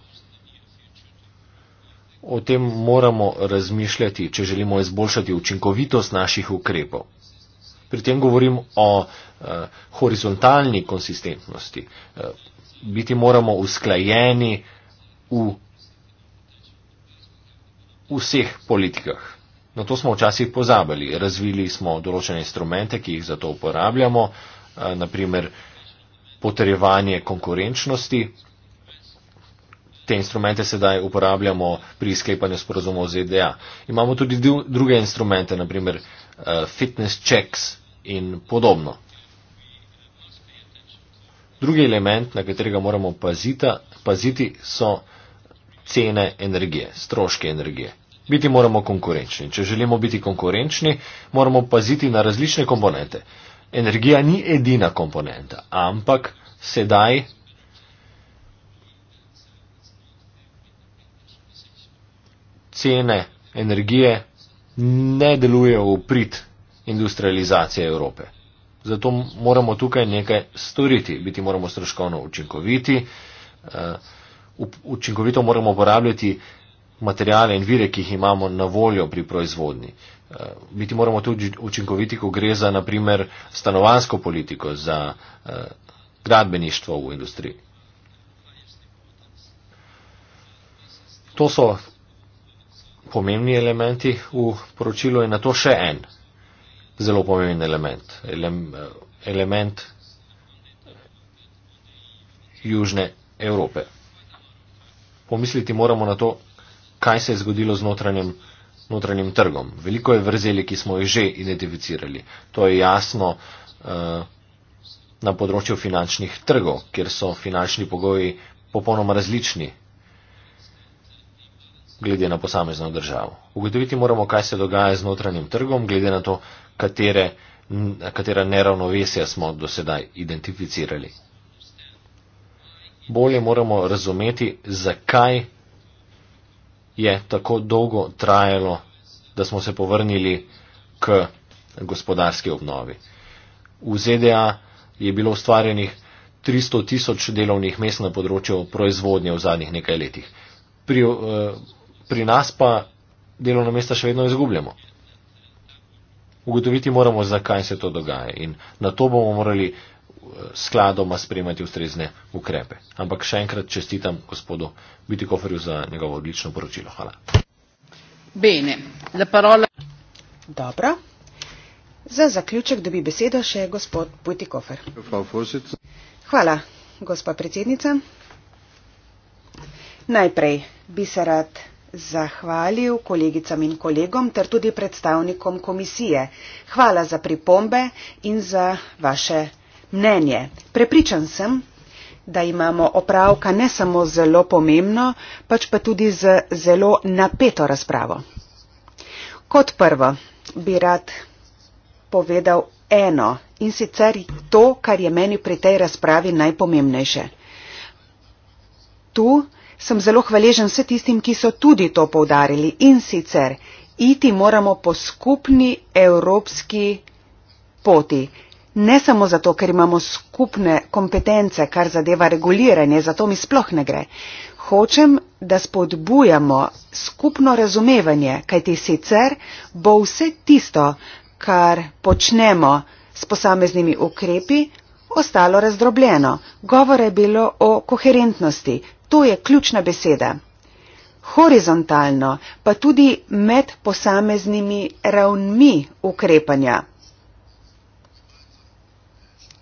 O tem moramo razmišljati, če želimo izboljšati učinkovitost naših ukrepov. Pri tem govorim o eh, horizontalni konsistentnosti. Eh, biti moramo usklajeni v vseh politikah. Na to smo včasih pozabili. Razvili smo določene instrumente, ki jih za to uporabljamo, eh, naprimer potrjevanje konkurenčnosti. Te instrumente sedaj uporabljamo pri sklepanju sporozumov ZDA. Imamo tudi druge instrumente, naprimer eh, fitness checks in podobno. Drugi element, na katerega moramo paziti, paziti so cene energije, stroške energije. Biti moramo konkurenčni. Če želimo biti konkurenčni, moramo paziti na različne komponente. Energija ni edina komponenta, ampak sedaj cene energije ne delujejo v prid industrializacije Evrope. Zato moramo tukaj nekaj storiti, biti moramo stroškovno učinkoviti. Uh, učinkovito moramo uporabljati materijale in vire, ki jih imamo na voljo pri proizvodni. Eh, biti moramo tudi učinkoviti, ko gre za, naprimer, stanovansko politiko, za eh, gradbeništvo v industriji. To so pomembni elementi v poročilu in na to še en zelo pomemben element. Eh, element južne Evrope pomisliti moramo na to, kaj se je zgodilo z notranjem, notranjem trgom. Veliko je vrzeli, ki smo jih že identificirali. To je jasno uh, na področju finančnih trgov, kjer so finančni pogoji popolnoma različni glede na posamezno državo. Ugotoviti moramo, kaj se dogaja z notranjim trgom, glede na to, katere, katera neravnovesja smo do sedaj identificirali bolje moramo razumeti, zakaj je tako dolgo trajalo, da smo se povrnili k gospodarski obnovi. V ZDA je bilo ustvarjenih 300 tisoč delovnih mest na področju proizvodnje v zadnjih nekaj letih. Pri, eh, pri nas pa delovna mesta še vedno izgubljamo. Ugotoviti moramo, zakaj se to dogaja in na to bomo morali skladoma spremati ustrezne ukrepe. Ampak še enkrat čestitam gospodu Bitikoferju za njegovo odlično poročilo. Hvala. Bene, la parola. Dobro. Za zaključek dobi besedo še gospod Bitikofer. Hvala, gospa predsednica. Najprej bi se rad zahvalil kolegicam in kolegom ter tudi predstavnikom komisije. Hvala za pripombe in za vaše mnenje. Prepričan sem, da imamo opravka ne samo zelo pomembno, pač pa tudi z zelo napeto razpravo. Kot prvo bi rad povedal eno in sicer to, kar je meni pri tej razpravi najpomembnejše. Tu sem zelo hvaležen vse tistim, ki so tudi to povdarili in sicer iti moramo po skupni evropski poti. Ne samo zato, ker imamo skupne kompetence, kar zadeva reguliranje, zato mi sploh ne gre. Hočem, da spodbujamo skupno razumevanje, kajti sicer bo vse tisto, kar počnemo s posameznimi ukrepi, ostalo razdrobljeno. Govore je bilo o koherentnosti. To je ključna beseda. Horizontalno pa tudi med posameznimi ravnmi ukrepanja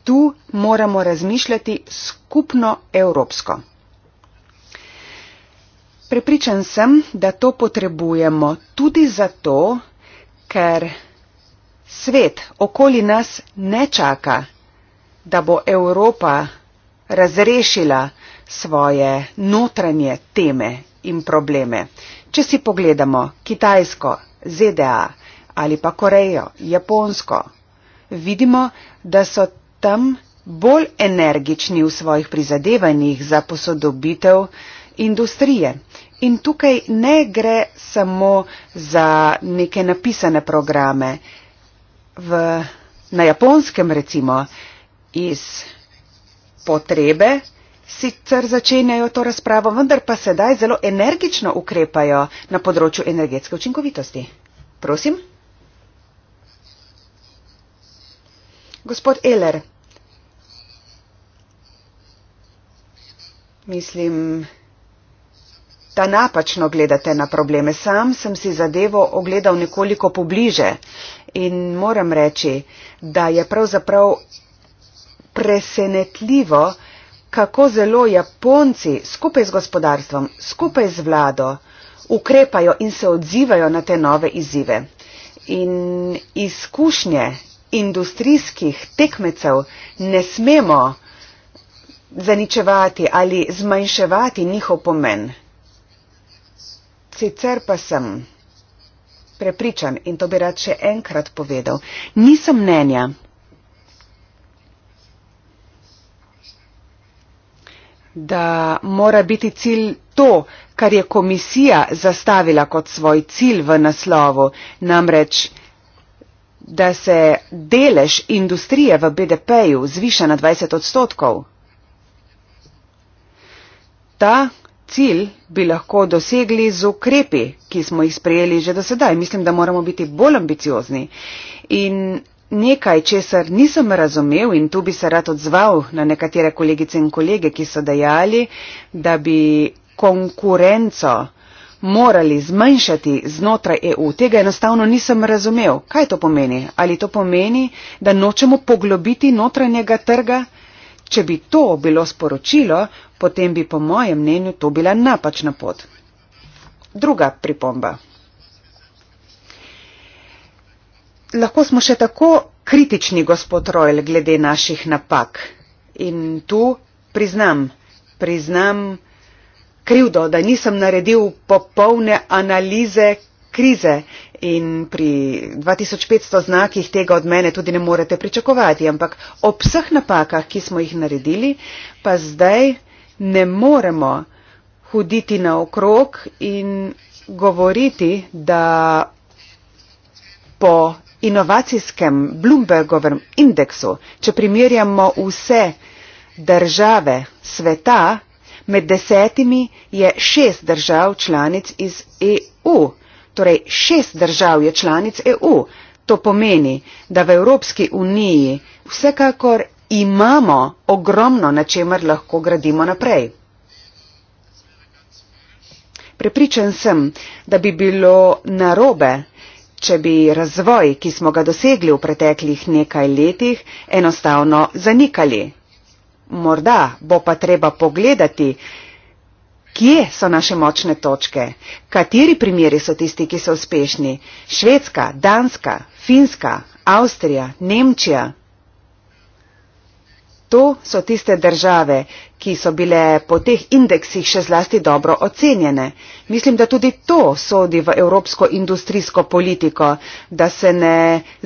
tu moramo razmišljati skupno evropsko. Prepričan sem, da to potrebujemo tudi zato, ker svet okoli nas ne čaka, da bo Evropa razrešila svoje notranje teme in probleme. Če si pogledamo Kitajsko, ZDA ali pa Korejo, Japonsko, vidimo, da so tam bolj energični v svojih prizadevanjih za posodobitev industrije. In tukaj ne gre samo za neke napisane programe. V, na japonskem recimo iz potrebe sicer začenjajo to razpravo, vendar pa sedaj zelo energično ukrepajo na področju energetske učinkovitosti. Prosim. Gospod Eller. mislim, da napačno gledate na probleme. Sam sem si zadevo ogledal nekoliko pobliže in moram reči, da je pravzaprav presenetljivo, kako zelo Japonci skupaj z gospodarstvom, skupaj z vlado ukrepajo in se odzivajo na te nove izzive. In izkušnje industrijskih tekmecev ne smemo zaničevati ali zmanjševati njihov pomen. Sicer pa sem prepričan in to bi rad še enkrat povedal, nisem mnenja, da mora biti cilj to, kar je komisija zastavila kot svoj cilj v naslovu, namreč, da se delež industrije v BDP-ju zviša na 20 odstotkov ta cilj bi lahko dosegli z ukrepi, ki smo jih sprejeli že do sedaj. Mislim, da moramo biti bolj ambiciozni. In nekaj, česar nisem razumel in tu bi se rad odzval na nekatere kolegice in kolege, ki so dejali, da bi konkurenco morali zmanjšati znotraj EU. Tega enostavno nisem razumel. Kaj to pomeni? Ali to pomeni, da nočemo poglobiti notranjega trga? Če bi to bilo sporočilo, potem bi po mojem mnenju to bila napačna pot. Druga pripomba. Lahko smo še tako kritični, gospod Rojl, glede naših napak. In tu priznam, priznam krivdo, da nisem naredil popolne analize krize in pri 2500 znakih tega od mene tudi ne morete pričakovati, ampak ob vseh napakah, ki smo jih naredili, pa zdaj ne moremo hoditi naokrog in govoriti, da po inovacijskem Bloombergovem indeksu, če primerjamo vse države sveta, med desetimi je šest držav članic iz EU. Torej, šest držav je članic EU. To pomeni, da v Evropski uniji vsekakor imamo ogromno, na čemer lahko gradimo naprej. Prepričan sem, da bi bilo narobe, če bi razvoj, ki smo ga dosegli v preteklih nekaj letih, enostavno zanikali. Morda bo pa treba pogledati, kje so naše močne točke, kateri primeri so tisti, ki so uspešni. Švedska, Danska, Finska, Avstrija, Nemčija. To so tiste države, ki so bile po teh indeksih še zlasti dobro ocenjene. Mislim, da tudi to sodi v evropsko industrijsko politiko, da se ne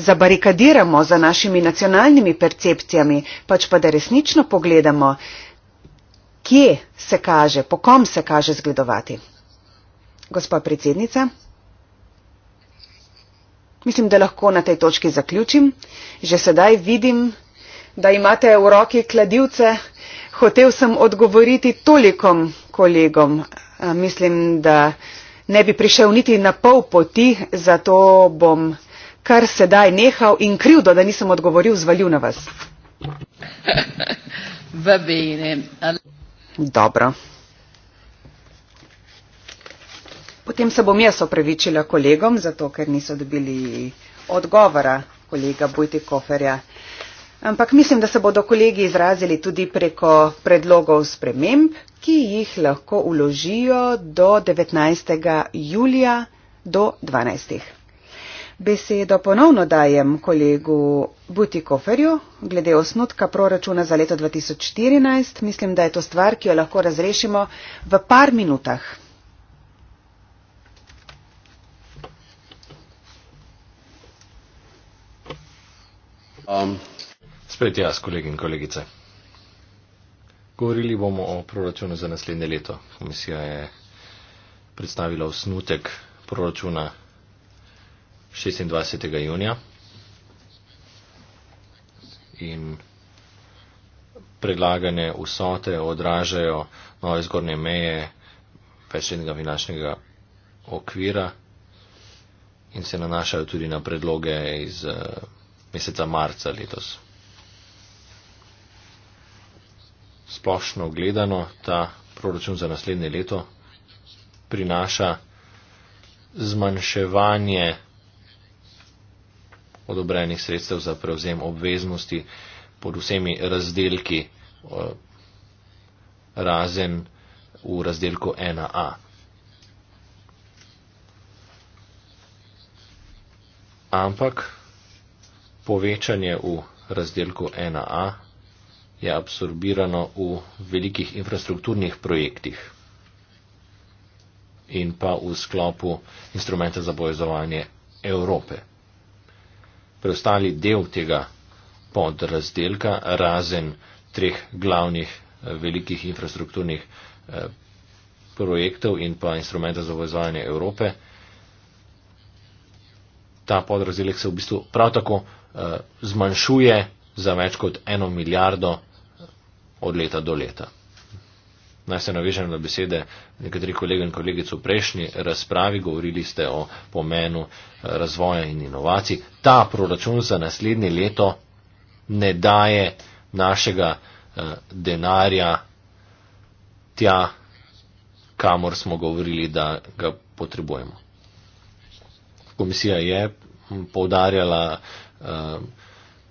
zabarikadiramo za našimi nacionalnimi percepcijami, pač pa da resnično pogledamo, kje se kaže, po kom se kaže zgledovati. Gospa predsednica. Mislim, da lahko na tej točki zaključim. Že sedaj vidim, da imate v roki kladivce. Hotev sem odgovoriti tolikom kolegom. Eh, mislim, da ne bi prišel niti na pol poti, zato bom kar sedaj nehal in krivdo, da nisem odgovoril, zvalil na vas. Dobro. Potem se bom jaz opravičila kolegom, zato ker niso dobili odgovora kolega Bojti Koferja ampak mislim, da se bodo kolegi izrazili tudi preko predlogov sprememb, ki jih lahko uložijo do 19. julija do 12. Besedo ponovno dajem kolegu Buti Koferju glede osnutka proračuna za leto 2014. Mislim, da je to stvar, ki jo lahko razrešimo v par minutah. Um. Spet jaz, kolegi in kolegice. Govorili bomo o proračunu za naslednje leto. Komisija je predstavila osnutek proračuna 26. junija in predlagane vsote odražajo nove zgornje meje večletnega finančnega okvira in se nanašajo tudi na predloge iz eh, meseca marca letos. splošno gledano ta proračun za naslednje leto prinaša zmanjševanje odobrenih sredstev za prevzem obveznosti pod vsemi razdelki, eh, razen v razdelku 1a. Ampak povečanje v razdelku 1a je absorbirano v velikih infrastrukturnih projektih in pa v sklopu instrumenta za bojezovanje Evrope. Preostali del tega podrazdelka, razen treh glavnih eh, velikih infrastrukturnih eh, projektov in pa instrumenta za bojezovanje Evrope, ta podrazdelek se v bistvu prav tako eh, zmanjšuje za več kot eno milijardo od leta do leta. Naj se navežem na besede nekaterih kolegov in kolegic v prejšnji razpravi, govorili ste o pomenu eh, razvoja in inovacij. Ta proračun za naslednje leto ne daje našega eh, denarja tja, kamor smo govorili, da ga potrebujemo. Komisija je poudarjala uh,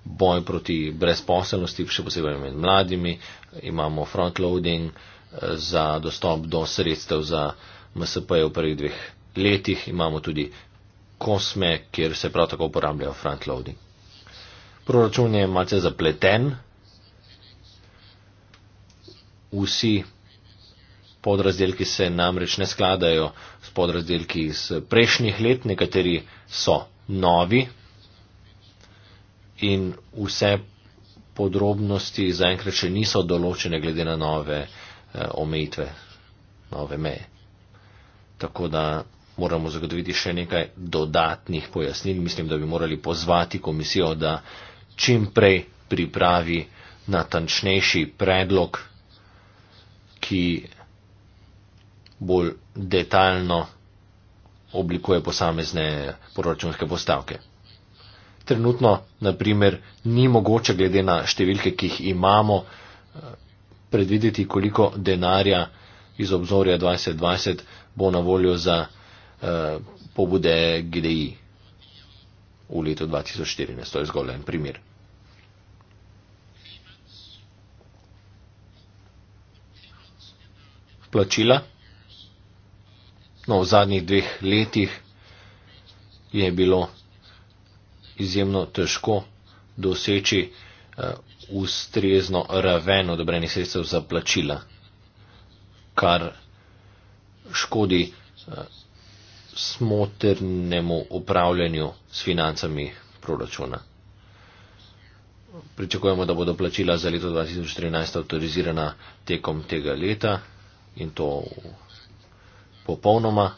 boj proti brezposelnosti, še posebej med mladimi, imamo frontloading eh, za dostop do sredstev za MSP v prvih dveh letih, imamo tudi kosme, kjer se prav tako uporabljajo frontloading. Proračun je malce zapleten. Vsi podrazdelki se namreč ne skladajo s podrazdelki iz prejšnjih let, nekateri so novi, in vse podrobnosti zaenkrat še niso določene glede na nove eh, omejitve, nove meje. Tako da moramo zagotoviti še nekaj dodatnih pojasnil. Mislim, da bi morali pozvati komisijo, da čim prej pripravi natančnejši predlog, ki bolj detaljno oblikuje posamezne proračunske postavke trenutno, naprimer, ni mogoče glede na številke, ki jih imamo, eh, predvideti, koliko denarja iz obzorja 2020 bo na voljo za uh, pobude GDI v letu 2014. To je zgolj en primer. Plačila. No, v zadnjih dveh letih je bilo izjemno težko doseči eh, ustrezno raven odobrenih sredstev za plačila, kar škodi eh, smotrnemu upravljanju s financami proračuna. Pričakujemo, da bodo plačila za leto 2013 avtorizirana tekom tega leta in to popolnoma.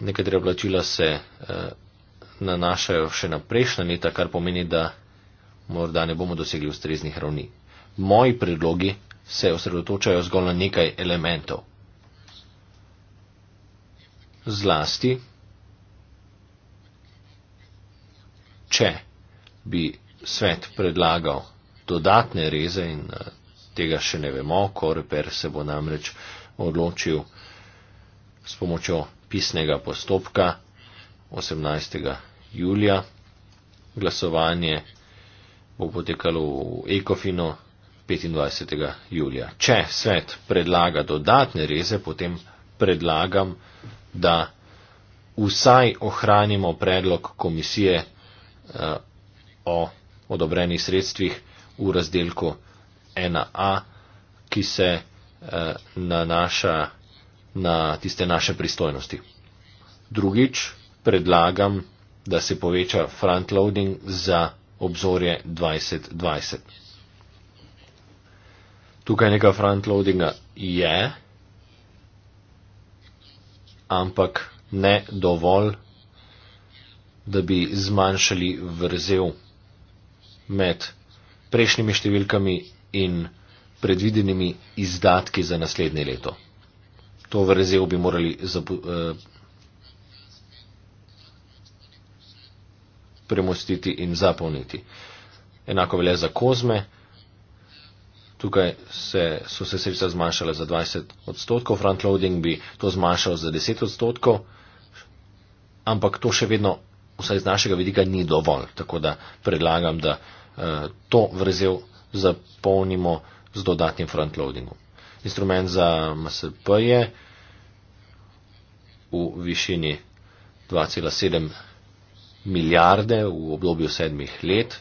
nekatera plačila se eh, nanašajo še na prejšnja leta, kar pomeni, da morda ne bomo dosegli ustreznih ravni. Moji predlogi se osredotočajo zgolj na nekaj elementov. Zlasti, če bi svet predlagal dodatne reze in eh, tega še ne vemo, koreper se bo namreč odločil s pomočjo pisnega postopka 18. julija. Glasovanje bo potekalo v Ekofino 25. julija. Če svet predlaga dodatne reze, potem predlagam, da vsaj ohranimo predlog komisije eh, o odobrenih sredstvih v razdelku 1a, ki se eh, nanaša na na tiste naše pristojnosti. Drugič predlagam, da se poveča frontloading za obzorje 2020. Tukaj nekaj frontloadinga je, ampak ne dovolj, da bi zmanjšali vrzel med prejšnjimi številkami in predvidenimi izdatki za naslednje leto to vrzel bi morali zapu, eh, premostiti in zapolniti. Enako velja za kozme. Tukaj se, so se sredstva zmanjšala za 20 odstotkov, frontloading bi to zmanjšal za 10 odstotkov, ampak to še vedno, vsaj z našega vidika, ni dovolj. Tako da predlagam, da eh, to vrzel zapolnimo z dodatnim frontloadingom. Instrument za MSP je v višini 2,7 milijarde v obdobju sedmih let.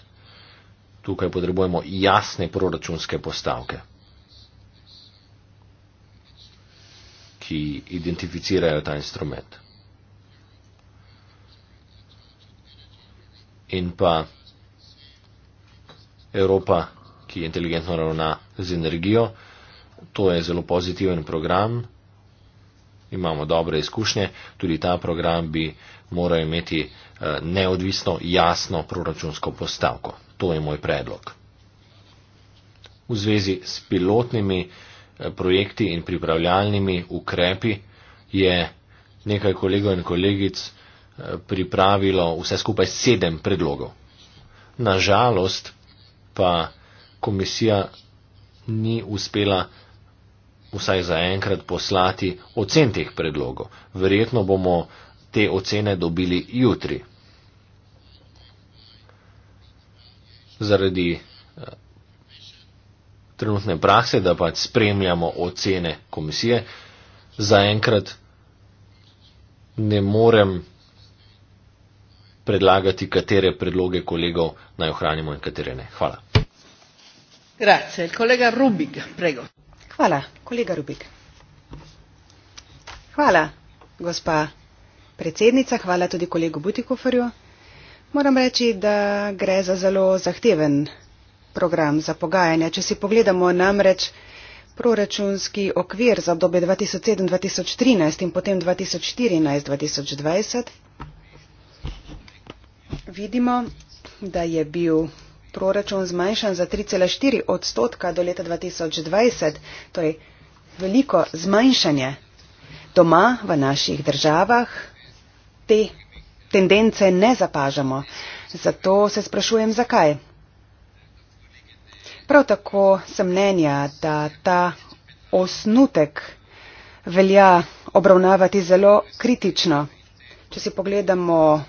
Tukaj potrebujemo jasne proračunske postavke, ki identificirajo ta instrument. In pa Evropa, ki inteligentno ravna z energijo to je zelo pozitiven program, imamo dobre izkušnje, tudi ta program bi moral imeti eh, neodvisno, jasno proračunsko postavko. To je moj predlog. V zvezi s pilotnimi eh, projekti in pripravljalnimi ukrepi je nekaj kolegov in kolegic eh, pripravilo vse skupaj sedem predlogov. Nažalost pa komisija ni uspela vsaj za enkrat poslati ocen teh predlogov. Verjetno bomo te ocene dobili jutri. Zaradi eh, trenutne prakse, da pač spremljamo ocene komisije, za enkrat ne morem predlagati, katere predloge kolegov naj ohranimo in katere ne. Hvala. Grazie. Il collega Rubig, prego. Hvala, kolega Rubik. Hvala, gospa predsednica, hvala tudi kolegu Butikoferju. Moram reči, da gre za zelo zahteven program za pogajanja. Če si pogledamo namreč proračunski okvir za obdobje 2007-2013 in potem 2014-2020, vidimo, da je bil proračun zmanjšan za 3,4 odstotka do leta 2020, torej veliko zmanjšanje. Doma v naših državah te tendence ne zapažamo. Zato se sprašujem, zakaj. Prav tako sem mnenja, da ta osnutek velja obravnavati zelo kritično. Če si pogledamo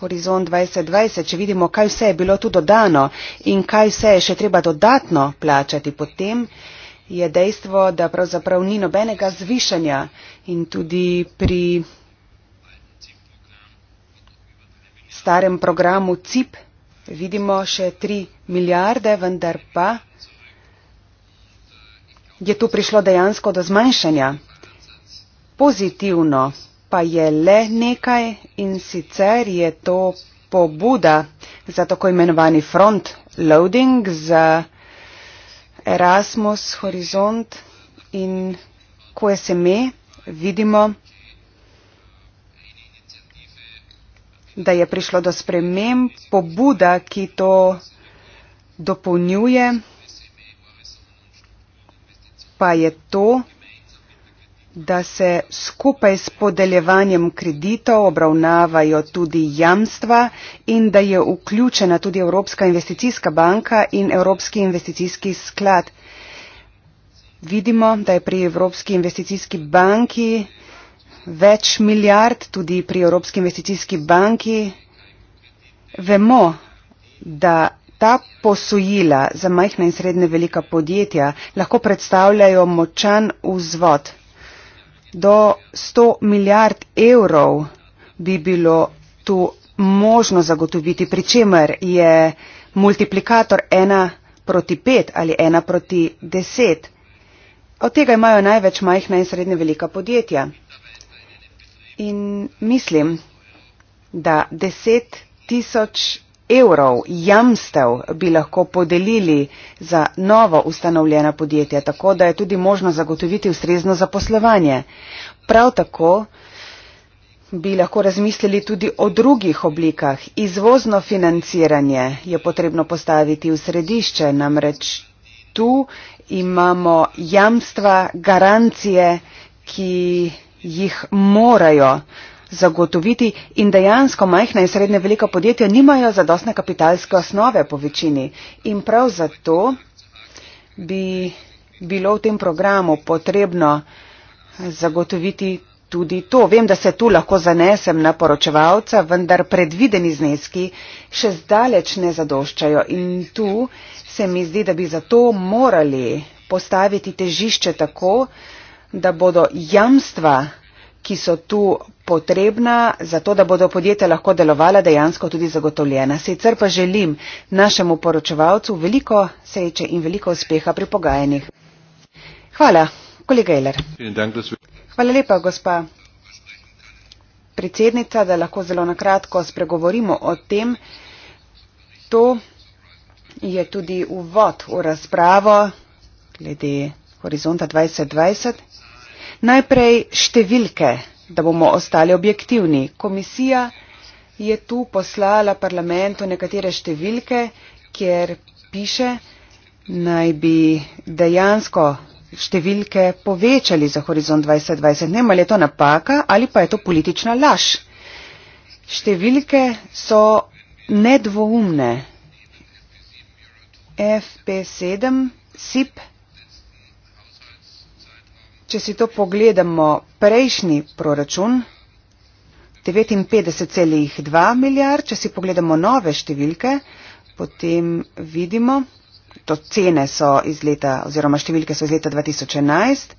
Horizont 2020, če vidimo, kaj vse je bilo tu dodano in kaj vse je še treba dodatno plačati potem, je dejstvo, da pravzaprav ni nobenega zvišanja in tudi pri starem programu CIP vidimo še 3 milijarde, vendar pa je tu prišlo dejansko do zmanjšanja. Pozitivno pa je le nekaj in sicer je to pobuda za tako imenovani front loading za Erasmus Horizont in QSME vidimo, da je prišlo do sprememb pobuda, ki to dopolnjuje, pa je to da se skupaj s podeljevanjem kreditov obravnavajo tudi jamstva in da je vključena tudi Evropska investicijska banka in Evropski investicijski sklad. Vidimo, da je pri Evropski investicijski banki več milijard, tudi pri Evropski investicijski banki. Vemo, da ta posojila za majhna in srednje velika podjetja lahko predstavljajo močan vzvod do 100 milijard evrov bi bilo tu možno zagotoviti, pri čemer je multiplikator 1 proti 5 ali 1 proti 10. Od tega imajo največ majhna in srednje velika podjetja. In mislim, da 10 tisoč evrov jamstev bi lahko podelili za novo ustanovljena podjetja, tako da je tudi možno zagotoviti ustrezno zaposlovanje. Prav tako bi lahko razmislili tudi o drugih oblikah. Izvozno financiranje je potrebno postaviti v središče, namreč tu imamo jamstva, garancije, ki jih morajo zagotoviti in dejansko majhna in srednje velika podjetja nimajo zadostne kapitalske osnove po večini. In prav zato bi bilo v tem programu potrebno zagotoviti tudi to. Vem, da se tu lahko zanesem na poročevalca, vendar predvideni zneski še zdaleč ne zadoščajo. In tu se mi zdi, da bi zato morali postaviti težišče tako, da bodo jamstva, ki so tu potrebna za to, da bodo podjetja lahko delovala dejansko tudi zagotovljena. Sicer pa želim našemu poročevalcu veliko sreče in veliko uspeha pri pogajanjih. Hvala, kolega Eler. Hvala lepa, gospa predsednica, da lahko zelo nakratko spregovorimo o tem. To je tudi uvod v razpravo glede horizonta 2020. Najprej številke da bomo ostali objektivni. Komisija je tu poslala parlamentu nekatere številke, kjer piše, naj bi dejansko številke povečali za horizont 2020. Ne, ali je to napaka ali pa je to politična laž. Številke so nedvoumne. FP7, SIP če si to pogledamo, prejšnji proračun 59,2 milijard, če si pogledamo nove številke, potem vidimo, to cene so iz leta oziroma številke so iz leta 2011,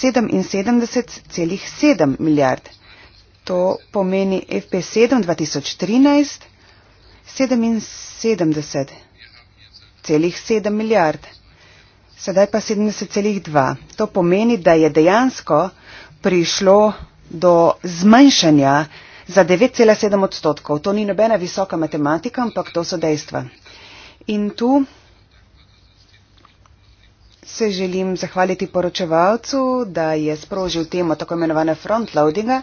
77,7 milijard. To pomeni FP7 2013 77,7 milijard sedaj pa 70,2. To pomeni, da je dejansko prišlo do zmanjšanja za 9,7 odstotkov. To ni nobena visoka matematika, ampak to so dejstva. In tu se želim zahvaliti poročevalcu, da je sprožil temo tako imenovane frontloadinga.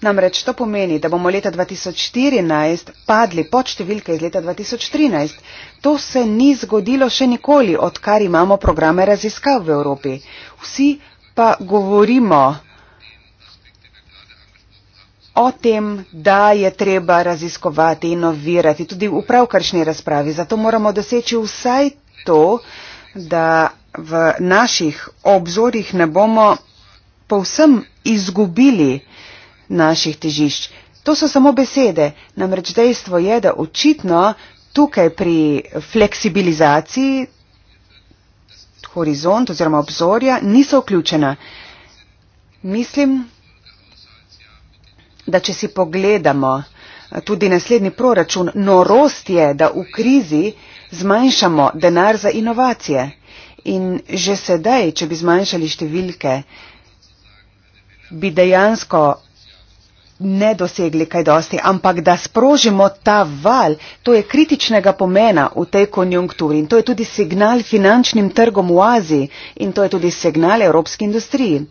Namreč to pomeni, da bomo leta 2014 padli pod številke iz leta 2013. To se ni zgodilo še nikoli, odkar imamo programe raziskav v Evropi. Vsi pa govorimo o tem, da je treba raziskovati, inovirati, tudi v pravkaršnji razpravi. Zato moramo doseči vsaj to, da v naših obzorjih ne bomo povsem izgubili naših težišč. To so samo besede. Namreč dejstvo je, da očitno tukaj pri fleksibilizaciji horizont oziroma obzorja niso vključena. Mislim, da če si pogledamo tudi naslednji proračun, norost je, da v krizi zmanjšamo denar za inovacije. In že sedaj, če bi zmanjšali številke, bi dejansko ne dosegli kaj dosti, ampak da sprožimo ta val, to je kritičnega pomena v tej konjunkturi in to je tudi signal finančnim trgom v Aziji in to je tudi signal evropski industriji.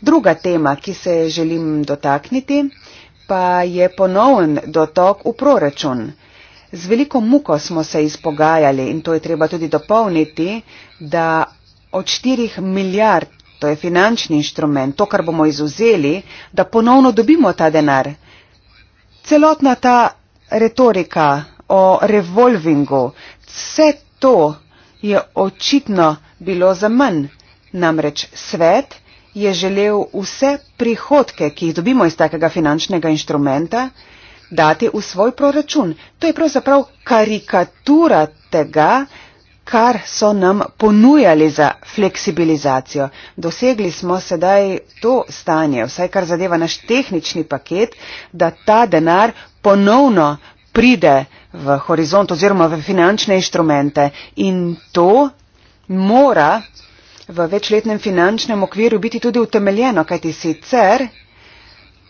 Druga tema, ki se želim dotakniti, pa je ponovn dotok v proračun. Z veliko muko smo se izpogajali in to je treba tudi dopolniti, da od 4 milijard, to je finančni inštrument, to, kar bomo izuzeli, da ponovno dobimo ta denar. Celotna ta retorika o revolvingu, vse to je očitno bilo za manj. Namreč svet je želel vse prihodke, ki jih dobimo iz takega finančnega inštrumenta, dati v svoj proračun. To je pravzaprav karikatura tega, kar so nam ponujali za fleksibilizacijo. Dosegli smo sedaj to stanje, vsaj kar zadeva naš tehnični paket, da ta denar ponovno pride v horizont oziroma v finančne inštrumente in to mora v večletnem finančnem okviru biti tudi utemeljeno, kajti sicer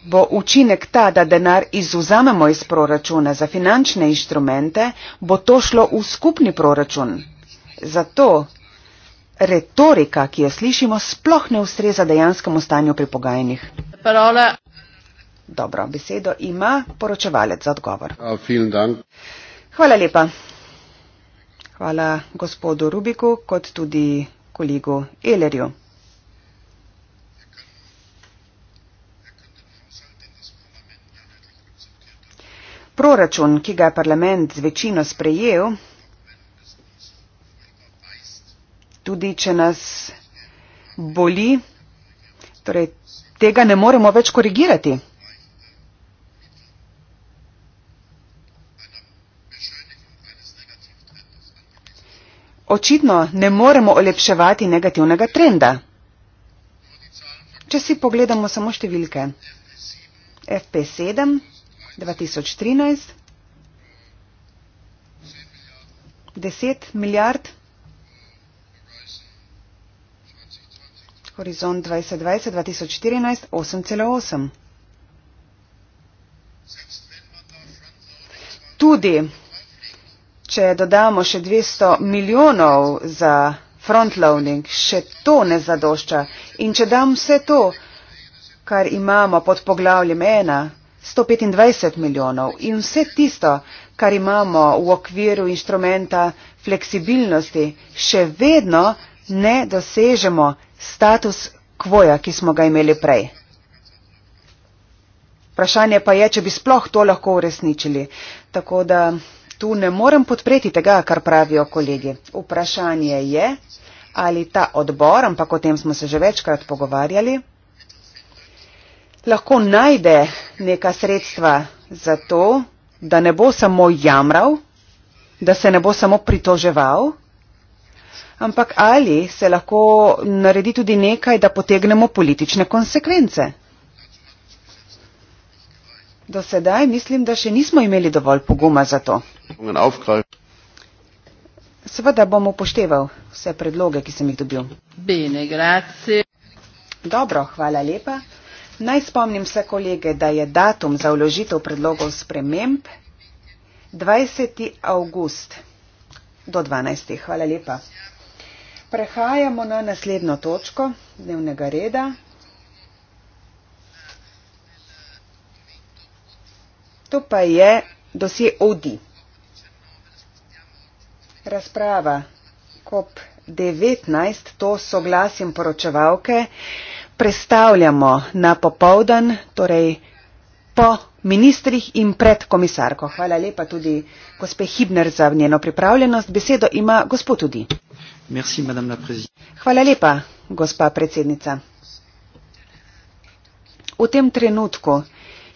bo učinek ta, da denar izuzamemo iz proračuna za finančne inštrumente, bo to šlo v skupni proračun. Zato retorika, ki jo slišimo, sploh ne ustreza dejanskemu stanju pri pogajanjih. Dobro, besedo ima poročevalec za odgovor. Ja, Hvala lepa. Hvala gospodu Rubiku, kot tudi kolegu Elerju. Proračun, ki ga je parlament z večino sprejel, tudi če nas boli, torej tega ne moremo več korigirati. Očitno ne moremo olepševati negativnega trenda. Če si pogledamo samo številke. FP7. 2013 10 milijard horizont 2020-2014-2008. Tudi, če dodamo še 200 milijonov za frontloading, še to ne zadošča. In če dam vse to, kar imamo pod poglavljem ena, 125 milijonov in vse tisto, kar imamo v okviru inštrumenta fleksibilnosti, še vedno ne dosežemo status kvoja, ki smo ga imeli prej. Vprašanje pa je, če bi sploh to lahko uresničili. Tako da tu ne morem podpreti tega, kar pravijo kolegi. Vprašanje je, ali ta odbor, ampak o tem smo se že večkrat pogovarjali, lahko najde neka sredstva za to, da ne bo samo jamral, da se ne bo samo pritoževal, ampak ali se lahko naredi tudi nekaj, da potegnemo politične konsekvence. Do sedaj mislim, da še nismo imeli dovolj poguma za to. Seveda bom upošteval vse predloge, ki sem jih dobil. Bene, Dobro, hvala lepa. Naj spomnim vse kolege, da je datum za vložitev predlogov sprememb 20. avgust do 12. Hvala lepa. Prehajamo na naslednjo točko dnevnega reda. To pa je dosje ODI. Razprava COP19, to soglasim poročevalke prestavljamo na popovdan, torej po ministrih in pred komisarko. Hvala lepa tudi gospe Hibner za njeno pripravljenost. Besedo ima gospod tudi. Merci, Hvala lepa, gospa predsednica. V tem trenutku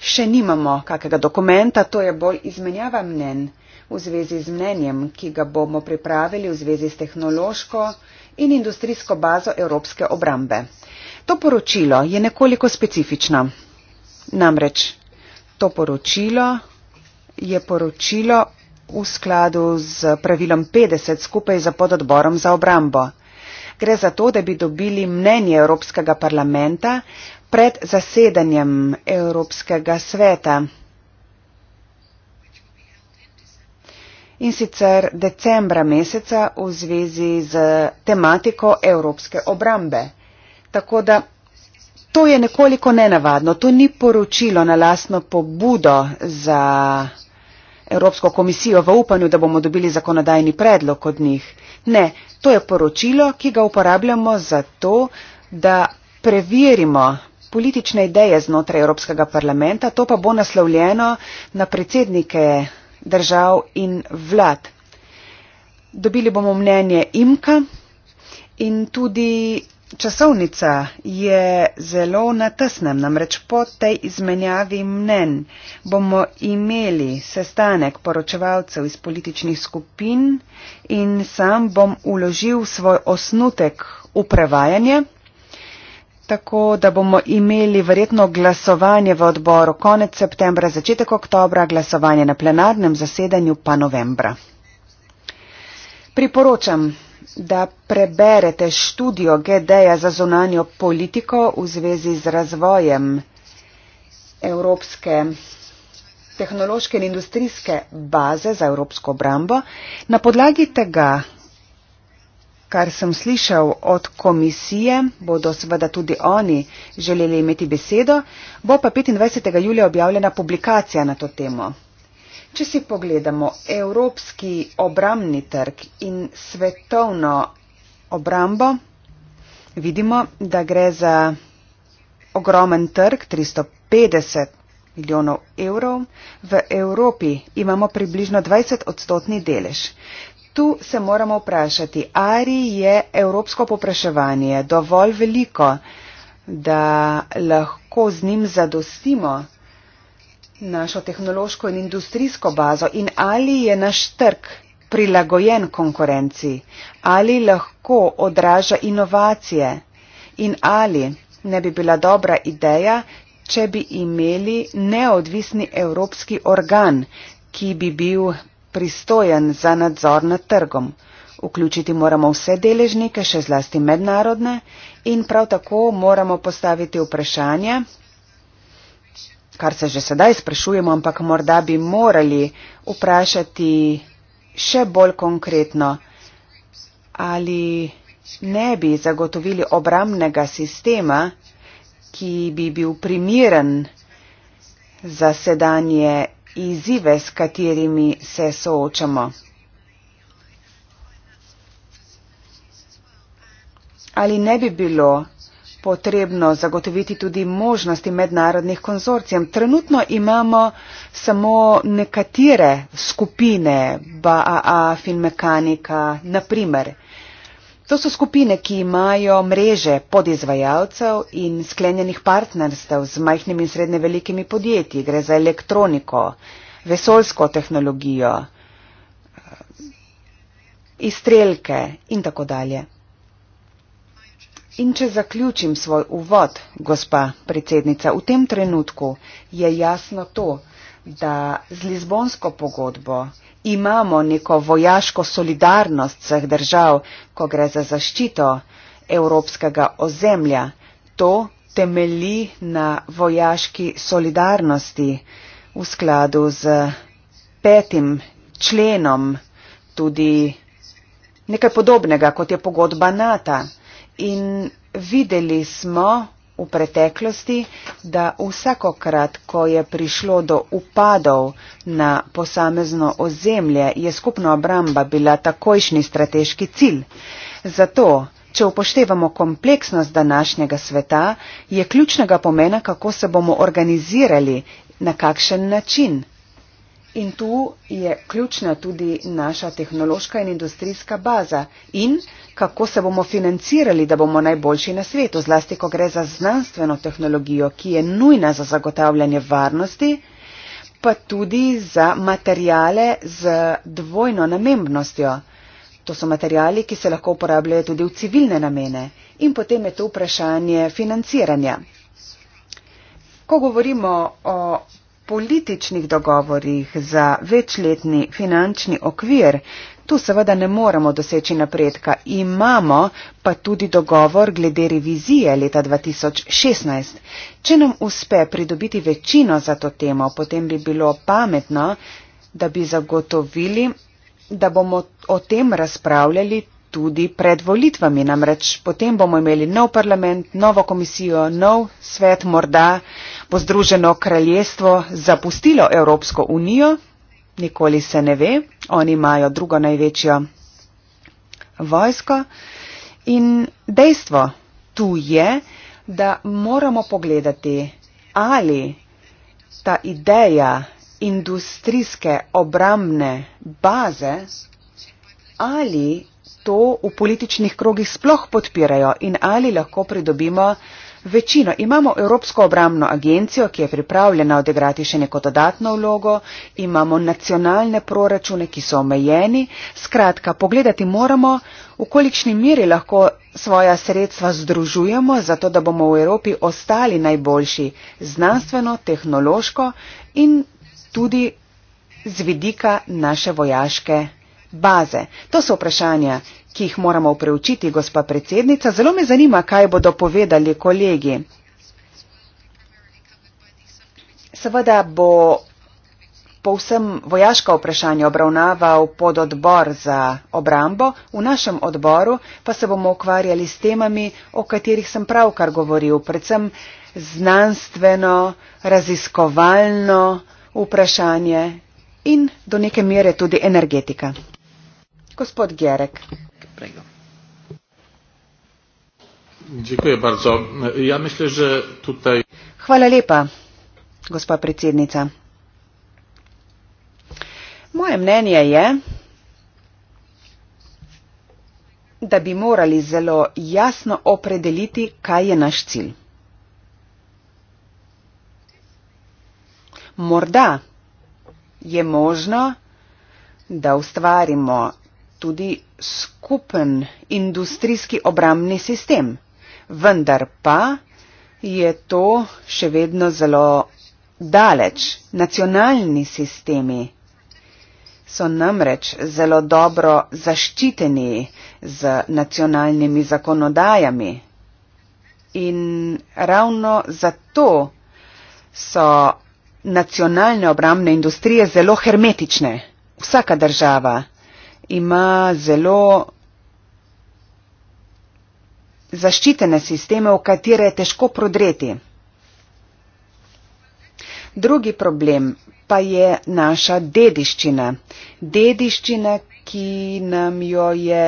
še nimamo kakega dokumenta, to je bolj izmenjava mnen v zvezi z mnenjem, ki ga bomo pripravili v zvezi s tehnološko in industrijsko bazo Evropske obrambe. To poročilo je nekoliko specifično. Namreč, to poročilo je poročilo v skladu z pravilom 50 skupaj za pododborom za obrambo. Gre za to, da bi dobili mnenje Evropskega parlamenta pred zasedanjem Evropskega sveta. In sicer decembra meseca v zvezi z tematiko Evropske obrambe. Tako da to je nekoliko nenavadno. To ni poročilo na lastno pobudo za Evropsko komisijo v upanju, da bomo dobili zakonodajni predlog od njih. Ne, to je poročilo, ki ga uporabljamo za to, da preverimo politične ideje znotraj Evropskega parlamenta, to pa bo naslovljeno na predsednike držav in vlad. Dobili bomo mnenje IMK in tudi časovnica je zelo na tesnem, namreč po tej izmenjavi mnen bomo imeli sestanek poročevalcev iz političnih skupin in sam bom uložil svoj osnutek v prevajanje, tako da bomo imeli verjetno glasovanje v odboru konec septembra, začetek oktobra, glasovanje na plenarnem zasedanju pa novembra. Priporočam, da preberete študijo GD-ja za zunanjo politiko v zvezi z razvojem Evropske tehnološke in industrijske baze za Evropsko obrambo. Na podlagi tega, kar sem slišal od komisije, bodo seveda tudi oni želeli imeti besedo, bo pa 25. julija objavljena publikacija na to temo. Če si pogledamo evropski obramni trg in svetovno obrambo, vidimo, da gre za ogromen trg 350 milijonov evrov. V Evropi imamo približno 20 odstotni delež. Tu se moramo vprašati, ali je evropsko popraševanje dovolj veliko, da lahko z njim zadostimo našo tehnološko in industrijsko bazo in ali je naš trg prilagojen konkurenci, ali lahko odraža inovacije in ali ne bi bila dobra ideja, če bi imeli neodvisni evropski organ, ki bi bil pristojen za nadzor nad trgom. Vključiti moramo vse deležnike, še zlasti mednarodne, in prav tako moramo postaviti vprašanje, kar se že sedaj sprašujemo, ampak morda bi morali vprašati še bolj konkretno, ali ne bi zagotovili obramnega sistema, ki bi bil primiren za sedanje izzive, s katerimi se soočamo. Ali ne bi bilo potrebno zagotoviti tudi možnosti mednarodnih konzorcijem. Trenutno imamo samo nekatere skupine, BAA, Finmekanika, naprimer. To so skupine, ki imajo mreže podizvajalcev in sklenjenih partnerstev z majhnimi in srednje velikimi podjetji. Gre za elektroniko, vesolsko tehnologijo, izstrelke in tako dalje. In če zaključim svoj uvod, gospa predsednica, v tem trenutku je jasno to, da z Lizbonsko pogodbo imamo neko vojaško solidarnost vseh držav, ko gre za zaščito evropskega ozemlja. To temeli na vojaški solidarnosti v skladu z petim členom tudi nekaj podobnega, kot je pogodba NATO. In videli smo v preteklosti, da vsakokrat, ko je prišlo do upadov na posamezno ozemlje, je skupna obramba bila takojšnji strateški cilj. Zato, če upoštevamo kompleksnost današnjega sveta, je ključnega pomena, kako se bomo organizirali, na kakšen način. In tu je ključna tudi naša tehnološka in industrijska baza. In kako se bomo financirali, da bomo najboljši na svetu, zlasti, ko gre za znanstveno tehnologijo, ki je nujna za zagotavljanje varnosti, pa tudi za materijale z dvojno namembnostjo. To so materijali, ki se lahko uporabljajo tudi v civilne namene. In potem je to vprašanje financiranja. Ko govorimo o političnih dogovorih za večletni finančni okvir, Tu seveda ne moremo doseči napredka. Imamo pa tudi dogovor glede revizije leta 2016. Če nam uspe pridobiti večino za to temo, potem bi bilo pametno, da bi zagotovili, da bomo o tem razpravljali tudi pred volitvami. Namreč potem bomo imeli nov parlament, novo komisijo, nov svet, morda bo združeno kraljestvo zapustilo Evropsko unijo nikoli se ne ve. Oni imajo drugo največjo vojsko. In dejstvo tu je, da moramo pogledati, ali ta ideja industrijske obramne baze, ali to v političnih krogih sploh podpirajo in ali lahko pridobimo Večino imamo Evropsko obramno agencijo, ki je pripravljena odigrati še neko dodatno vlogo, imamo nacionalne proračune, ki so omejeni. Skratka, pogledati moramo, v kolikšni miri lahko svoja sredstva združujemo, zato da bomo v Evropi ostali najboljši znanstveno, tehnološko in tudi z vidika naše vojaške baze. To so vprašanja, ki jih moramo preučiti, gospa predsednica. Zelo me zanima, kaj bodo povedali kolegi. Seveda bo povsem vojaška vprašanja obravnaval pod odbor za obrambo. V našem odboru pa se bomo ukvarjali s temami, o katerih sem pravkar govoril, predvsem znanstveno, raziskovalno vprašanje in do neke mere tudi energetika. Gospod Gerek dobrego. Dziękuję bardzo. Ja myślę, że tutaj... Hvala lepa, gospa predsednica. Moje mnenje je, da bi morali zelo jasno opredeliti, kaj je naš cilj. Morda je možno, da ustvarimo tudi skupen industrijski obramni sistem. Vendar pa je to še vedno zelo daleč. Nacionalni sistemi so namreč zelo dobro zaščiteni z nacionalnimi zakonodajami. In ravno zato so nacionalne obramne industrije zelo hermetične. Vsaka država ima zelo zaščitene sisteme, v katere je težko prodreti. Drugi problem pa je naša dediščina. Dediščina, ki nam jo je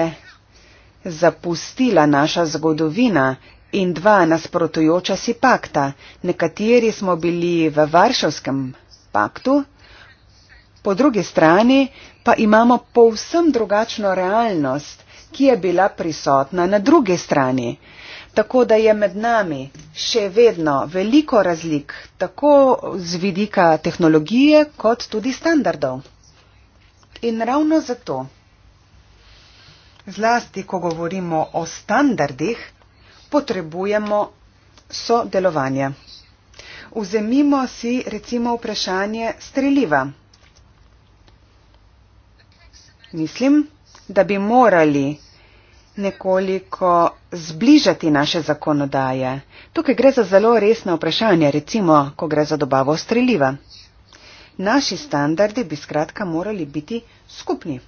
zapustila naša zgodovina in dva nasprotujoča si pakta. Nekateri smo bili v Varšavskem paktu, po drugi strani pa imamo povsem drugačno realnost, ki je bila prisotna na druge strani. Tako da je med nami še vedno veliko razlik, tako z vidika tehnologije, kot tudi standardov. In ravno zato, zlasti, ko govorimo o standardih, potrebujemo sodelovanje. Vzemimo si recimo vprašanje streljiva mislim, da bi morali nekoliko zbližati naše zakonodaje. Tukaj gre za zelo resne vprašanja, recimo, ko gre za dobavo streljiva. Naši standardi bi skratka morali biti skupni.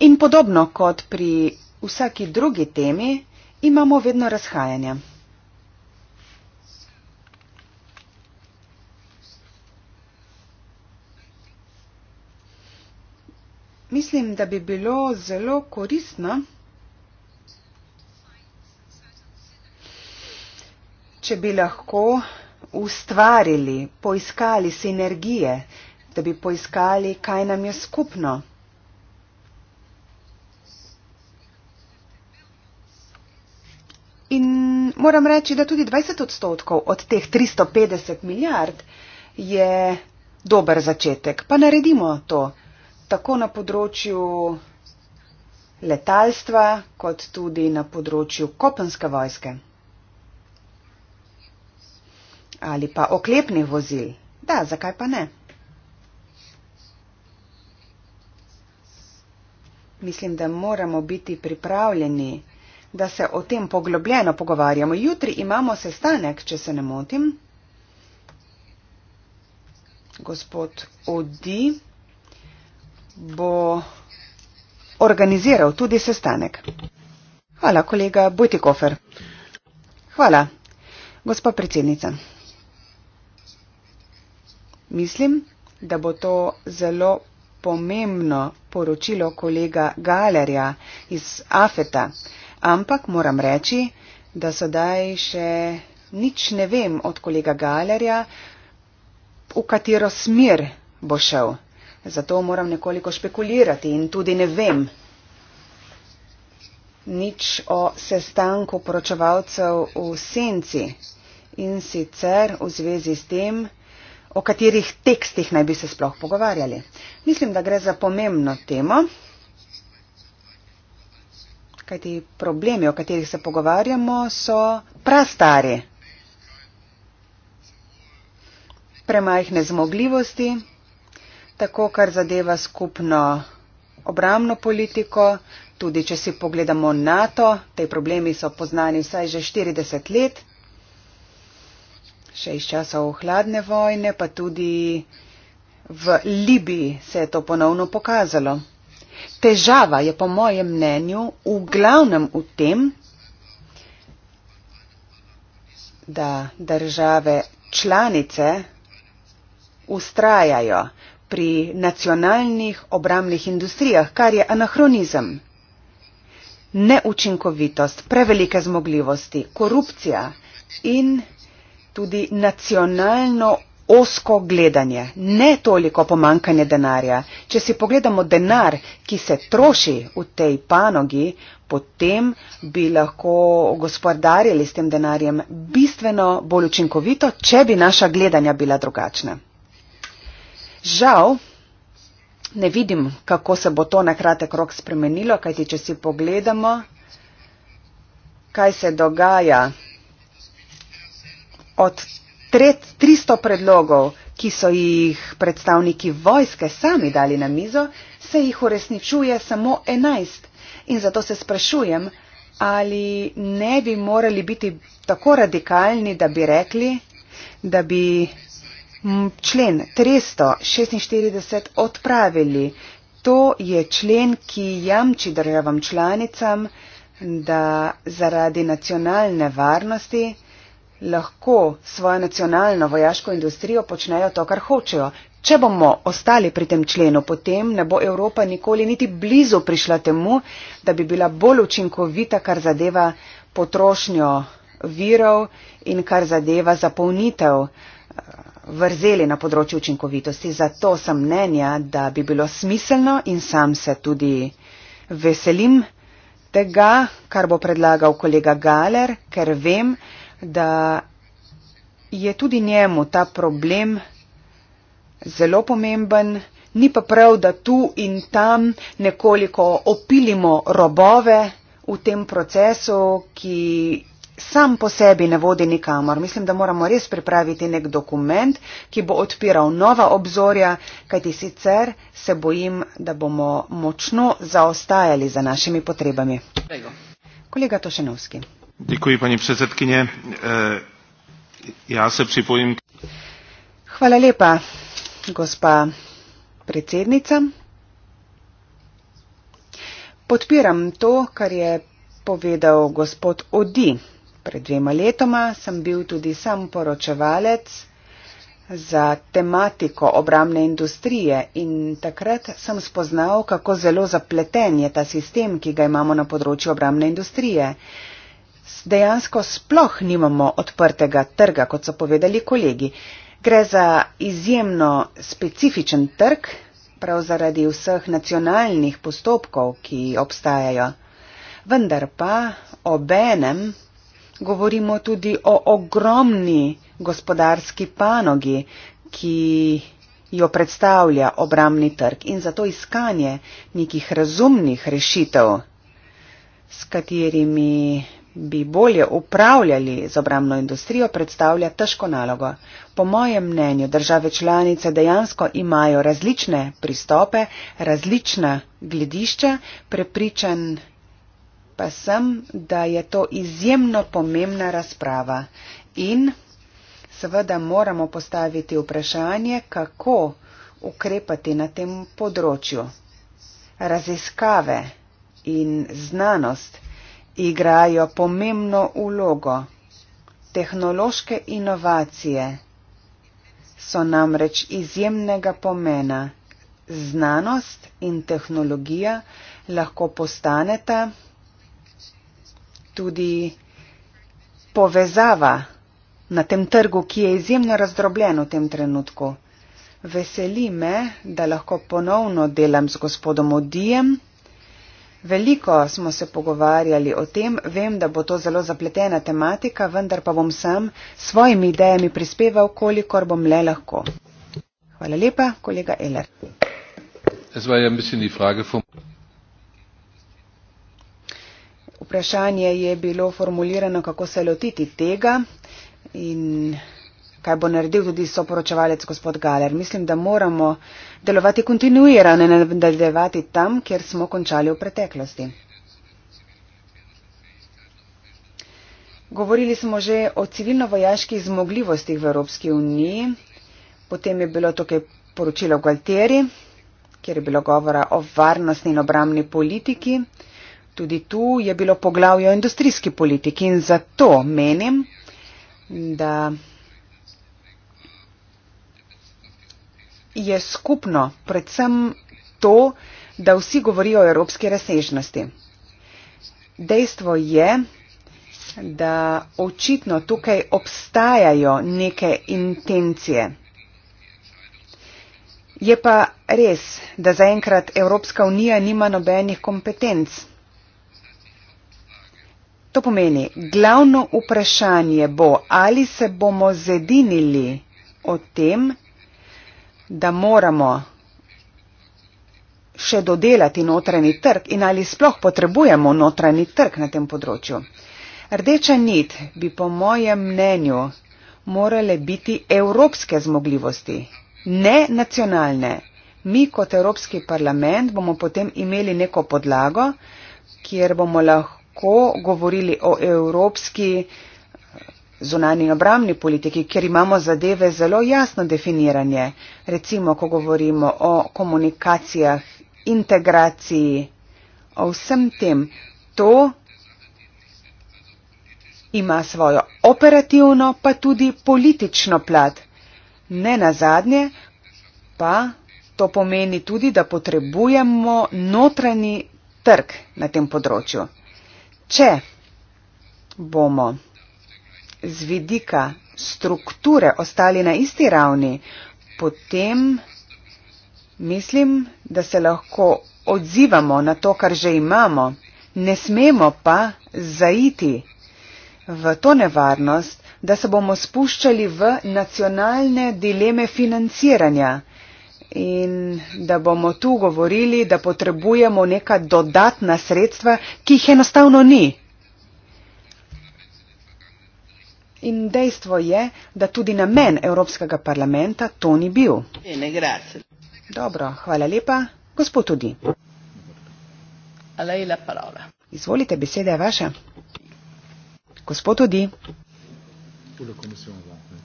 In podobno kot pri vsaki drugi temi, imamo vedno razhajanja. Mislim, da bi bilo zelo koristno, če bi lahko ustvarili, poiskali sinergije, da bi poiskali, kaj nam je skupno. In moram reči, da tudi 20 odstotkov od teh 350 milijard je dober začetek. Pa naredimo to tako na področju letalstva, kot tudi na področju kopenske vojske ali pa oklepnih vozil. Da, zakaj pa ne? Mislim, da moramo biti pripravljeni, da se o tem poglobljeno pogovarjamo. Jutri imamo sestanek, če se ne motim. Gospod Odi, bo organiziral tudi sestanek. Hvala, kolega Butikofer. Hvala, gospod predsednica. Mislim, da bo to zelo pomembno poročilo kolega Galerja iz Afeta, ampak moram reči, da sedaj še nič ne vem od kolega Galerja, v katero smer bo šel. Zato moram nekoliko špekulirati in tudi ne vem. Nič o sestanku poročevalcev v senci in sicer v zvezi s tem, o katerih tekstih naj bi se sploh pogovarjali. Mislim, da gre za pomembno temo, kajti problemi, o katerih se pogovarjamo, so prastari, premajhne zmogljivosti, tako kar zadeva skupno obramno politiko. Tudi, če si pogledamo NATO, te problemi so poznani vsaj že 40 let, še iz časov hladne vojne, pa tudi v Libiji se je to ponovno pokazalo. Težava je, po mojem mnenju, v glavnem v tem, da države članice ustrajajo pri nacionalnih obramnih industrijah, kar je anahronizem. Neučinkovitost, prevelike zmogljivosti, korupcija in tudi nacionalno osko gledanje, ne toliko pomankanje denarja. Če si pogledamo denar, ki se troši v tej panogi, potem bi lahko gospodarjali s tem denarjem bistveno bolj učinkovito, če bi naša gledanja bila drugačna. Žal ne vidim, kako se bo to na kratek rok spremenilo, kajti če si pogledamo, kaj se dogaja od tret, 300 predlogov, ki so jih predstavniki vojske sami dali na mizo, se jih uresničuje samo 11. In zato se sprašujem, ali ne bi morali biti tako radikalni, da bi rekli, da bi Mm, člen 346 odpravili. To je člen, ki jamči državam članicam, da zaradi nacionalne varnosti lahko svojo nacionalno vojaško industrijo počnejo to, kar hočejo. Če bomo ostali pri tem členu, potem ne bo Evropa nikoli niti blizu prišla temu, da bi bila bolj učinkovita, kar zadeva potrošnjo virov in kar zadeva zapolnitev eh, vrzeli na področju učinkovitosti. Zato sem mnenja, da bi bilo smiselno in sam se tudi veselim tega, kar bo predlagal kolega Galer, ker vem, da je tudi njemu ta problem zelo pomemben. Ni pa prav, da tu in tam nekoliko opilimo robove v tem procesu, ki sam po sebi ne vodi nikamor. Mislim, da moramo res pripraviti nek dokument, ki bo odpiral nova obzorja, kajti sicer se bojim, da bomo močno zaostajali za našimi potrebami. Kolega Tošenovski. Dikuji, pani predsedkinje. E, eh, ja se pripojim. Hvala lepa, gospa predsednica. Podpiram to, kar je povedal gospod Odi pred dvema letoma sem bil tudi sam poročevalec za tematiko obramne industrije in takrat sem spoznal, kako zelo zapleten je ta sistem, ki ga imamo na področju obramne industrije. Dejansko sploh nimamo odprtega trga, kot so povedali kolegi. Gre za izjemno specifičen trg, prav zaradi vseh nacionalnih postopkov, ki obstajajo. Vendar pa obenem govorimo tudi o ogromni gospodarski panogi, ki jo predstavlja obramni trg in zato iskanje nekih razumnih rešitev, s katerimi bi bolje upravljali z obramno industrijo, predstavlja težko nalogo. Po mojem mnenju države članice dejansko imajo različne pristope, različna gledišča, prepričan pa sem, da je to izjemno pomembna razprava in seveda moramo postaviti vprašanje, kako ukrepati na tem področju. Raziskave in znanost igrajo pomembno ulogo. Tehnološke inovacije so namreč izjemnega pomena. Znanost in tehnologija lahko postaneta tudi povezava na tem trgu, ki je izjemno razdrobljen v tem trenutku. Veseli me, da lahko ponovno delam z gospodom Odijem. Veliko smo se pogovarjali o tem, vem, da bo to zelo zapletena tematika, vendar pa bom sam s svojimi idejami prispeval, kolikor bom le lahko. Hvala lepa, kolega Eler vprašanje je bilo formulirano, kako se lotiti tega in kaj bo naredil tudi soporočevalec gospod Galer. Mislim, da moramo delovati kontinuirano in nadaljevati tam, kjer smo končali v preteklosti. Govorili smo že o civilno-vojaških zmogljivostih v Evropski uniji, potem je bilo tukaj poročilo Gualteri, kjer je bilo govora o varnostni in obramni politiki. Tudi tu je bilo poglavje o industrijski politiki in zato menim, da je skupno predvsem to, da vsi govorijo o evropski razsežnosti. Dejstvo je, da očitno tukaj obstajajo neke intencije. Je pa res, da zaenkrat Evropska unija nima nobenih kompetenc To pomeni, glavno vprašanje bo, ali se bomo zedinili o tem, da moramo še dodelati notranji trg in ali sploh potrebujemo notranji trg na tem področju. Rdeča nit bi po mojem mnenju morale biti evropske zmogljivosti, ne nacionalne. Mi kot Evropski parlament bomo potem imeli neko podlago, kjer bomo lahko lahko govorili o evropski eh, zunani in obramni politiki, ker imamo zadeve zelo jasno definiranje. Recimo, ko govorimo o komunikacijah, integraciji, o vsem tem, to ima svojo operativno, pa tudi politično plat. Ne nazadnje, pa to pomeni tudi, da potrebujemo notranji trg na tem področju če bomo z vidika strukture ostali na isti ravni, potem mislim, da se lahko odzivamo na to, kar že imamo. Ne smemo pa zaiti v to nevarnost, da se bomo spuščali v nacionalne dileme financiranja in da bomo tu govorili, da potrebujemo neka dodatna sredstva, ki jih enostavno ni. In dejstvo je, da tudi namen Evropskega parlamenta to ni bil. Dobro, hvala lepa. Gospod tudi. Izvolite, beseda je vaša. Gospod tudi. Pour la commission européenne.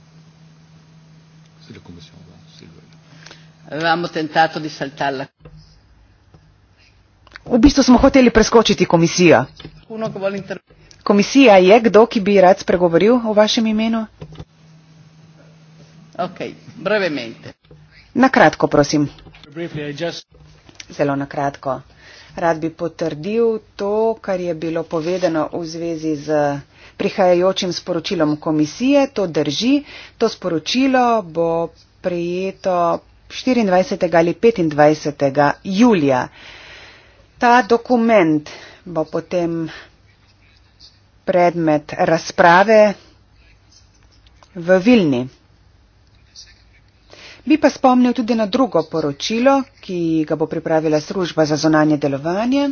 C'est la commission européenne avevamo tentato di saltarla. V bistvu smo hoteli preskočiti komisija. Komisija je kdo, ki bi rad spregovoril o vašem imenu? Okay, na kratko, prosim. Zelo na kratko. Rad bi potrdil to, kar je bilo povedano v zvezi z prihajajočim sporočilom komisije. To drži. To sporočilo bo prijeto 24. ali 25. julija. Ta dokument bo potem predmet razprave v Vilni. Bi pa spomnil tudi na drugo poročilo, ki ga bo pripravila služba za zonanje delovanje.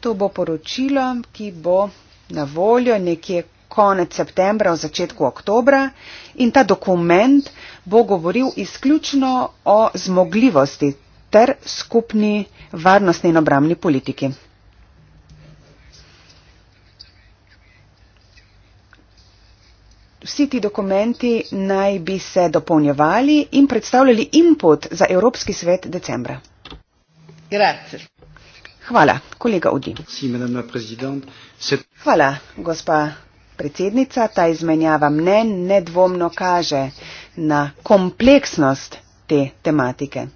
To bo poročilo, ki bo na voljo nekje konec septembra, v začetku oktobra in ta dokument bo govoril izključno o zmogljivosti ter skupni varnostni in obramni politiki. Vsi ti dokumenti naj bi se dopolnjevali in predstavljali input za Evropski svet decembra. Grazie. Hvala, kolega Udi. Hvala, gospa Predsednica ta izmenjava mnen nedvomno kaže na kompleksnost te tematike.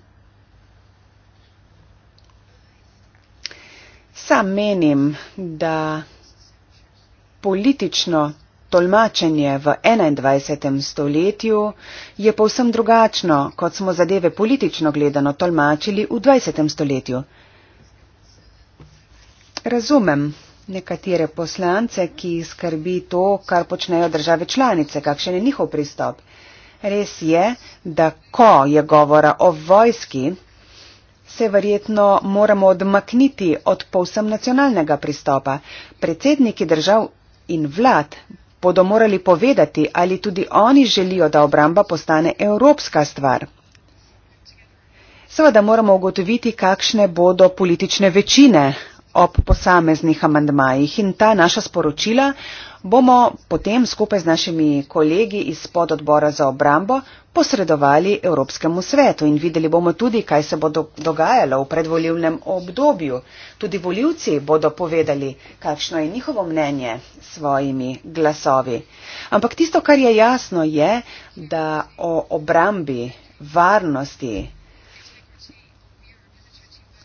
Sam menim, da politično tolmačenje v 21. stoletju je povsem drugačno, kot smo zadeve politično gledano tolmačili v 20. stoletju. Razumem, nekatere poslance, ki skrbi to, kar počnejo države članice, kakšen je njihov pristop. Res je, da ko je govora o vojski, se verjetno moramo odmakniti od povsem nacionalnega pristopa. Predsedniki držav in vlad bodo morali povedati, ali tudi oni želijo, da obramba postane evropska stvar. Seveda moramo ugotoviti, kakšne bodo politične večine ob posameznih amandmajih. In ta naša sporočila bomo potem skupaj z našimi kolegi iz pododbora za obrambo posredovali Evropskemu svetu in videli bomo tudi, kaj se bo dogajalo v predvoljivnem obdobju. Tudi voljivci bodo povedali, kakšno je njihovo mnenje s svojimi glasovi. Ampak tisto, kar je jasno, je, da o obrambi, varnosti,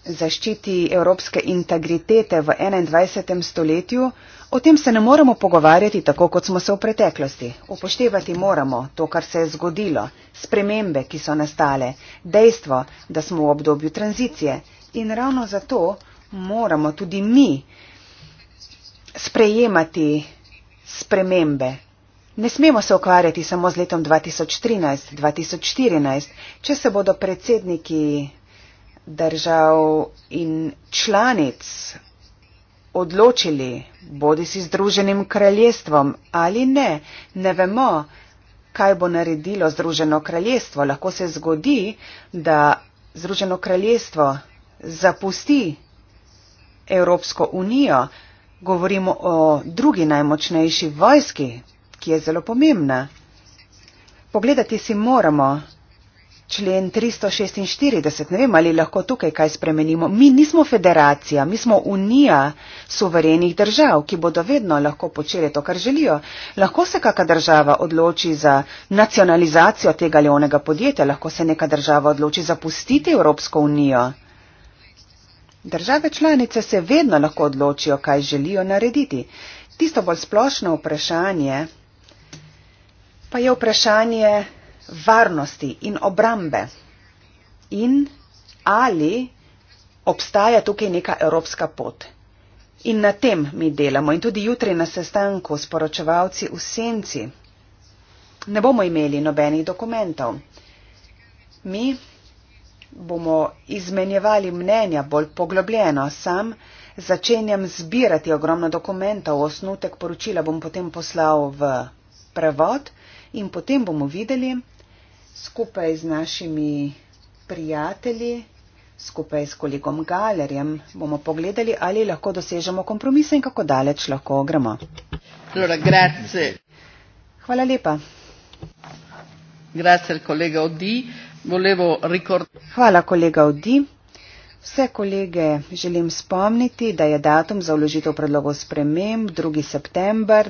zaščiti evropske integritete v 21. stoletju, o tem se ne moremo pogovarjati tako, kot smo se v preteklosti. Upoštevati moramo to, kar se je zgodilo, spremembe, ki so nastale, dejstvo, da smo v obdobju tranzicije in ravno zato moramo tudi mi sprejemati spremembe. Ne smemo se ukvarjati samo z letom 2013-2014, če se bodo predsedniki držav in članic odločili, bodi si združenim kraljestvom ali ne. Ne vemo, kaj bo naredilo združeno kraljestvo. Lahko se zgodi, da združeno kraljestvo zapusti Evropsko unijo. Govorimo o drugi najmočnejši vojski, ki je zelo pomembna. Pogledati si moramo, člen 346, ne vem, ali lahko tukaj kaj spremenimo. Mi nismo federacija, mi smo unija suverenih držav, ki bodo vedno lahko počeli to, kar želijo. Lahko se kaka država odloči za nacionalizacijo tega ali onega podjetja, lahko se neka država odloči zapustiti Evropsko unijo. Države članice se vedno lahko odločijo, kaj želijo narediti. Tisto bolj splošno vprašanje pa je vprašanje, varnosti in obrambe in ali obstaja tukaj neka evropska pot. In na tem mi delamo in tudi jutri na sestanku s poročevalci v senci ne bomo imeli nobenih dokumentov. Mi bomo izmenjevali mnenja bolj poglobljeno. Sam začenjam zbirati ogromno dokumentov, osnutek poročila bom potem poslal v prevod in potem bomo videli, skupaj z našimi prijatelji, skupaj s kolegom Galerjem, bomo pogledali, ali lahko dosežemo kompromise in kako daleč lahko gremo. Allora, grazie. Hvala lepa. Grazie, kolega Odi. Volevo ricord... Hvala, kolega Odi. Vse kolege želim spomniti, da je datum za vložitev predlogov sprememb 2. september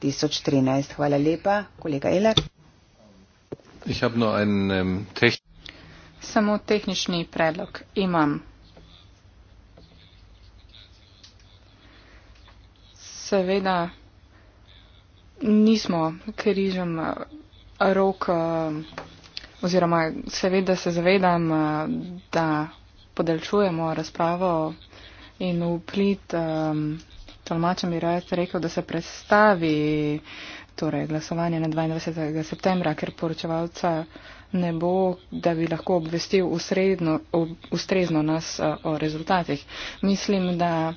2013. Hvala lepa, kolega Eler. Ich habe nur einen ähm, techn Samo technični predlog imam. Seveda nismo križem eh, rok eh, oziroma seveda se zavedam, eh, da podaljšujemo razpravo in vplit. Um, Tolmačem je rekel, da se predstavi torej glasovanje na 22. septembra, ker poročevalca ne bo, da bi lahko obvestil usredno, ob, ustrezno nas a, o rezultatih. Mislim, da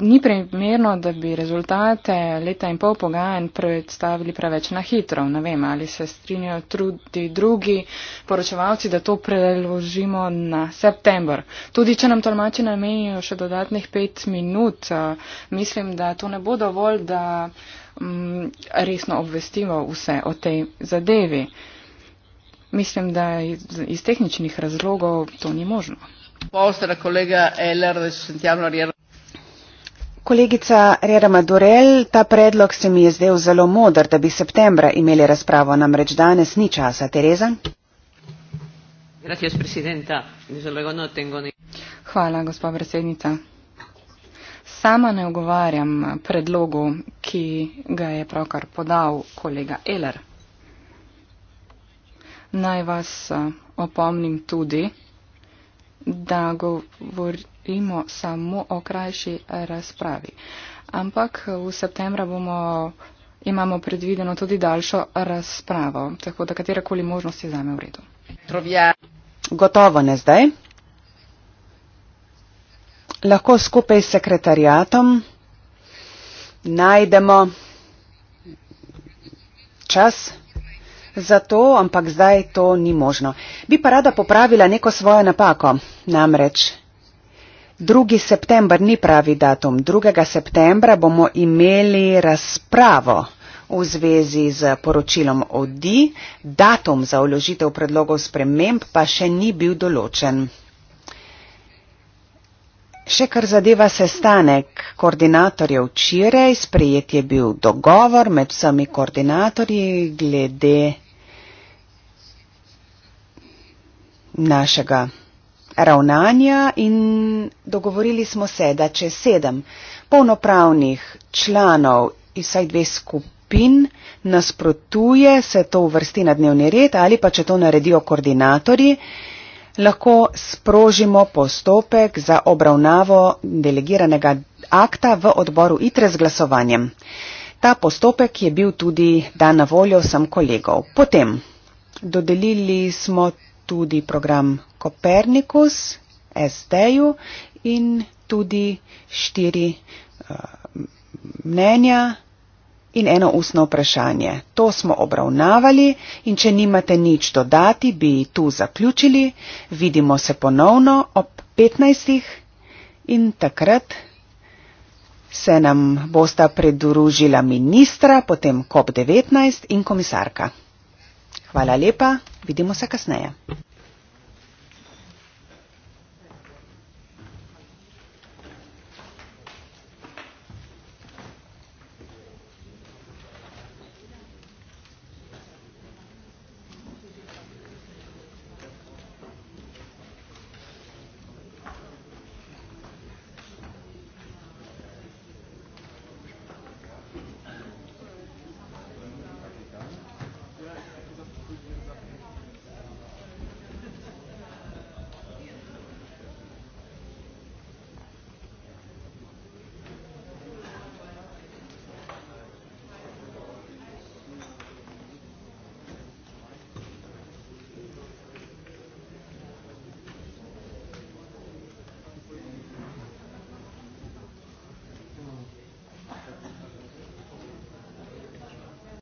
ni primerno, da bi rezultate leta in pol pogajanj predstavili preveč na hitro. Ne vem, ali se strinjajo tudi drugi poročevalci, da to preložimo na september. Tudi, če nam tolmači namenijo še dodatnih pet minut, a, mislim, da to ne bo dovolj, da m, mm, resno obvestimo vse o tej zadevi. Mislim, da iz, iz tehničnih razlogov to ni možno. Kolegica Rera Madurel, ta predlog se mi je zdel zelo modr, da bi septembra imeli razpravo, namreč danes ni časa. Tereza? No Hvala, gospod predsednica sama ne ogovarjam predlogu, ki ga je pravkar podal kolega Eler. Naj vas eh, opomnim tudi, da govorimo samo o krajši razpravi. Ampak eh, v septembra bomo, imamo predvideno tudi daljšo razpravo, tako da katerakoli možnost je zame v redu. Gotovo ne zdaj lahko skupaj s sekretarjatom najdemo čas za to, ampak zdaj to ni možno. Bi pa rada popravila neko svojo napako, namreč. 2. september ni pravi datum. 2. septembra bomo imeli razpravo v zvezi z poročilom ODI. Datum za uložitev predlogov sprememb pa še ni bil določen. Še kar zadeva sestanek koordinatorjev včeraj, sprejet je bil dogovor med vsemi koordinatorji glede našega ravnanja in dogovorili smo se, da če sedem polnopravnih članov iz vsaj dve skupin nasprotuje, se to uvrsti na dnevni red ali pa če to naredijo koordinatorji, lahko sprožimo postopek za obravnavo delegiranega akta v odboru ITRE z glasovanjem. Ta postopek je bil tudi dan na voljo vsem kolegov. Potem dodelili smo tudi program Kopernikus, SD-ju in tudi štiri uh, mnenja in eno ustno vprašanje. To smo obravnavali in če nimate nič dodati, bi tu zaključili. Vidimo se ponovno ob 15. in takrat se nam bosta predružila ministra, potem COP19 in komisarka. Hvala lepa, vidimo se kasneje.